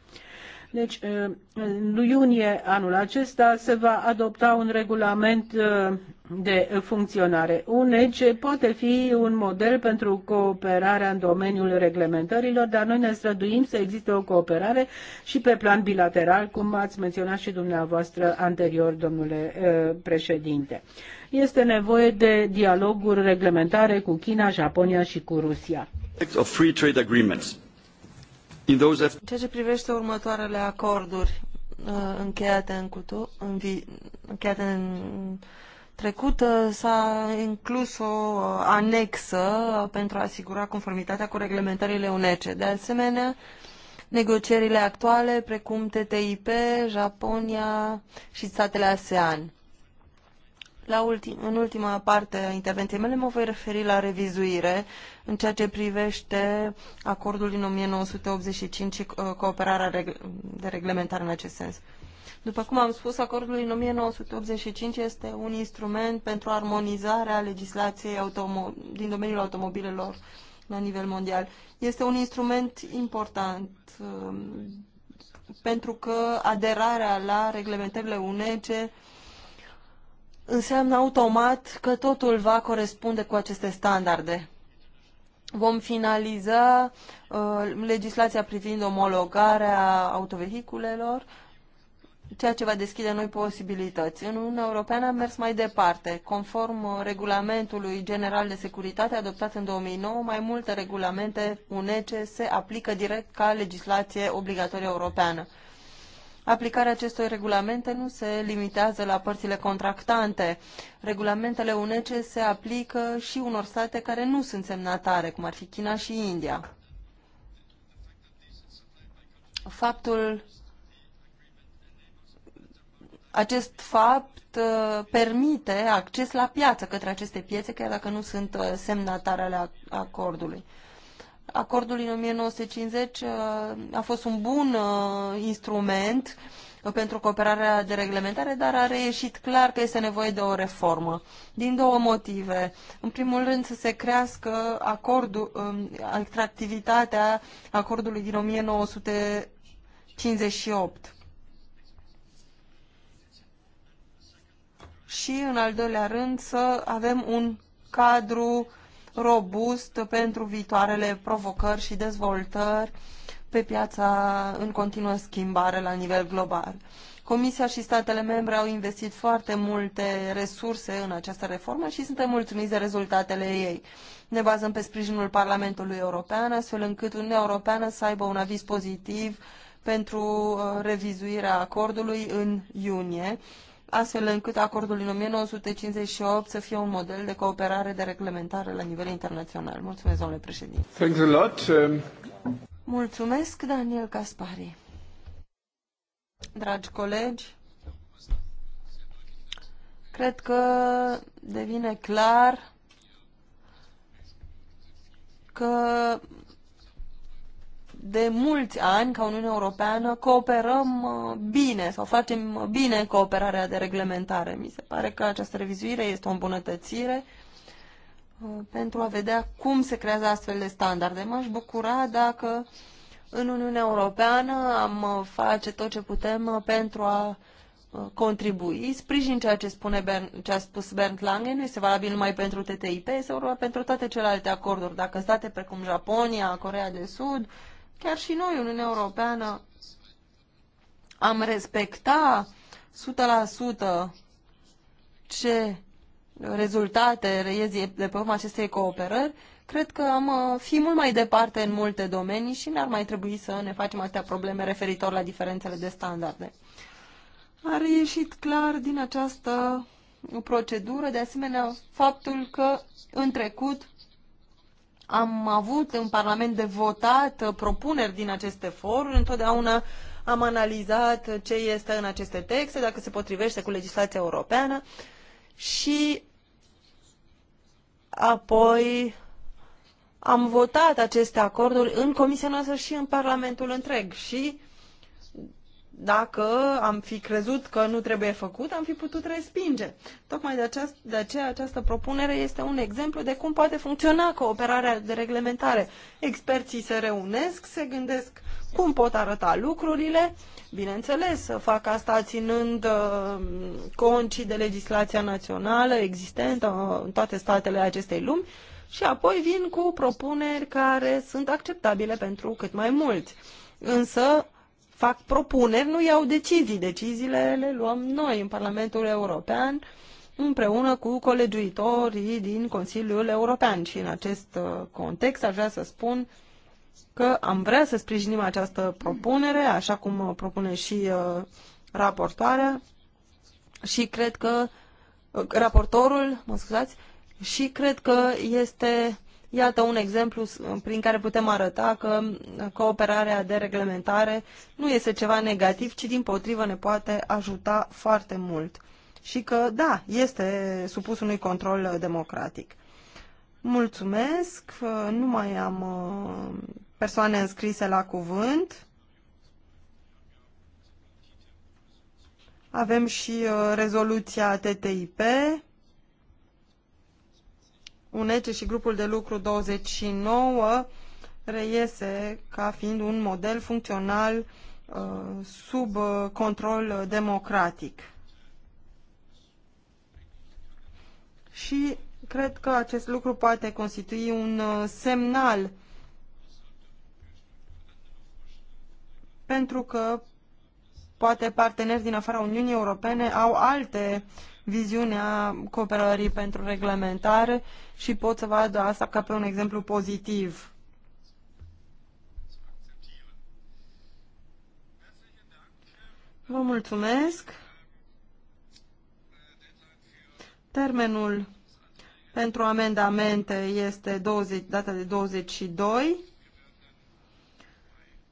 Deci, uh, în iunie anul acesta se va adopta un regulament uh, de funcționare. UNECE poate fi un model pentru cooperarea în domeniul reglementărilor, dar noi ne străduim să existe o cooperare și pe plan bilateral, cum ați menționat și dumneavoastră anterior, domnule președinte. Este nevoie de dialoguri reglementare cu China, Japonia și cu Rusia. ceea ce privește următoarele acorduri uh, încheiate în, cutu, în, vi, încheiate în trecută s-a inclus o uh, anexă pentru a asigura conformitatea cu reglementările UNECE. De asemenea, negocierile actuale, precum TTIP, Japonia și statele ASEAN. La ultim, în ultima parte a intervenției mele mă voi referi la revizuire în ceea ce privește acordul din 1985 și uh, cooperarea de reglementare în acest sens. După cum am spus, acordul din 1985 este un instrument pentru armonizarea legislației din domeniul automobilelor la nivel mondial. Este un instrument important um, pentru că aderarea la reglementările UNECE înseamnă automat că totul va corespunde cu aceste standarde. Vom finaliza uh, legislația privind omologarea autovehiculelor, ceea ce va deschide noi posibilități. În Uniunea Europeană am mers mai departe. Conform uh, regulamentului general de securitate adoptat în 2009, mai multe regulamente UNECE se aplică direct ca legislație obligatorie europeană. Aplicarea acestor regulamente nu se limitează la părțile contractante. Regulamentele UNECE se aplică și unor state care nu sunt semnatare, cum ar fi China și India. Faptul acest fapt uh, permite acces la piață către aceste piețe, chiar dacă nu sunt uh, semnatare ale acordului. Acordul din 1950 uh, a fost un bun instrument pentru cooperarea de reglementare, dar a reieșit clar că este nevoie de o reformă. Din două motive. În primul rând să se crească acordul, um, atractivitatea acordului din 1958. și, în al doilea rând, să avem un cadru robust pentru viitoarele provocări și dezvoltări pe piața în continuă schimbare la nivel global. Comisia și statele membre au investit foarte multe resurse în această reformă și suntem mulțumiți de rezultatele ei. Ne bazăm pe sprijinul Parlamentului European, astfel încât Uniunea Europeană să aibă un aviz pozitiv pentru uh, revizuirea acordului în iunie astfel încât acordul din 1958 să fie un model de cooperare de reglementare la nivel internațional. Mulțumesc, domnule președinte. Thanks a lot. Um, Mulțumesc, Daniel Caspari. Dragi colegi, cred că devine clar că de mulți ani, ca Uniunea Europeană, cooperăm uh, bine sau facem bine cooperarea de reglementare. Mi se pare că această revizuire este o îmbunătățire uh, pentru a vedea cum se creează astfel de standarde. M-aș bucura dacă în Uniunea Europeană am uh, face tot ce putem pentru a contribui. Sprijin ceea ce, spune Bern, ce a spus Bernd Lange, nu este valabil numai pentru TTIP, este pentru toate celelalte acorduri. Dacă state precum Japonia, Corea de Sud, chiar și noi, Uniunea Europeană, am respecta 100% ce rezultate reiezi de pe urma acestei cooperări, cred că am uh, fi mult mai departe în multe domenii și n-ar mai trebui să ne facem atâtea probleme referitor la diferențele de standarde. A ieșit clar din această procedură, de asemenea, faptul că în trecut am avut în Parlament de votat uh, propuneri din aceste foruri, întotdeauna am analizat ce este în aceste texte, dacă se potrivește cu legislația europeană și apoi am votat aceste acorduri în comisia noastră și în Parlamentul întreg și dacă am fi crezut că nu trebuie făcut, am fi putut respinge. Tocmai de, aceast, de aceea această propunere este un exemplu de cum poate funcționa cooperarea de reglementare. Experții se reunesc, se gândesc cum pot arăta lucrurile, bineînțeles, fac asta ținând uh, cont și de legislația națională existentă uh, în toate statele acestei lumi și apoi vin cu propuneri care sunt acceptabile pentru cât mai mulți. Însă, fac propuneri, nu iau decizii. Deciziile le luăm noi în Parlamentul European împreună cu colegiuitorii din Consiliul European. Și în acest uh, context aș vrea să spun că am vrea să sprijinim această propunere, așa cum uh, propune și uh, raportoarea și cred că raportorul, mă scuzați, și cred că este Iată un exemplu prin care putem arăta că cooperarea de reglementare nu este ceva negativ, ci din potrivă ne poate ajuta foarte mult și că, da, este supus unui control democratic. Mulțumesc, nu mai am uh, persoane înscrise la cuvânt. Avem și uh, rezoluția TTIP. UNECE și grupul de lucru 29 reiese ca fiind un model funcțional uh, sub uh, control democratic. Și cred că acest lucru poate constitui un uh, semnal pentru că Poate parteneri din afara Uniunii Europene au alte a cooperării pentru reglementare și pot să vadă asta ca pe un exemplu pozitiv. Vă mulțumesc. Termenul pentru amendamente este 20, data de 22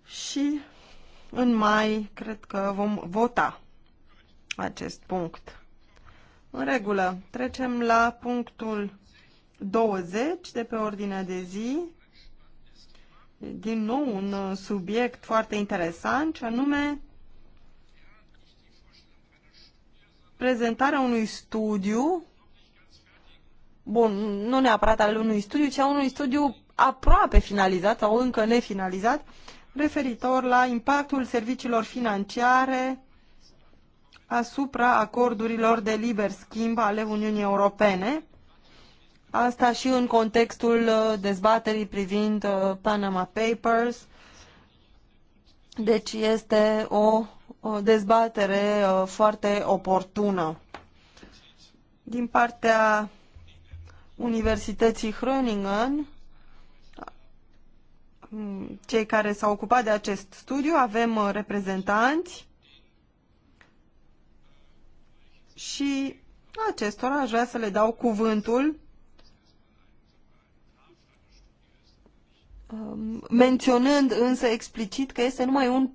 și în mai, cred că vom vota acest punct. În regulă, trecem la punctul 20 de pe ordinea de zi. Din nou un subiect foarte interesant, și anume prezentarea unui studiu, bun, nu neapărat al unui studiu, ci a unui studiu aproape finalizat sau încă nefinalizat, referitor la impactul serviciilor financiare asupra acordurilor de liber schimb ale Uniunii Europene, asta și în contextul uh, dezbaterii privind uh, Panama Papers. Deci este o dezbatere uh, foarte oportună. Din partea Universității Hröningen, cei care s-au ocupat de acest studiu, avem uh, reprezentanți și acestora aș vrea să le dau cuvântul um, menționând însă explicit că este numai un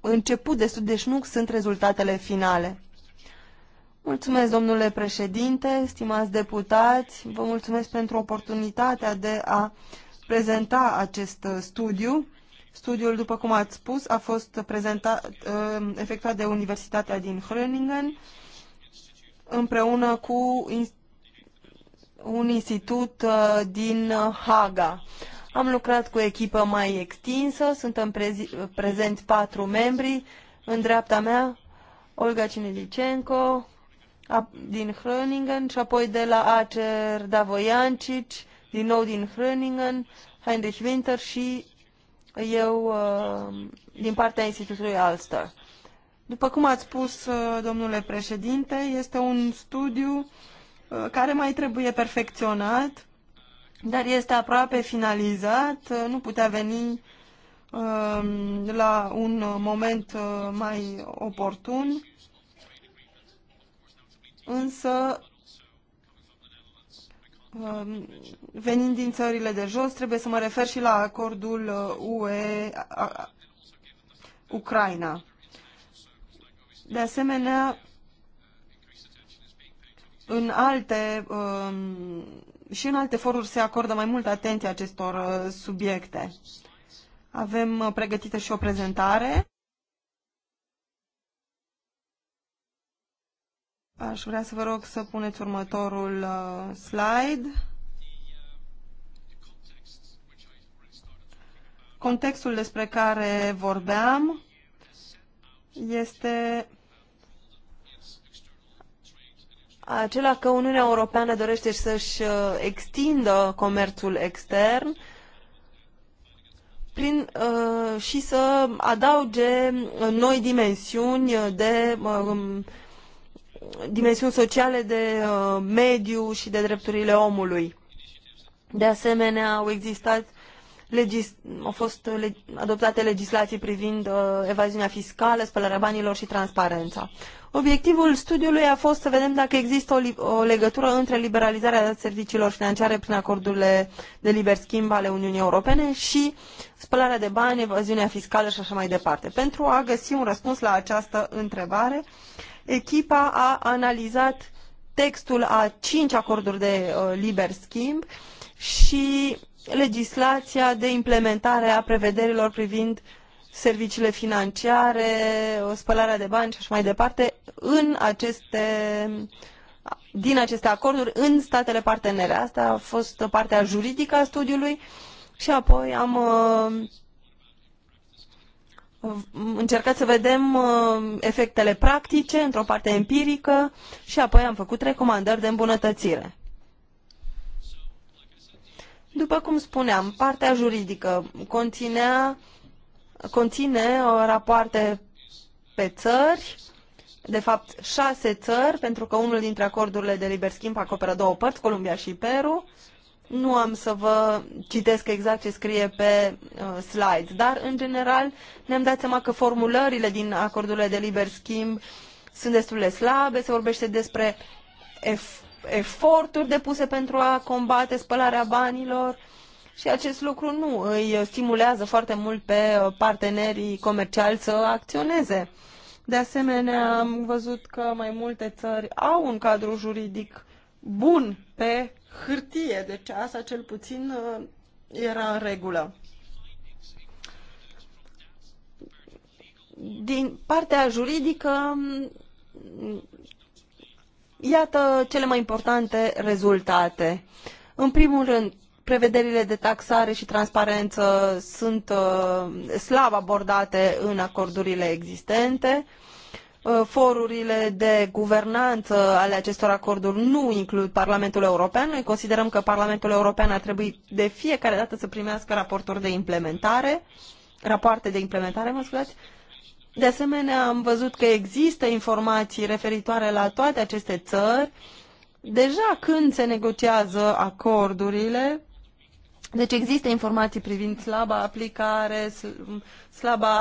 început de studiu, deci nu sunt rezultatele finale. Mulțumesc, domnule președinte, stimați deputați, vă mulțumesc pentru oportunitatea de a uh, prezenta acest uh, studiu. Studiul, după cum ați spus, a fost prezentat, uh, efectuat de Universitatea din Groningen împreună cu un institut uh, din Haga. Am lucrat cu o echipă mai extinsă, suntem prezenți patru membri. În dreapta mea, Olga Cinelicenco din Hröningen și apoi de la Acer Davoiancici, din nou din Hröningen, Heinrich Winter și eu uh, din partea Institutului Alster. După cum ați spus, uh, domnule președinte, este un studiu uh, care mai trebuie perfecționat, dar este aproape finalizat, nu putea veni um, la un moment mai oportun, însă Um, venind din țările de jos, trebuie să mă refer și la acordul UE-Ucraina. Uh, de asemenea, în alte, um, și în alte foruri se acordă mai multă atenție acestor uh, subiecte. Avem uh, pregătită și o prezentare. Aș vrea să vă rog să puneți următorul uh, slide. Contextul despre care vorbeam este acela că Uniunea Europeană dorește să-și uh, extindă comerțul extern prin, uh, și să adauge uh, noi dimensiuni de uh, dimensiuni sociale de uh, mediu și de drepturile omului. De asemenea, au existat legis- au fost le- adoptate legislații privind uh, evaziunea fiscală, spălarea banilor și transparența. Obiectivul studiului a fost să vedem dacă există o, o legătură între liberalizarea serviciilor financiare prin acordurile de liber schimb ale Uniunii Europene și spălarea de bani, evaziunea fiscală și așa mai departe. Pentru a găsi un răspuns la această întrebare, uh, echipa a analizat textul a cinci acorduri de uh, liber schimb și legislația de implementare a prevederilor privind serviciile financiare, spălarea de bani și așa mai departe în aceste, din aceste acorduri în statele partenere. Asta a fost partea juridică a studiului și apoi am uh, încercat să vedem uh, efectele practice, într-o parte empirică, și apoi am făcut recomandări de îmbunătățire. După cum spuneam, partea juridică conținea, conține uh, rapoarte pe țări, de fapt șase țări, pentru că unul dintre acordurile de liber schimb acoperă două părți, Columbia și Peru, nu am să vă citesc exact ce scrie pe uh, slide, dar în general ne-am dat seama că formulările din acordurile de liber schimb sunt destul de slabe, se vorbește despre ef- eforturi depuse pentru a combate spălarea banilor și acest lucru nu îi stimulează foarte mult pe uh, partenerii comerciali să acționeze. De asemenea, am văzut că mai multe țări au un cadru juridic bun pe hârtie, deci asta cel puțin uh, era în regulă. Din partea juridică, mm, iată cele mai importante rezultate. În primul rând, prevederile de taxare și transparență sunt uh, slab abordate în acordurile existente. Uh, forurile de guvernanță ale acestor acorduri nu includ Parlamentul European. Noi considerăm că Parlamentul European ar trebui de fiecare dată să primească raporturi de implementare, rapoarte de implementare, mă scuzați. De asemenea, am văzut că există informații referitoare la toate aceste țări. Deja când se negociază acordurile, deci există informații privind slaba aplicare, slaba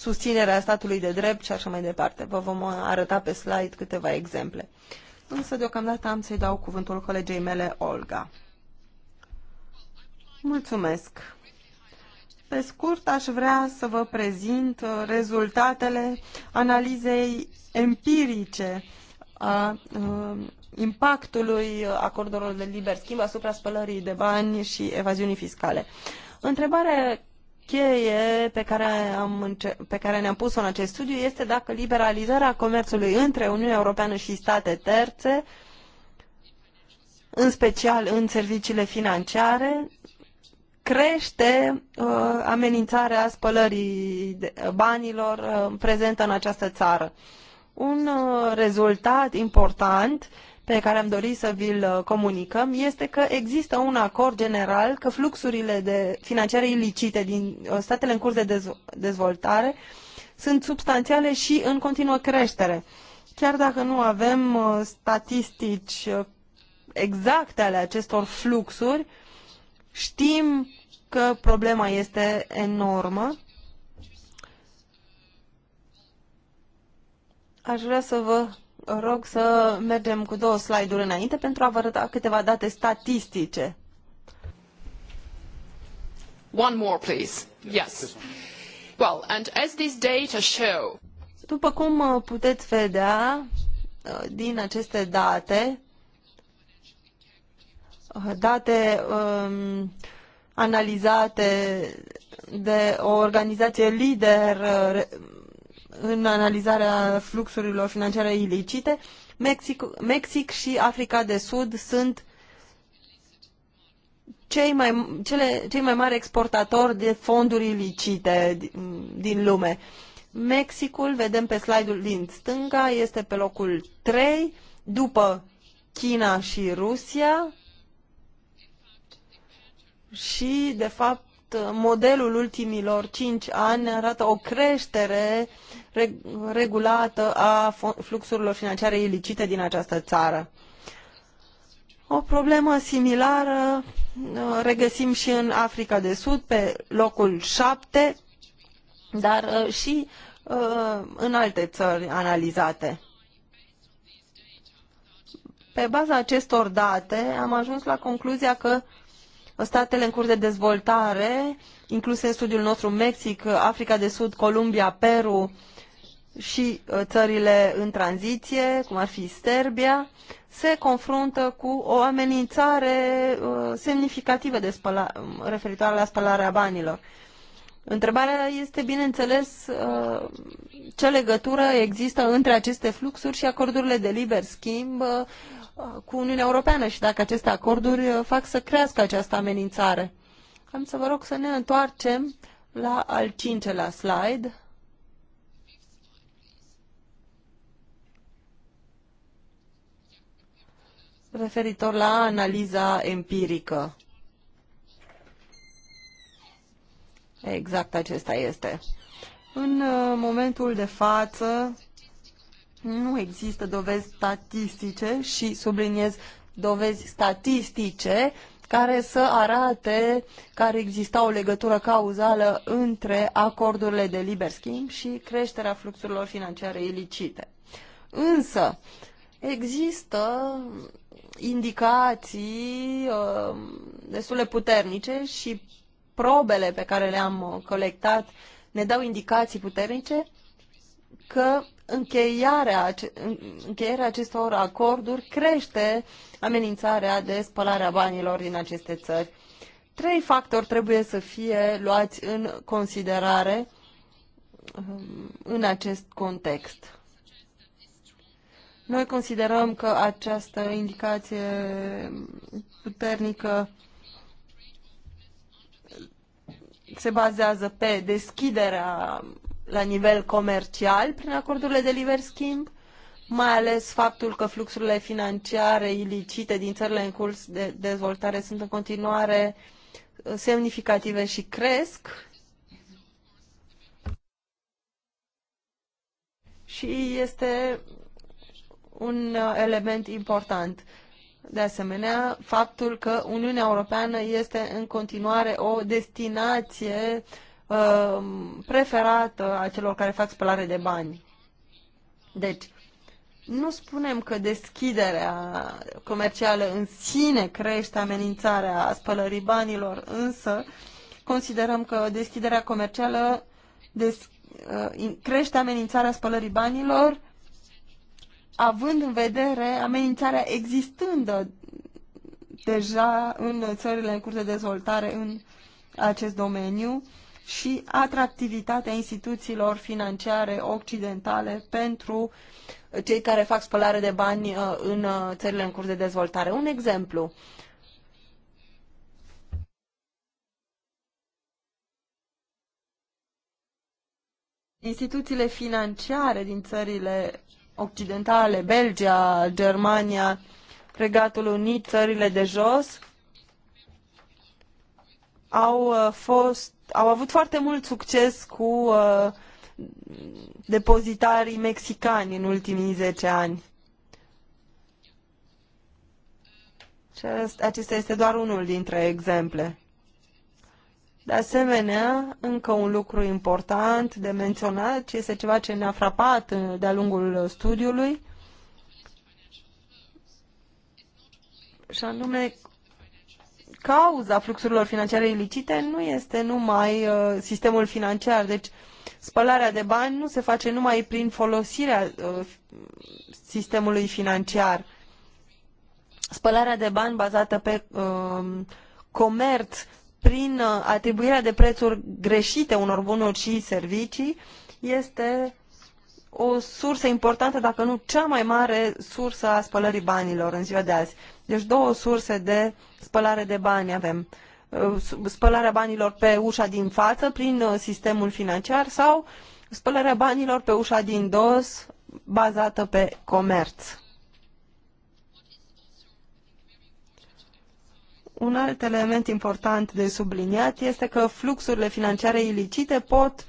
susținerea statului de drept și așa mai departe. Vă vom arăta pe slide câteva exemple. Însă, deocamdată, am să-i dau cuvântul colegei mele, Olga. Mulțumesc! Pe scurt, aș vrea să vă prezint rezultatele analizei empirice a impactului acordurilor de liber schimb asupra spălării de bani și evaziunii fiscale. Întrebarea cheie pe care, am pe care ne-am pus-o în acest studiu este dacă liberalizarea comerțului între Uniunea Europeană și state terțe, în special în serviciile financiare, crește uh, amenințarea spălării de, banilor uh, prezentă în această țară. Un uh, rezultat important uh, pe care am dorit să vi-l uh, comunicăm este că există un acord general că fluxurile de financiare ilicite din uh, statele în curs de dezvoltare sunt substanțiale și în continuă creștere. Chiar dacă nu avem uh, statistici exacte ale acestor fluxuri, știm că problema este enormă. Aș vrea să vă rog să mergem cu două slide-uri înainte pentru a vă arăta câteva date statistice. One more, please. Yes. Well, and as these data show... După cum uh, puteți vedea uh, din aceste date, uh, date um, analizate de o organizație lider în analizarea fluxurilor financiare ilicite, Mexic, Mexic și Africa de Sud sunt cei mai, cele, cei mai mari exportatori de fonduri ilicite din, din lume. Mexicul, vedem pe slide-ul din stânga, este pe locul 3, după China și Rusia și, de fapt, modelul ultimilor 5 ani arată o creștere uh, regulată a fluxurilor financiare ilicite din această țară. O problemă similară uh, regăsim și în Africa de Sud, pe locul 7, dar uh, și uh, în alte țări analizate. Pe baza acestor date am ajuns la concluzia că statele în curs de dezvoltare, incluse în studiul nostru Mexic, Africa de Sud, Columbia, Peru, și uh, țările în tranziție, cum ar fi Serbia, se confruntă cu o amenințare uh, semnificativă de spăla, referitoare la spălarea banilor. Întrebarea este, bineînțeles, uh, ce legătură există între aceste fluxuri și acordurile de liber schimb cu Uniunea Europeană și dacă aceste acorduri fac să crească această amenințare. Am să vă rog să ne întoarcem la al cincelea slide. referitor la analiza empirică. Exact acesta este. În uh, momentul de față nu există dovezi statistice și subliniez dovezi statistice care să arate care exista o legătură cauzală între acordurile de liber schimb și creșterea fluxurilor financiare ilicite. Însă, există indicații uh, destul de puternice și probele pe care le-am uh, colectat ne dau indicații puternice că încheiarea, încheierea acestor acorduri crește amenințarea de spălarea a banilor din aceste țări. Trei factori trebuie să fie luați în considerare um, în acest context. Noi considerăm că această indicație puternică se bazează pe deschiderea la nivel comercial prin acordurile de liber schimb, mai ales faptul că fluxurile financiare ilicite din țările în curs de dezvoltare sunt în continuare uh, semnificative și cresc. Și este un uh, element important. De asemenea, faptul că Uniunea Europeană este în continuare o destinație uh, preferată a celor care fac spălare de bani. Deci, nu spunem că deschiderea comercială în sine crește amenințarea spălării banilor, însă considerăm că deschiderea comercială des, uh, crește amenințarea spălării banilor având în vedere amenințarea existândă deja în țările în curs de dezvoltare în acest domeniu și atractivitatea instituțiilor financiare occidentale pentru cei care fac spălare de bani uh, în uh, țările în curs de dezvoltare. Un exemplu. Instituțiile financiare din țările occidentale, Belgia, Germania, Regatul Unit, țările de jos, au, uh, fost, au avut foarte mult succes cu uh, depozitarii mexicani în ultimii 10 ani. Și acesta este doar unul dintre exemple. De asemenea, încă un lucru important de menționat, ce este ceva ce ne-a frapat uh, de-a lungul studiului, și anume cauza fluxurilor financiare ilicite nu este numai uh, sistemul financiar. Deci spălarea de bani nu se face numai prin folosirea uh, sistemului financiar. Spălarea de bani bazată pe uh, comerț prin uh, atribuirea de prețuri greșite unor bunuri și servicii este o sursă importantă, dacă nu cea mai mare sursă a spălării banilor în ziua de azi. Deci două surse de spălare de bani avem. Uh, spălarea banilor pe ușa din față, prin uh, sistemul financiar, sau spălarea banilor pe ușa din dos, bazată pe comerț. Un alt element important de subliniat este că fluxurile financiare ilicite pot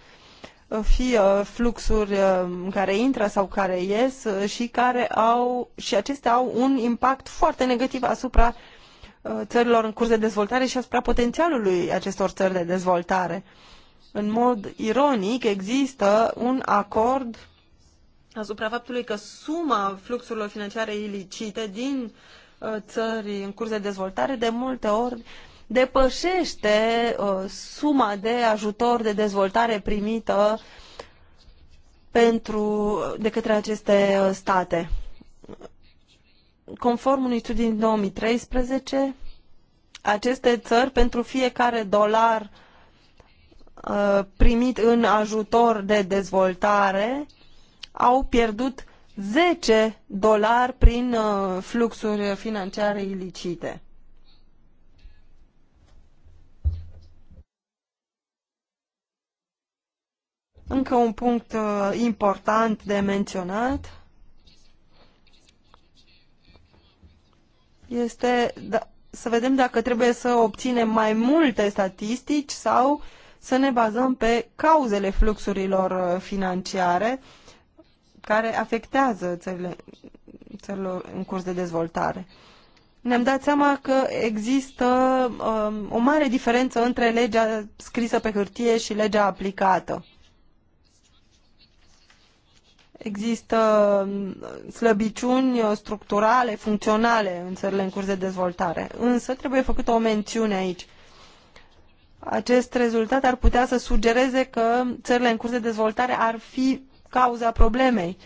uh, fi uh, fluxuri uh, care intră sau care ies și care au și acestea au un impact foarte negativ asupra țărilor în curs de dezvoltare și asupra potențialului acestor țări de dezvoltare. În mod ironic, există un acord asupra faptului că suma fluxurilor financiare ilicite din Uh, țări în curs de dezvoltare de multe ori depășește uh, suma de ajutor de dezvoltare primită pentru, de către aceste uh, state. Conform unui studiu din 2013, aceste țări, pentru fiecare dolar primit în ajutor de dezvoltare, au pierdut 10 dolari prin uh, fluxuri financiare ilicite. Încă un punct uh, important de menționat este da, să vedem dacă trebuie să obținem mai multe statistici sau să ne bazăm pe cauzele fluxurilor uh, financiare care afectează țările, țările în curs de dezvoltare. Ne-am dat seama că există um, o mare diferență între legea scrisă pe hârtie și legea aplicată. Există um, slăbiciuni structurale, funcționale în țările în curs de dezvoltare. Însă trebuie făcută o mențiune aici acest rezultat ar putea să sugereze că țările în curs de dezvoltare ar fi cauza problemei.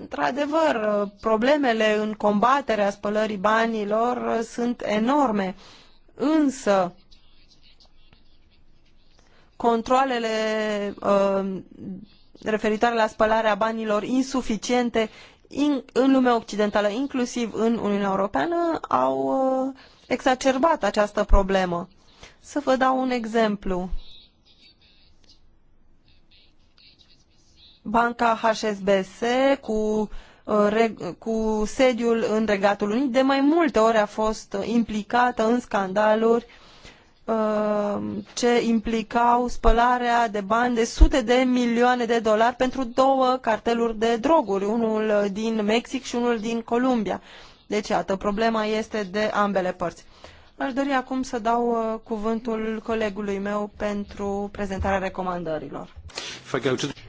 Într-adevăr, problemele în combaterea spălării banilor sunt enorme, însă controlele uh, referitoare la spălarea banilor insuficiente in, în lumea occidentală, inclusiv în Uniunea Europeană, au uh, exacerbat această problemă. Să vă dau un exemplu. banca HSBC cu, uh, cu sediul în Regatul Unit de mai multe ori a fost implicată în scandaluri uh, ce implicau spălarea de bani de sute de milioane de dolari pentru două carteluri de droguri, unul din Mexic și unul din Columbia. Deci, iată, problema este de ambele părți. Aș dori acum să dau uh, cuvântul colegului meu pentru prezentarea recomandărilor.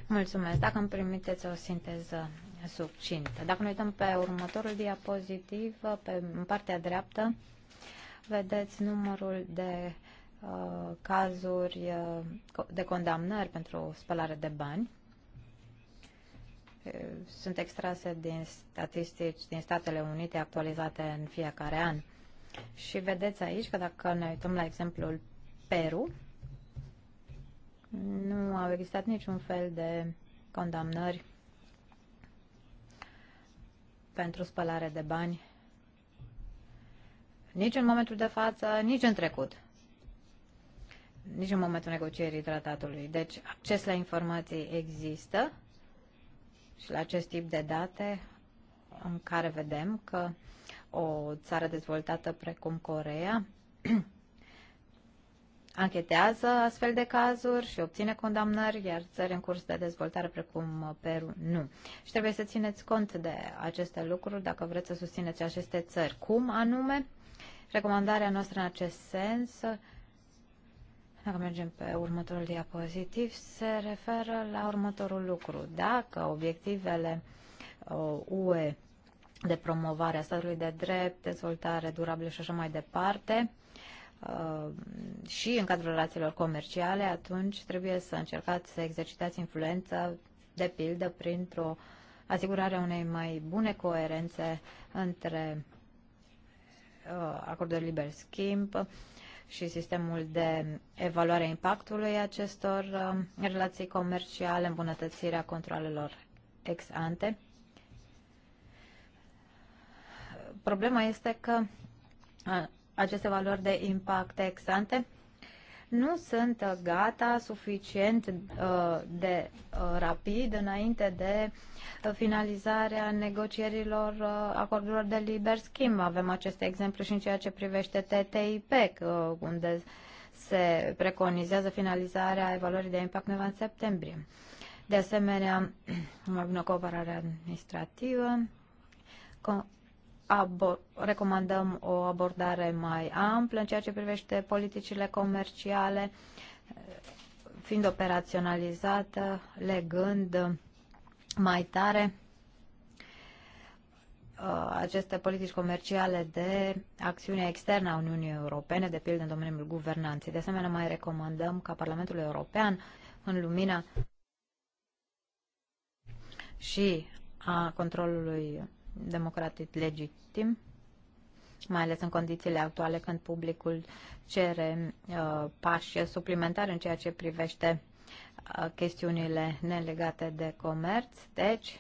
Mulțumesc. Dacă îmi permiteți o sinteză succintă. Dacă ne uităm pe următorul diapozitiv, pe, în partea dreaptă, vedeți numărul de uh, cazuri uh, de condamnări pentru spălare de bani. Uh, sunt extrase din statistici din Statele Unite actualizate în fiecare an. Și vedeți aici că dacă ne uităm la exemplul Peru, nu au existat niciun fel de condamnări pentru spălare de bani, nici în momentul de față, nici în trecut, nici în momentul negocierii tratatului. Deci, acces la informații există și la acest tip de date în care vedem că o țară dezvoltată precum Corea anchetează astfel de cazuri și obține condamnări, iar țări în curs de dezvoltare precum Peru nu. Și trebuie să țineți cont de aceste lucruri dacă vreți să susțineți aceste țări. Cum anume? Recomandarea noastră în acest sens, dacă mergem pe următorul diapozitiv, se referă la următorul lucru. Dacă obiectivele UE uh, de promovare a statului de drept, dezvoltare durabilă și așa mai departe, Uh, și în cadrul relațiilor comerciale, atunci trebuie să încercați să exercitați influența, de pildă, printr-o asigurare unei mai bune coerențe între uh, acordul liber schimb și sistemul de evaluare a impactului acestor uh, relații comerciale, îmbunătățirea controlelor ex ante. Problema este că aceste valori de impact exante nu sunt gata suficient uh, de uh, rapid înainte de finalizarea negocierilor uh, acordurilor de liber schimb. Avem acest exemplu și în ceea ce privește TTIP, unde se preconizează finalizarea evaluării de impact undeva în septembrie. De asemenea, mai bună cooperare administrativă, recomandăm o abordare mai amplă în ceea ce privește politicile comerciale, fiind operaționalizată, legând mai tare uh, aceste politici comerciale de acțiune externă a Uniunii Europene, de pildă în domeniul guvernanței. De asemenea, mai recomandăm ca Parlamentul European, în lumina și a controlului democratic legitim, mai ales în condițiile actuale când publicul cere uh, pași suplimentari în ceea ce privește uh, chestiunile nelegate de comerț. Deci,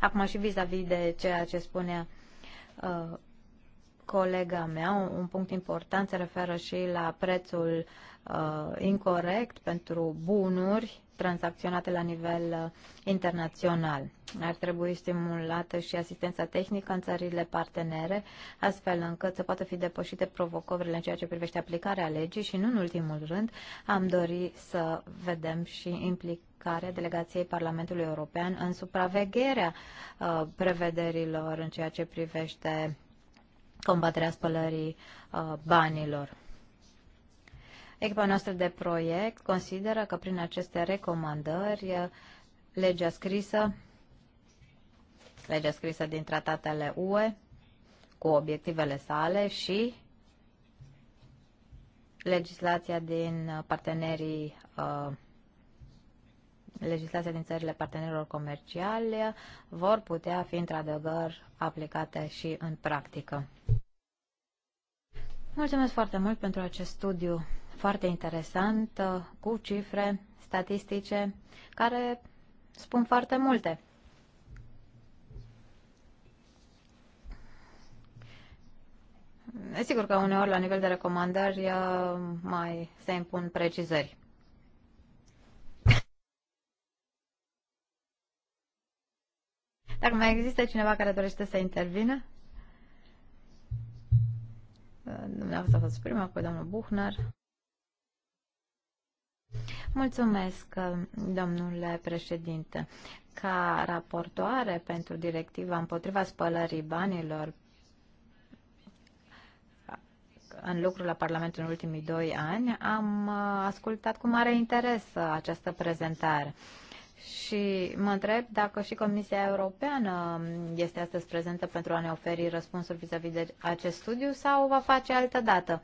acum și vis-a-vis -vis de ceea ce spunea uh, colega mea, un, un punct important se referă și la prețul uh, incorrect pentru bunuri tranzacționate la nivel uh, internațional. Ar trebui stimulată și asistența tehnică în țările partenere, astfel încât să poată fi depășite provocările în ceea ce privește aplicarea legii și, nu în ultimul rând, am dori să vedem și implicarea delegației Parlamentului European în supravegherea uh, prevederilor în ceea ce privește combaterea spălării uh, banilor. Echipa noastră de proiect consideră că prin aceste recomandări legea scrisă, legea scrisă din tratatele UE cu obiectivele sale și legislația din partenerii uh, legislația din țările partenerilor comerciale vor putea fi într-adevăr aplicate și în practică. Mulțumesc foarte mult pentru acest studiu foarte interesant uh, cu cifre statistice care spun foarte multe. E sigur că uneori la nivel de recomandări uh, mai se impun precizări. Dacă mai există cineva care dorește să intervină? Uh, dumneavoastră a fost prima, apoi domnul Buchner. Mulțumesc, domnule președinte. Ca raportoare pentru directiva împotriva spălării banilor în lucru la Parlament în ultimii doi ani, am ascultat cu mare interes această prezentare. Și mă întreb dacă și Comisia Europeană este astăzi prezentă pentru a ne oferi răspunsuri vis-a-vis -vis de acest studiu sau va face altă dată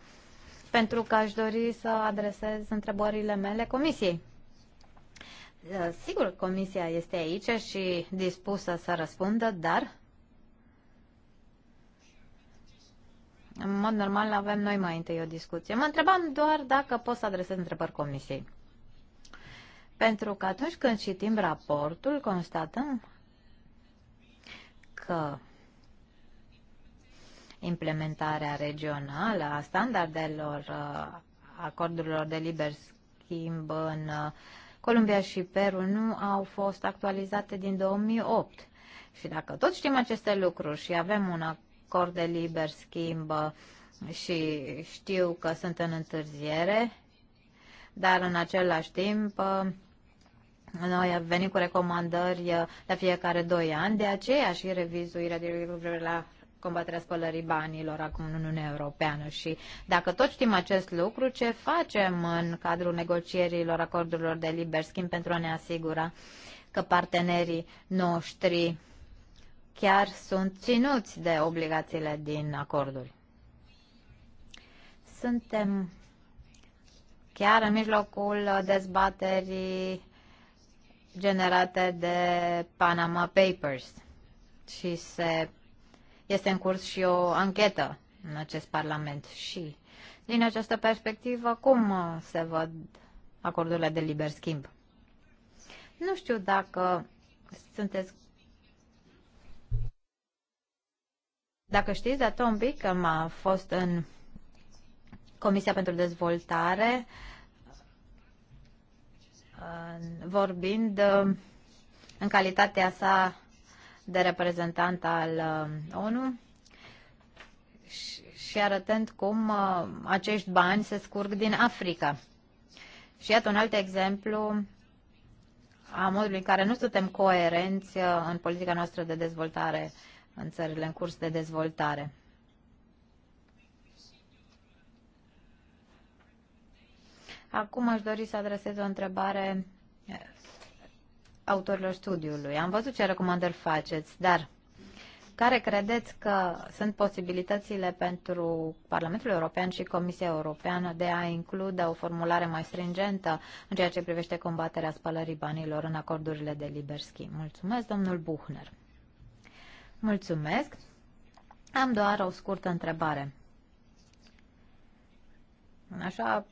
pentru că aș dori să adresez întrebările mele comisiei. Uh, sigur, comisia este aici și dispusă să răspundă, dar în mod normal avem noi mai întâi o discuție. Mă întrebam doar dacă pot să adresez întrebări comisiei. Pentru că atunci când citim raportul, constatăm că implementarea regională a standardelor uh, acordurilor de liber schimb în uh, Columbia și Peru nu au fost actualizate din 2008. Și dacă tot știm aceste lucruri și avem un acord de liber schimb uh, și știu că sunt în întârziere, dar în același timp noi venim cu recomandări la fiecare doi ani, de aceea și revizuirea de la combaterea spălării banilor acum în Uniunea Europeană și dacă tot știm acest lucru, ce facem în cadrul negocierilor acordurilor de liber schimb pentru a ne asigura că partenerii noștri chiar sunt ținuți de obligațiile din acorduri. Suntem chiar în mijlocul dezbaterii generate de Panama Papers și se este în curs și o anchetă în acest Parlament și din această perspectivă, cum uh, se văd acordurile de liber schimb? Nu știu dacă sunteți Dacă știți, dar Tom Bickham a fost în Comisia pentru Dezvoltare uh, vorbind uh, în calitatea sa de reprezentant al uh, ONU și arătând cum uh, acești bani se scurg din Africa. Și iată un alt exemplu a modului în care nu suntem coerenți uh, în politica noastră de dezvoltare în țările în curs de dezvoltare. Acum aș dori să adresez o întrebare autorilor studiului. Am văzut ce recomandări faceți, dar care credeți că sunt posibilitățile pentru Parlamentul European și Comisia Europeană de a include o formulare mai stringentă în ceea ce privește combaterea spălării banilor în acordurile de liber schimb? Mulțumesc, domnul Buchner. Mulțumesc. Am doar o scurtă întrebare. Așa,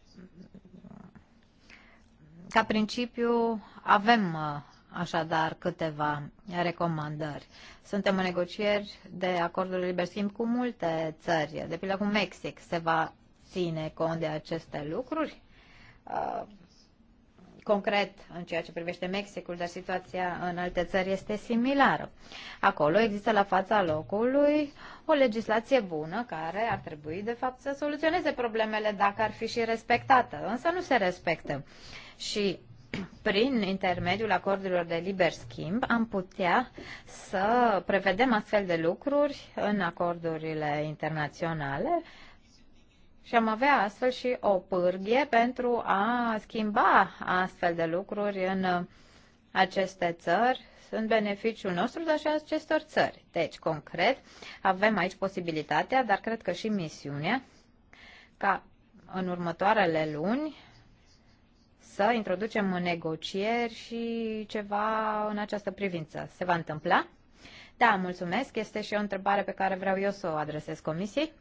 ca principiu, avem uh, așadar câteva recomandări. Suntem în negocieri de acordul liber schimb cu multe țări, de pildă cu Mexic. Se va ține cont de aceste lucruri? Uh, concret, în ceea ce privește Mexicul, dar situația în alte țări este similară. Acolo există la fața locului o legislație bună care ar trebui, de fapt, să soluționeze problemele dacă ar fi și respectată, însă nu se respectă. Și prin intermediul acordurilor de liber schimb, am putea să prevedem astfel de lucruri în acordurile internaționale și am avea astfel și o pârghie pentru a schimba astfel de lucruri în aceste țări în beneficiul nostru, dar și acestor țări. Deci, concret, avem aici posibilitatea, dar cred că și misiunea, ca în următoarele luni să introducem în negocieri și ceva în această privință. Se va întâmpla? Da, mulțumesc. Este și o întrebare pe care vreau eu să o adresez comisiei.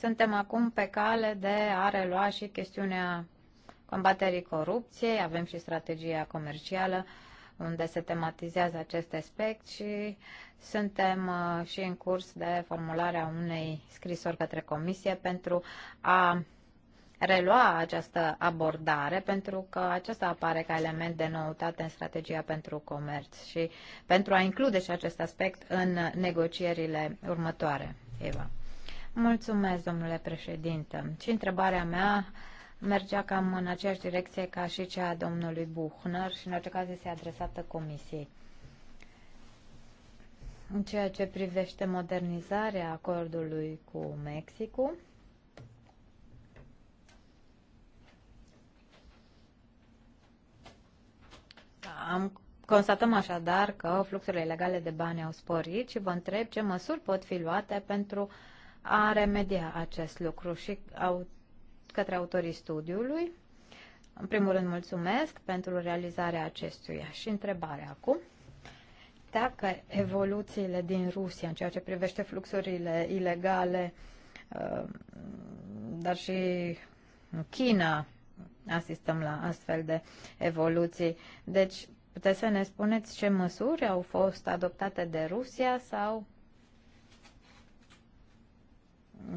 Suntem acum pe cale de a relua și chestiunea combaterii corupției, avem și strategia comercială unde se tematizează acest aspect și suntem uh, și în curs de formularea unei scrisori către comisie pentru a relua această abordare pentru că acesta apare ca element de noutate în strategia pentru comerț și pentru a include și acest aspect în negocierile următoare. Eva. Mulțumesc, domnule președinte. Și întrebarea mea mergea cam în aceeași direcție ca și cea a domnului Buchner și în orice caz este adresată comisiei. În ceea ce privește modernizarea acordului cu Mexicul, am Constatăm așadar că fluxurile ilegale de bani au sporit și vă întreb ce măsuri pot fi luate pentru a remedia acest lucru și au către autorii studiului. În primul rând, mulțumesc pentru realizarea acestuia. Și întrebare acum. Dacă evoluțiile din Rusia în ceea ce privește fluxurile ilegale, uh, dar și în China asistăm la astfel de evoluții, deci puteți să ne spuneți ce măsuri au fost adoptate de Rusia sau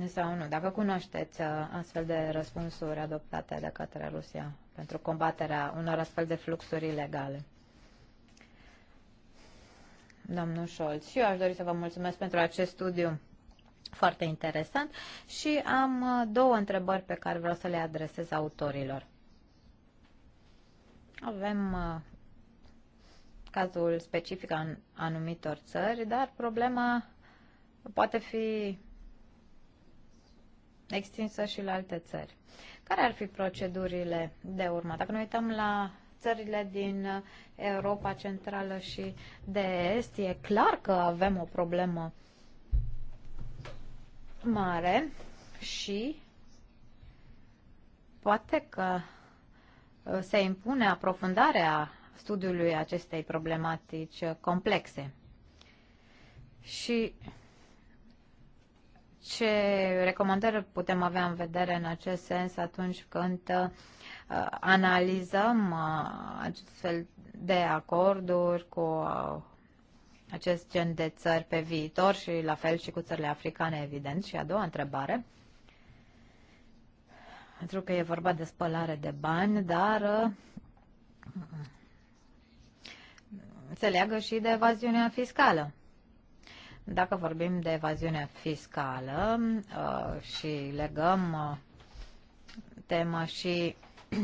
sau nu, dacă cunoașteți uh, astfel de răspunsuri adoptate de către Rusia pentru combaterea unor astfel de fluxuri ilegale. Domnul Scholz, și eu aș dori să vă mulțumesc pentru acest studiu foarte interesant și am uh, două întrebări pe care vreau să le adresez autorilor. Avem uh, cazul specific al anumitor țări, dar problema poate fi extinsă și la alte țări. Care ar fi procedurile de urmat? Dacă ne uităm la țările din Europa Centrală și de Est, e clar că avem o problemă mare și poate că se impune aprofundarea studiului acestei problematici complexe. Și ce recomandări putem avea în vedere în acest sens atunci când uh, analizăm uh, acest fel de acorduri cu uh, acest gen de țări pe viitor și la fel și cu țările africane, evident. Și a doua întrebare, pentru că e vorba de spălare de bani, dar se leagă și de evaziunea fiscală. Dacă vorbim de evaziune fiscală uh, și legăm uh, tema și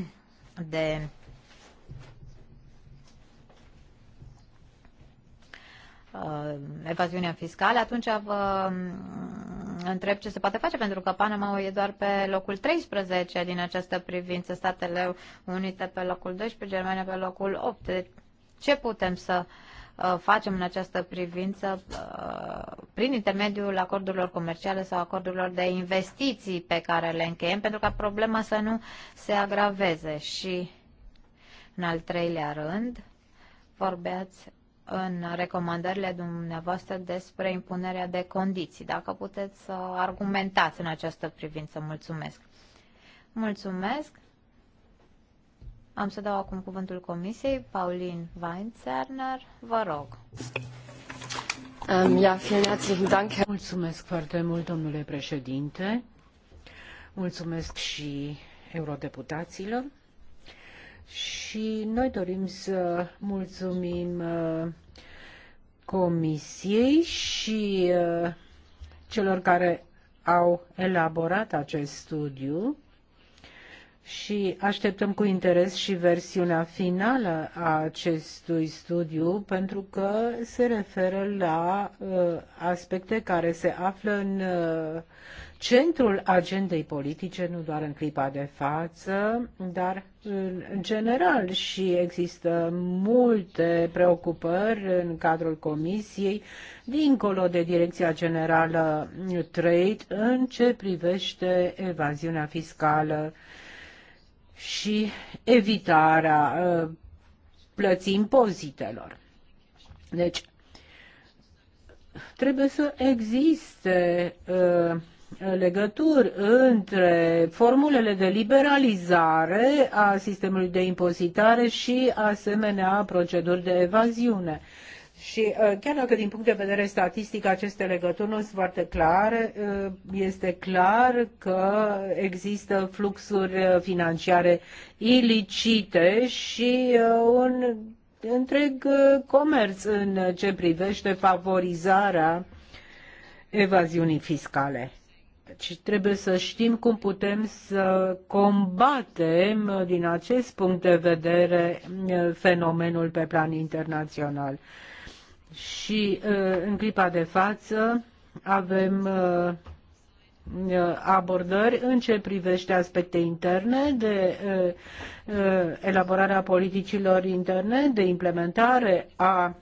de uh, evaziunea fiscală, atunci vă mm, întreb ce se poate face, pentru că Panama e doar pe locul 13 din această privință, Statele Unite pe locul 12, Germania pe locul 8. Deci, ce putem să uh, Uh, facem în această privință uh, prin intermediul acordurilor comerciale sau acordurilor de investiții pe care le încheiem, pentru ca problema să nu se agraveze. Și, în al treilea rând, vorbeați în recomandările dumneavoastră despre impunerea de condiții. Dacă puteți să argumentați în această privință, mulțumesc. Mulțumesc. Am să dau acum cuvântul Comisiei, Paulin Weinzerner, vă rog. Um, Mulțumesc foarte mult, domnule președinte. Mulțumesc și eurodeputaților. Și noi dorim să mulțumim uh, Comisiei și uh, celor care au elaborat acest studiu și așteptăm cu interes și versiunea finală a acestui studiu pentru că se referă la uh, aspecte care se află în uh, centrul agendei politice, nu doar în clipa de față, dar în general și există multe preocupări în cadrul comisiei, dincolo de Direcția Generală Trade, în ce privește evaziunea fiscală și evitarea uh, plății impozitelor. Deci, trebuie să existe uh, legături între formulele de liberalizare a sistemului de impozitare și asemenea proceduri de evaziune. Și uh, chiar dacă din punct de vedere statistic aceste legături nu sunt foarte clare, uh, este clar că există fluxuri uh, financiare ilicite și un întreg comerț în ce privește favorizarea evaziunii fiscale. Deci trebuie să știm cum putem să combatem din acest punct de vedere fenomenul pe plan internațional. Și uh, în clipa de față avem uh, uh, abordări în ce privește aspecte interne, de elaborarea politicilor interne, de implementare a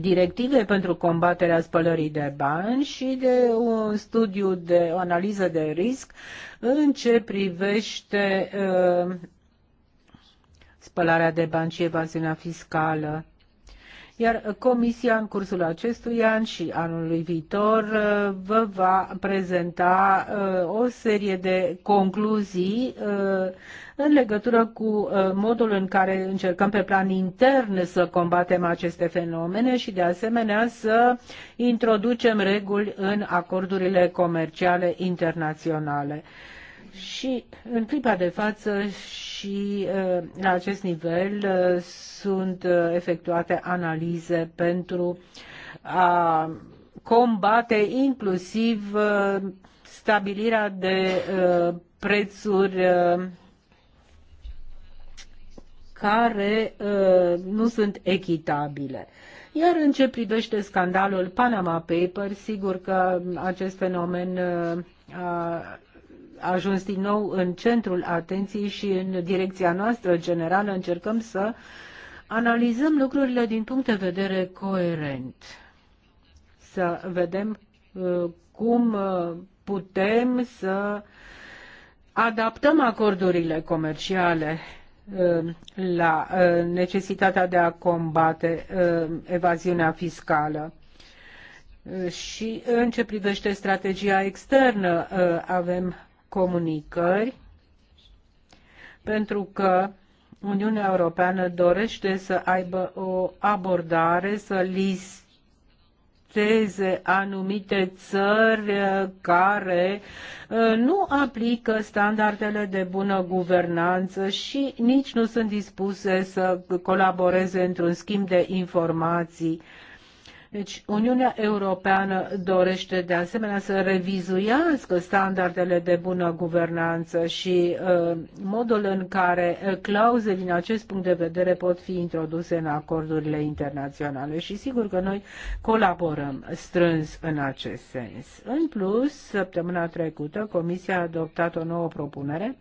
directive pentru combaterea spălării de bani și de un studiu de o analiză de risc în ce privește uh, spălarea de bani și evaziunea fiscală. Iar Comisia în cursul acestui an și anului viitor uh, vă va prezenta uh, o serie de concluzii uh, în legătură cu modul în care încercăm pe plan intern să combatem aceste fenomene și de asemenea să introducem reguli în acordurile comerciale internaționale. Și în clipa de față și la acest nivel sunt efectuate analize pentru a combate inclusiv stabilirea de prețuri care nu sunt echitabile. Iar în ce privește scandalul Panama Papers, sigur că acest fenomen a ajuns din nou în centrul atenției și în direcția noastră generală încercăm să analizăm lucrurile din punct de vedere coerent. Să vedem uh, cum uh, putem să adaptăm acordurile comerciale uh, la necesitatea de a combate evaziunea fiscală. Și în ce privește strategia externă, avem comunicări, pentru că Uniunea Europeană dorește să aibă o abordare, să listeze anumite țări eh, care eh, nu aplică standardele de bună guvernanță și nici nu sunt dispuse să colaboreze într-un schimb de informații deci Uniunea Europeană dorește de asemenea să revizuiască standardele de bună guvernanță și uh, modul în care uh, clauze din acest punct de vedere pot fi introduse în acordurile internaționale și sigur că noi colaborăm strâns în acest sens. În plus, săptămâna trecută Comisia a adoptat o nouă propunere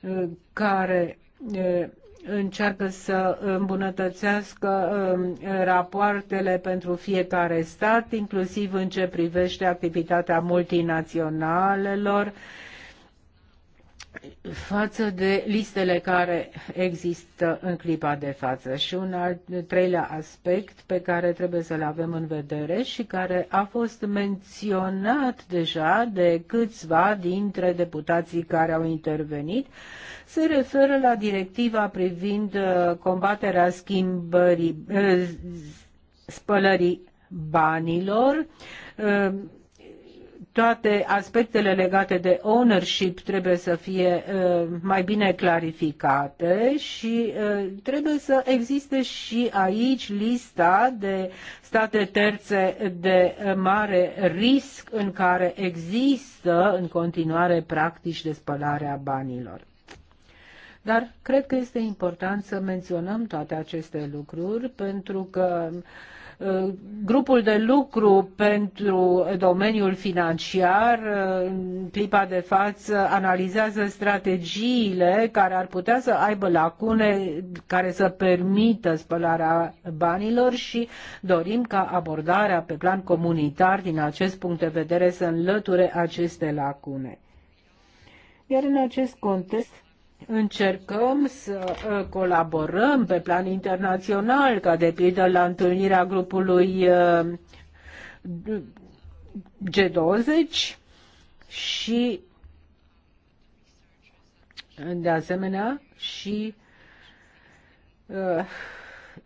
uh, care uh, încearcă să îmbunătățească um, rapoartele pentru fiecare stat, inclusiv în ce privește activitatea multinaționalelor, față de listele care există în clipa de față. Și un al treilea aspect pe care trebuie să-l avem în vedere și care a fost menționat deja de câțiva dintre deputații care au intervenit, se referă la directiva privind uh, combaterea schimbării, uh, spălării banilor, uh, toate aspectele legate de ownership trebuie să fie uh, mai bine clarificate și uh, trebuie să existe și aici lista de state terțe de mare risc în care există în continuare practici de spălare a banilor. Dar cred că este important să menționăm toate aceste lucruri pentru că uh, Grupul de lucru pentru domeniul financiar în clipa de față analizează strategiile care ar putea să aibă lacune care să permită spălarea banilor și dorim ca abordarea pe plan comunitar din acest punct de vedere să înlăture aceste lacune. Iar în acest context încercăm să uh, colaborăm pe plan internațional, ca de pildă la întâlnirea grupului uh, G20 și de asemenea și uh,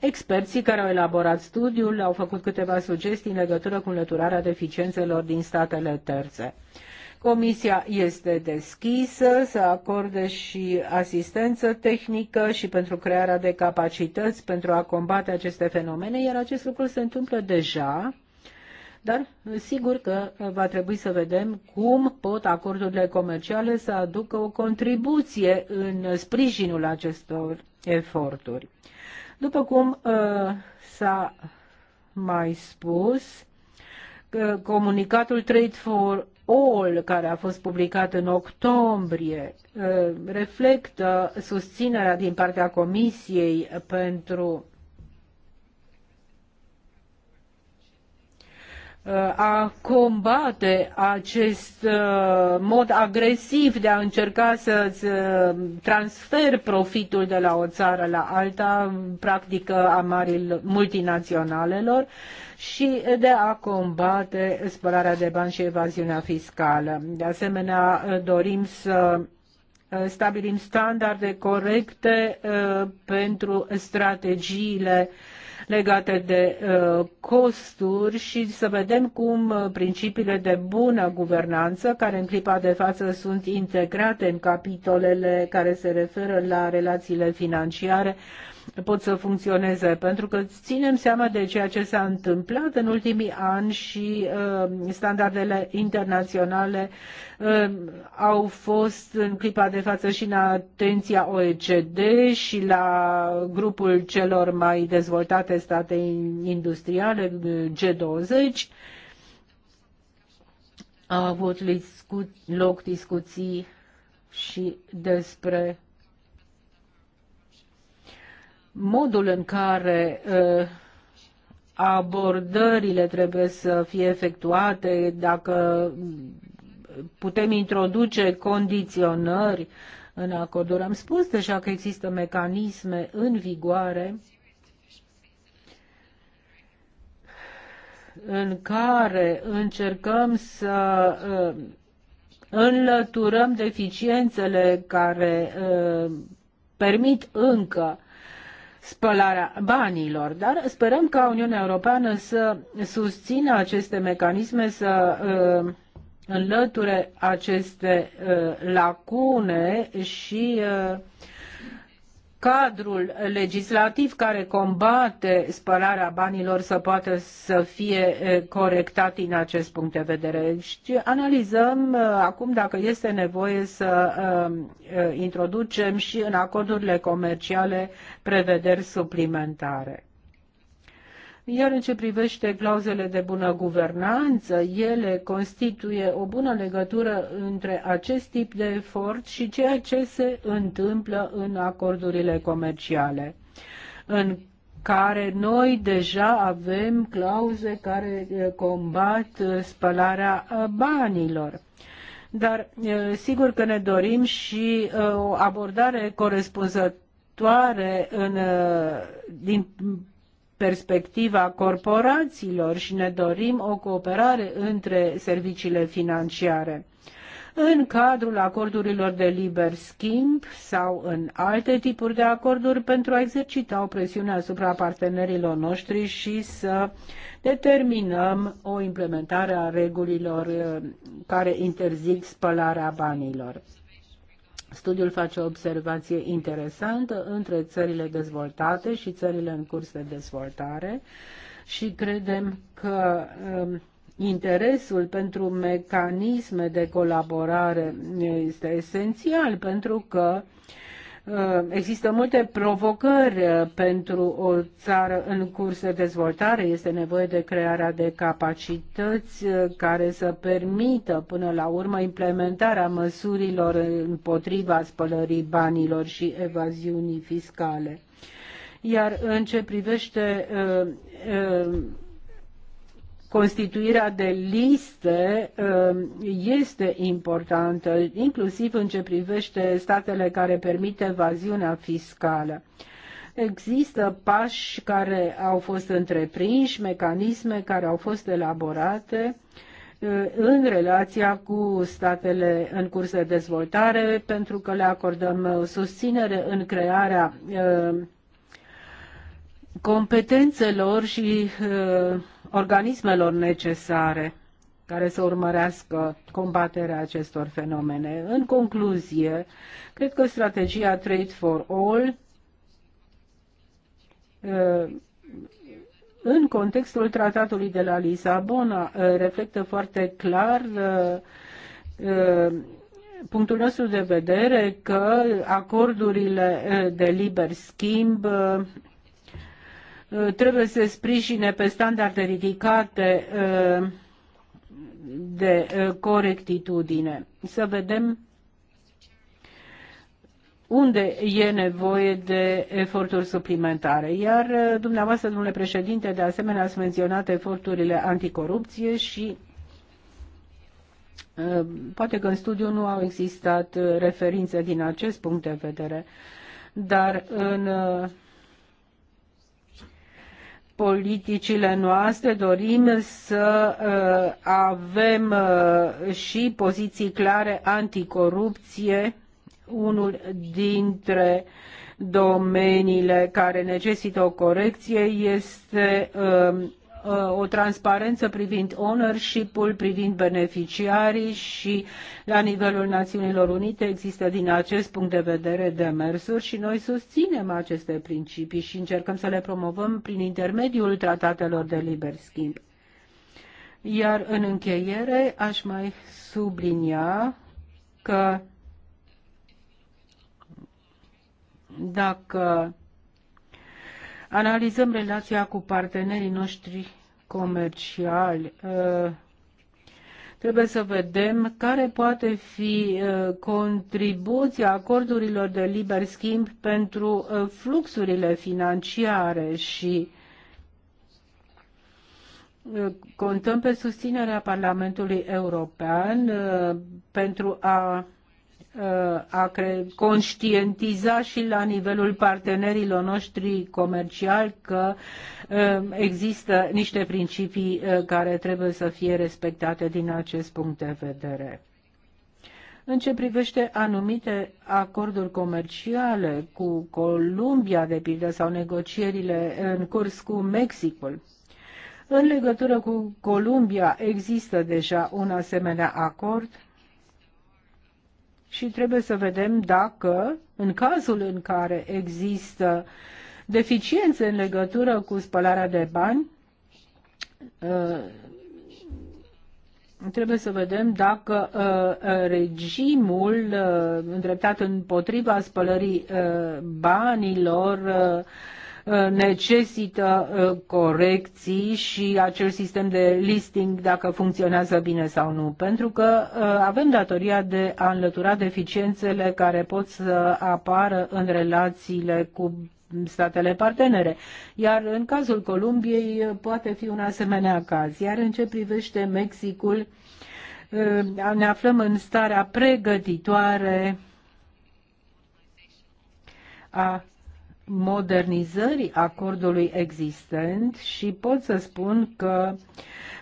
experții care au elaborat studiul au făcut câteva sugestii în legătură cu înlăturarea deficiențelor din statele terțe. Comisia este deschisă să acorde și asistență tehnică și pentru crearea de capacități pentru a combate aceste fenomene, iar acest lucru se întâmplă deja dar sigur că va trebui să vedem cum pot acordurile comerciale să aducă o contribuție în sprijinul acestor eforturi. După cum uh, s-a mai spus, uh, comunicatul Trade for All, care a fost publicat în octombrie, uh, reflectă susținerea din partea Comisiei pentru Uh, a combate acest uh, mod agresiv de a încerca să-ți uh, transfer profitul de la o țară la alta, practică a marii multinaționalelor și de a combate spălarea de bani și evaziunea fiscală. De asemenea, dorim să stabilim standarde corecte pentru strategiile legate de uh, costuri și să vedem cum uh, principiile de bună guvernanță, care în clipa de față sunt integrate în capitolele care se referă la relațiile financiare, pot să funcționeze, pentru că ținem seama de ceea ce s-a întâmplat în ultimii ani și uh, standardele internaționale uh, au fost în clipa de față și în atenția OECD și la grupul celor mai dezvoltate state industriale, G20. Au avut loc discuții și despre modul în care uh, abordările trebuie să fie efectuate, dacă putem introduce condiționări în acorduri. Am spus deja că există mecanisme în vigoare în care încercăm să uh, înlăturăm deficiențele care uh, permit încă spălarea banilor, dar sperăm ca Uniunea Europeană să susțină aceste mecanisme, să uh, înlăture aceste uh, lacune și uh, cadrul legislativ care combate spălarea banilor să poată să fie corectat din acest punct de vedere. Și analizăm acum dacă este nevoie să introducem și în acordurile comerciale prevederi suplimentare. Iar în ce privește clauzele de bună guvernanță, ele constituie o bună legătură între acest tip de efort și ceea ce se întâmplă în acordurile comerciale, în care noi deja avem clauze care eh, combat eh, spălarea eh, banilor dar sigur că ne dorim și o abordare corespunzătoare în, din perspectiva corporațiilor și ne dorim o cooperare între serviciile financiare. În cadrul acordurilor de liber schimb sau în alte tipuri de acorduri pentru a exercita o presiune asupra partenerilor noștri și să determinăm o implementare a regulilor eh, care interzic spălarea banilor. Studiul face o observație interesantă între țările dezvoltate și țările în curs de dezvoltare și credem că um, interesul pentru mecanisme de colaborare este esențial pentru că uh, Uh, există multe provocări uh, pentru o țară în curs de dezvoltare. Este nevoie de crearea de capacități uh, care să permită până la urmă implementarea măsurilor împotriva spălării banilor și evaziunii fiscale. Iar în ce privește uh, uh, constituirea de liste um, este importantă, inclusiv în ce privește statele care permit evaziunea fiscală. Există pași care au fost întreprinși, mecanisme care au fost elaborate uh, în relația cu statele în curs de dezvoltare, pentru că le acordăm uh, susținere în crearea uh, competențelor și organismelor necesare care să urmărească combaterea acestor fenomene. În concluzie, cred că strategia Trade for All uh, în contextul tratatului de la Lisabona uh, reflectă foarte clar uh, punctul nostru de vedere că acordurile de liber schimb Eh, trebuie să sprijine pe standarde ridicate eh, de eh, corectitudine. Să vedem unde e nevoie de eforturi suplimentare. Iar dumneavoastră, domnule președinte, de asemenea ați menționat eforturile anticorupție și poate că în studiu nu au existat referințe din acest punct de vedere, dar în politicile noastre, dorim să uh, avem uh, și poziții clare anticorupție, unul dintre domeniile care necesită o corecție este um, Uh, o transparență privind ownership-ul, privind beneficiarii și la nivelul Națiunilor Unite există din acest punct de vedere demersuri și noi susținem aceste principii și încercăm să le promovăm prin intermediul tratatelor de liber schimb. Iar în încheiere aș mai sublinia că dacă analizăm relația cu partenerii noștri comerciali. Uh, trebuie să vedem care poate fi uh, contribuția acordurilor de liber schimb pentru uh, fluxurile financiare și contăm pe susținerea Parlamentului European pentru a a conștientiza și la nivelul partenerilor noștri comerciali că uh, există niște principii uh, care trebuie să fie respectate din acest punct de vedere. În ce privește anumite acorduri comerciale cu Columbia, de pildă, sau negocierile în curs cu Mexicul, în legătură cu Columbia există deja un asemenea acord și trebuie să vedem dacă, în cazul în care există deficiențe în legătură cu spălarea de bani, uh, trebuie să vedem dacă uh, regimul uh, îndreptat împotriva spălării banilor Uh, necesită uh, corecții și acel sistem de listing dacă funcționează bine sau nu, pentru că uh, avem datoria de a înlătura deficiențele care pot să apară în relațiile cu statele partenere. Iar în cazul Columbiei poate fi un asemenea caz. Iar în ce privește Mexicul, ne aflăm în starea pregătitoare a modernizării acordului existent și pot să spun că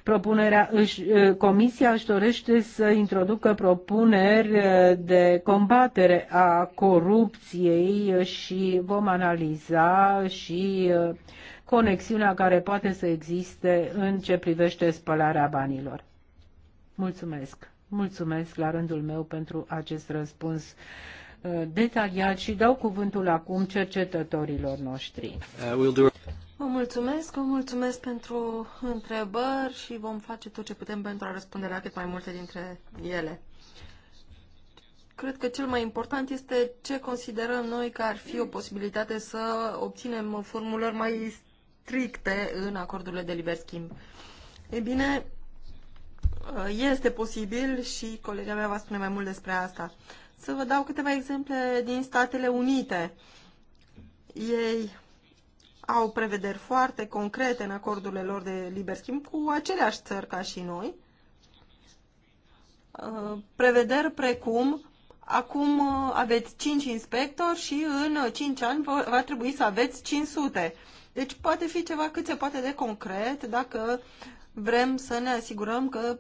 propunerea își, Comisia își dorește să introducă propuneri de combatere a corupției și vom analiza și conexiunea care poate să existe în ce privește spălarea banilor. Mulțumesc! Mulțumesc la rândul meu pentru acest răspuns Uh, detaliat și dau cuvântul acum cercetătorilor noștri. Uh, vă mulțumesc, vă mulțumesc pentru întrebări și vom face tot ce putem pentru a răspunde la cât mai multe dintre ele. Cred că cel mai important este ce considerăm noi că ar fi o posibilitate să obținem formulări mai stricte în acordurile de liber schimb. Ei bine, uh, este posibil și colega mea va spune mai mult despre asta. Să vă dau câteva exemple din Statele Unite. Ei au prevederi foarte concrete în acordurile lor de liber schimb cu aceleași țări ca și noi. Uh, prevederi precum acum uh, aveți 5 inspectori și în 5 uh, ani va trebui să aveți 500. Deci poate fi ceva cât se poate de concret dacă vrem să ne asigurăm că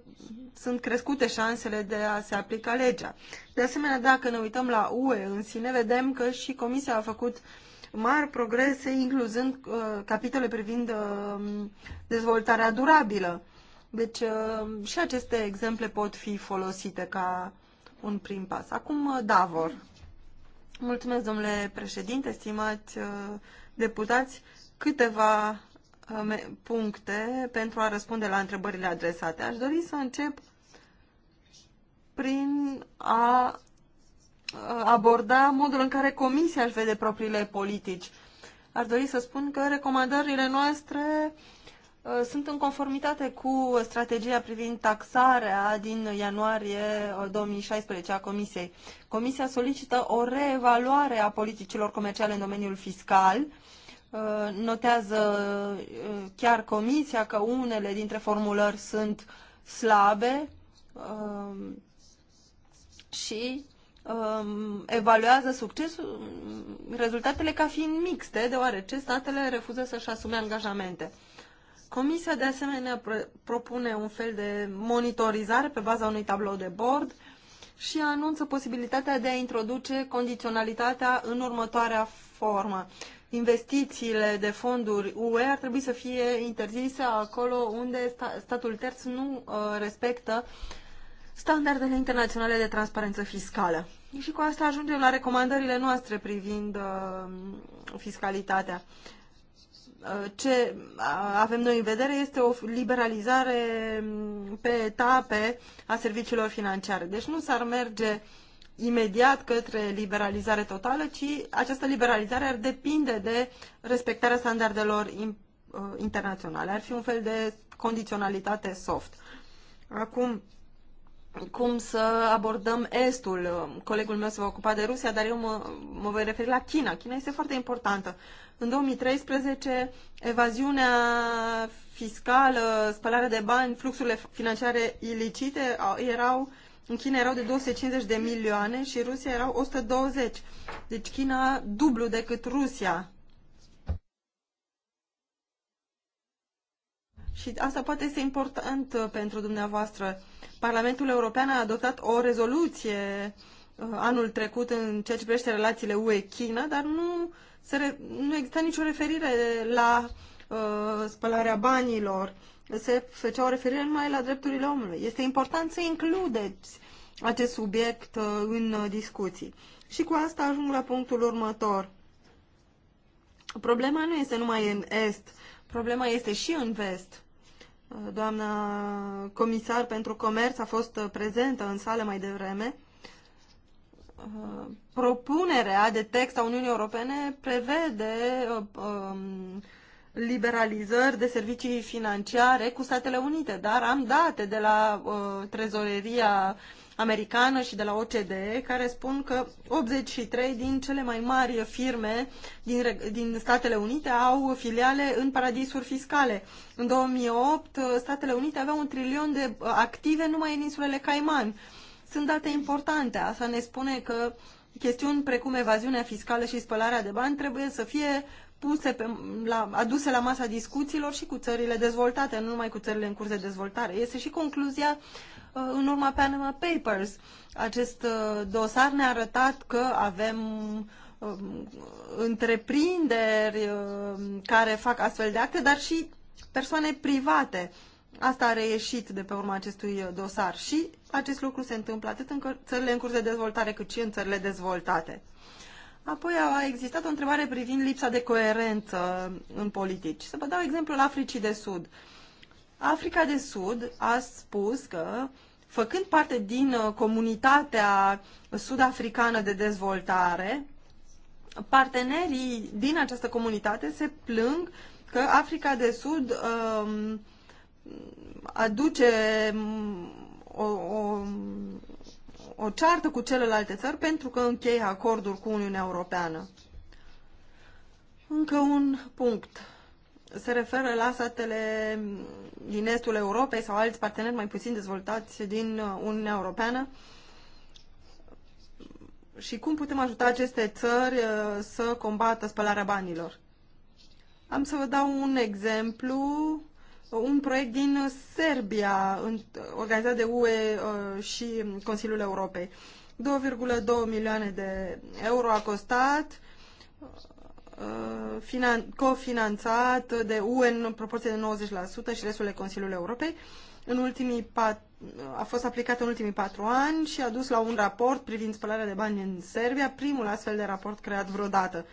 sunt crescute șansele de a se aplica legea. De asemenea, dacă ne uităm la UE în sine, vedem că și Comisia a făcut mari progrese, incluzând uh, capitole privind uh, dezvoltarea durabilă. Deci uh, și aceste exemple pot fi folosite ca un prim pas. Acum, uh, Davor. Mulțumesc, domnule președinte, stimați uh, deputați. Câteva Um, puncte pentru a răspunde la întrebările adresate. Aș dori să încep prin a uh, aborda modul în care Comisia își vede propriile politici. Ar dori să spun că recomandările noastre uh, sunt în conformitate cu strategia privind taxarea din ianuarie 2016 uh, a Comisiei. Comisia solicită o reevaluare a politicilor comerciale în domeniul fiscal, Uh, notează uh, chiar comisia că unele dintre formulări sunt slabe um, și um, evaluează succesul, mm, rezultatele ca fiind mixte, deoarece statele refuză să-și asume angajamente. Comisia, de asemenea, propune un fel de monitorizare pe baza unui tablou de bord și anunță posibilitatea de a introduce condiționalitatea în următoarea formă investițiile de fonduri UE ar trebui să fie interzise acolo unde statul terț nu uh, respectă standardele internaționale de transparență fiscală. Și cu asta ajungem la recomandările noastre privind uh, fiscalitatea. Uh, ce avem noi în vedere este o liberalizare mm, pe etape a serviciilor financiare. Deci nu s-ar merge uh, imediat către liberalizare totală, ci această liberalizare ar depinde de respectarea standardelor uh, internaționale. Ar fi un fel de condiționalitate soft. Acum, cum să abordăm Estul. Colegul meu se va ocupa de Rusia, dar eu mă, mă voi referi la China. China este foarte importantă. În 2013, evaziunea fiscală, spălarea de bani, fluxurile financiare ilicite erau în China erau de 250 de milioane și Rusia erau 120. Deci China dublu decât Rusia. Și asta poate este important uh, pentru dumneavoastră. Parlamentul European a adoptat o rezoluție uh, anul trecut în ceea ce privește relațiile UE-China, dar nu, se re- nu exista nicio referire la uh, spălarea banilor se făcea o referire numai la drepturile omului. Este important să includeți acest subiect uh, în uh, discuții. Și cu asta ajung la punctul următor. Problema nu este numai în Est, problema este și în Vest. Uh, doamna comisar pentru comerț a fost prezentă în sală mai devreme. Propunerea de text a Uniunii Europene prevede um, liberalizări de servicii financiare cu Statele Unite, dar am date de la uh, trezoreria americană și de la OCDE care spun că 83 din cele mai mari firme din, din Statele Unite au filiale în paradisuri fiscale. În 2008, uh, Statele Unite aveau un trilion de uh, active numai în insulele Caiman. Sunt date importante. Asta ne spune că chestiuni precum evaziunea fiscală și spălarea de bani trebuie să fie puse pe, la, aduse la masa discuțiilor și cu țările dezvoltate, nu numai cu țările în curs de dezvoltare. Este și concluzia uh, în urma Panama Papers. Acest uh, dosar ne-a arătat că avem uh, întreprinderi uh, care fac astfel de acte, dar și persoane private. Asta a reieșit de pe urma acestui uh, dosar și acest lucru se întâmplă atât în țările în curs de dezvoltare cât și în țările dezvoltate. Apoi a existat o întrebare privind lipsa de coerență în politici. Să vă dau exemplul Africii de Sud. Africa de Sud a spus că, făcând parte din uh, comunitatea sud-africană de dezvoltare, partenerii din această comunitate se plâng că Africa de Sud um, aduce um, o, o, o ceartă cu celelalte țări pentru că încheie acorduri cu Uniunea Europeană. Încă un punct. Se referă la satele din estul Europei sau alți parteneri mai puțin dezvoltați din uh, Uniunea Europeană și cum putem ajuta aceste țări uh, să combată spălarea banilor. Am să vă dau un exemplu un proiect din Serbia, organizat de UE uh, și Consiliul Europei. 2,2 milioane de euro a costat, uh, cofinanțat de UE în proporție de 90% și restul de Consiliul Europei. În ultimii pat, a fost aplicat în ultimii patru ani și a dus la un raport privind spălarea de bani în Serbia, primul astfel de raport creat vreodată.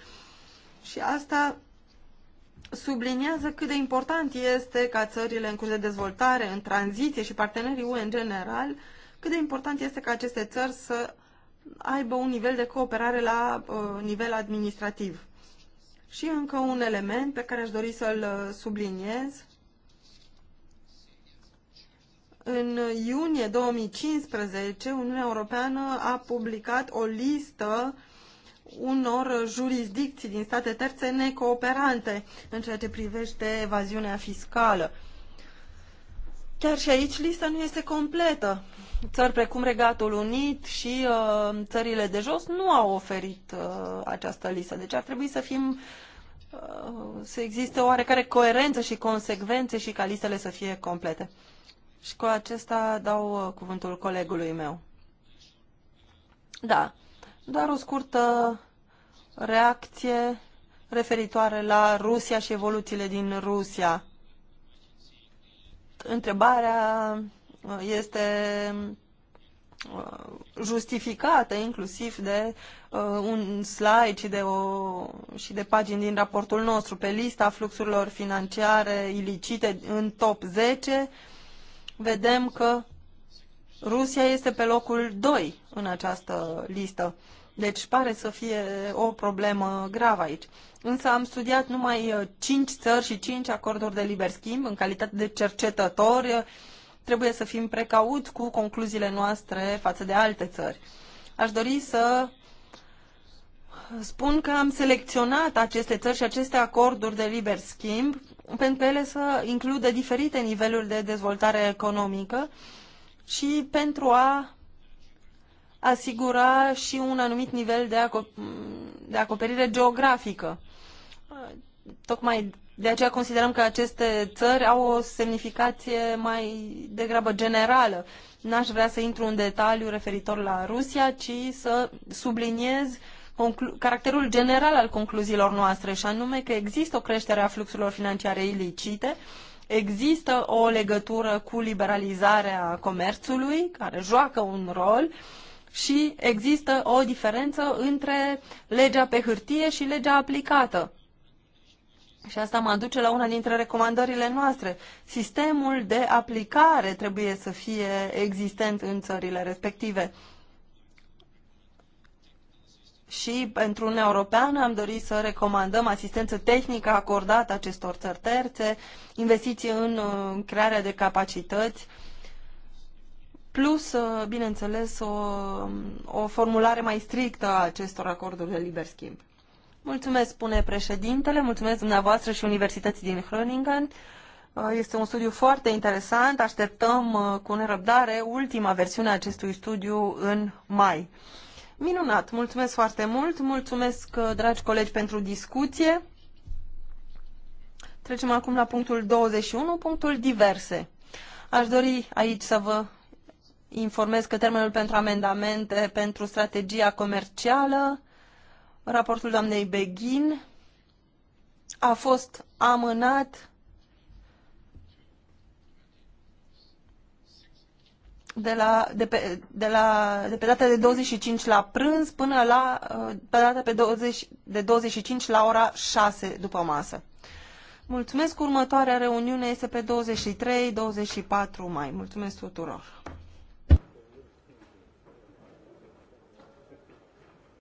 Și asta subliniază cât de important este ca țările în curs de dezvoltare, în tranziție și partenerii UE în general, cât de important este ca aceste țări să aibă un nivel de cooperare la uh, nivel administrativ. Și încă un element pe care aș dori să-l uh, subliniez. În iunie 2015, Uniunea Europeană a publicat o listă uh, unor jurisdicții din state terțe necooperante în ceea ce privește evaziunea fiscală. Chiar și aici lista nu este completă. Țări precum Regatul Unit și uh, țările de jos nu au oferit uh, această listă. Deci ar trebui să fim uh, să existe oarecare coerență și consecvențe și ca listele să fie complete. Și cu acesta dau uh, cuvântul colegului meu. Da, doar o scurtă reacție referitoare la Rusia și evoluțiile din Rusia. Întrebarea uh, este uh, justificată inclusiv de uh, un slide și de, o, și de pagini din raportul nostru. Pe lista fluxurilor financiare ilicite în top 10 vedem că Rusia este pe locul 2 în această listă. Deci pare să fie o problemă gravă aici. Însă am studiat numai 5 uh, țări și 5 acorduri de liber schimb în calitate de cercetători. Trebuie să fim precauți cu concluziile noastre față de alte țări. Aș dori să spun că am selecționat aceste țări și aceste acorduri de liber schimb pentru că ele să includă diferite niveluri de dezvoltare economică și pentru a asigura și un anumit nivel de, aco- de acoperire geografică. Tocmai de aceea considerăm că aceste țări au o semnificație mai degrabă generală. N-aș vrea să intru în detaliu referitor la Rusia, ci să subliniez caracterul general al concluziilor noastre, și anume că există o creștere a fluxurilor financiare ilicite, există o legătură cu liberalizarea comerțului, care joacă un rol, și există o diferență între legea pe hârtie și legea aplicată. Și asta mă aduce la una dintre recomandările noastre. Sistemul de aplicare trebuie să fie existent în țările respective. Și pentru Uniunea Europeană am dorit să recomandăm asistență tehnică acordată acestor țări terțe, investiții în uh, crearea de capacități plus, uh, bineînțeles, o, o formulare mai strictă a acestor acorduri de liber schimb. Mulțumesc, spune președintele, mulțumesc dumneavoastră și Universității din Groningen. Uh, este un studiu foarte interesant, așteptăm uh, cu nerăbdare ultima versiune a acestui studiu în mai. Minunat, mulțumesc foarte mult, mulțumesc, dragi colegi, pentru discuție. Trecem acum la punctul 21, punctul diverse. Aș dori aici să vă informez că termenul pentru amendamente pentru strategia comercială, raportul doamnei Beghin, a fost amânat de la, de pe, de la, de pe data de 25 la prânz până la uh, pe data pe 20, de 25 la ora 6 după masă. Mulțumesc, următoarea reuniune este pe 23-24 mai. Mulțumesc tuturor!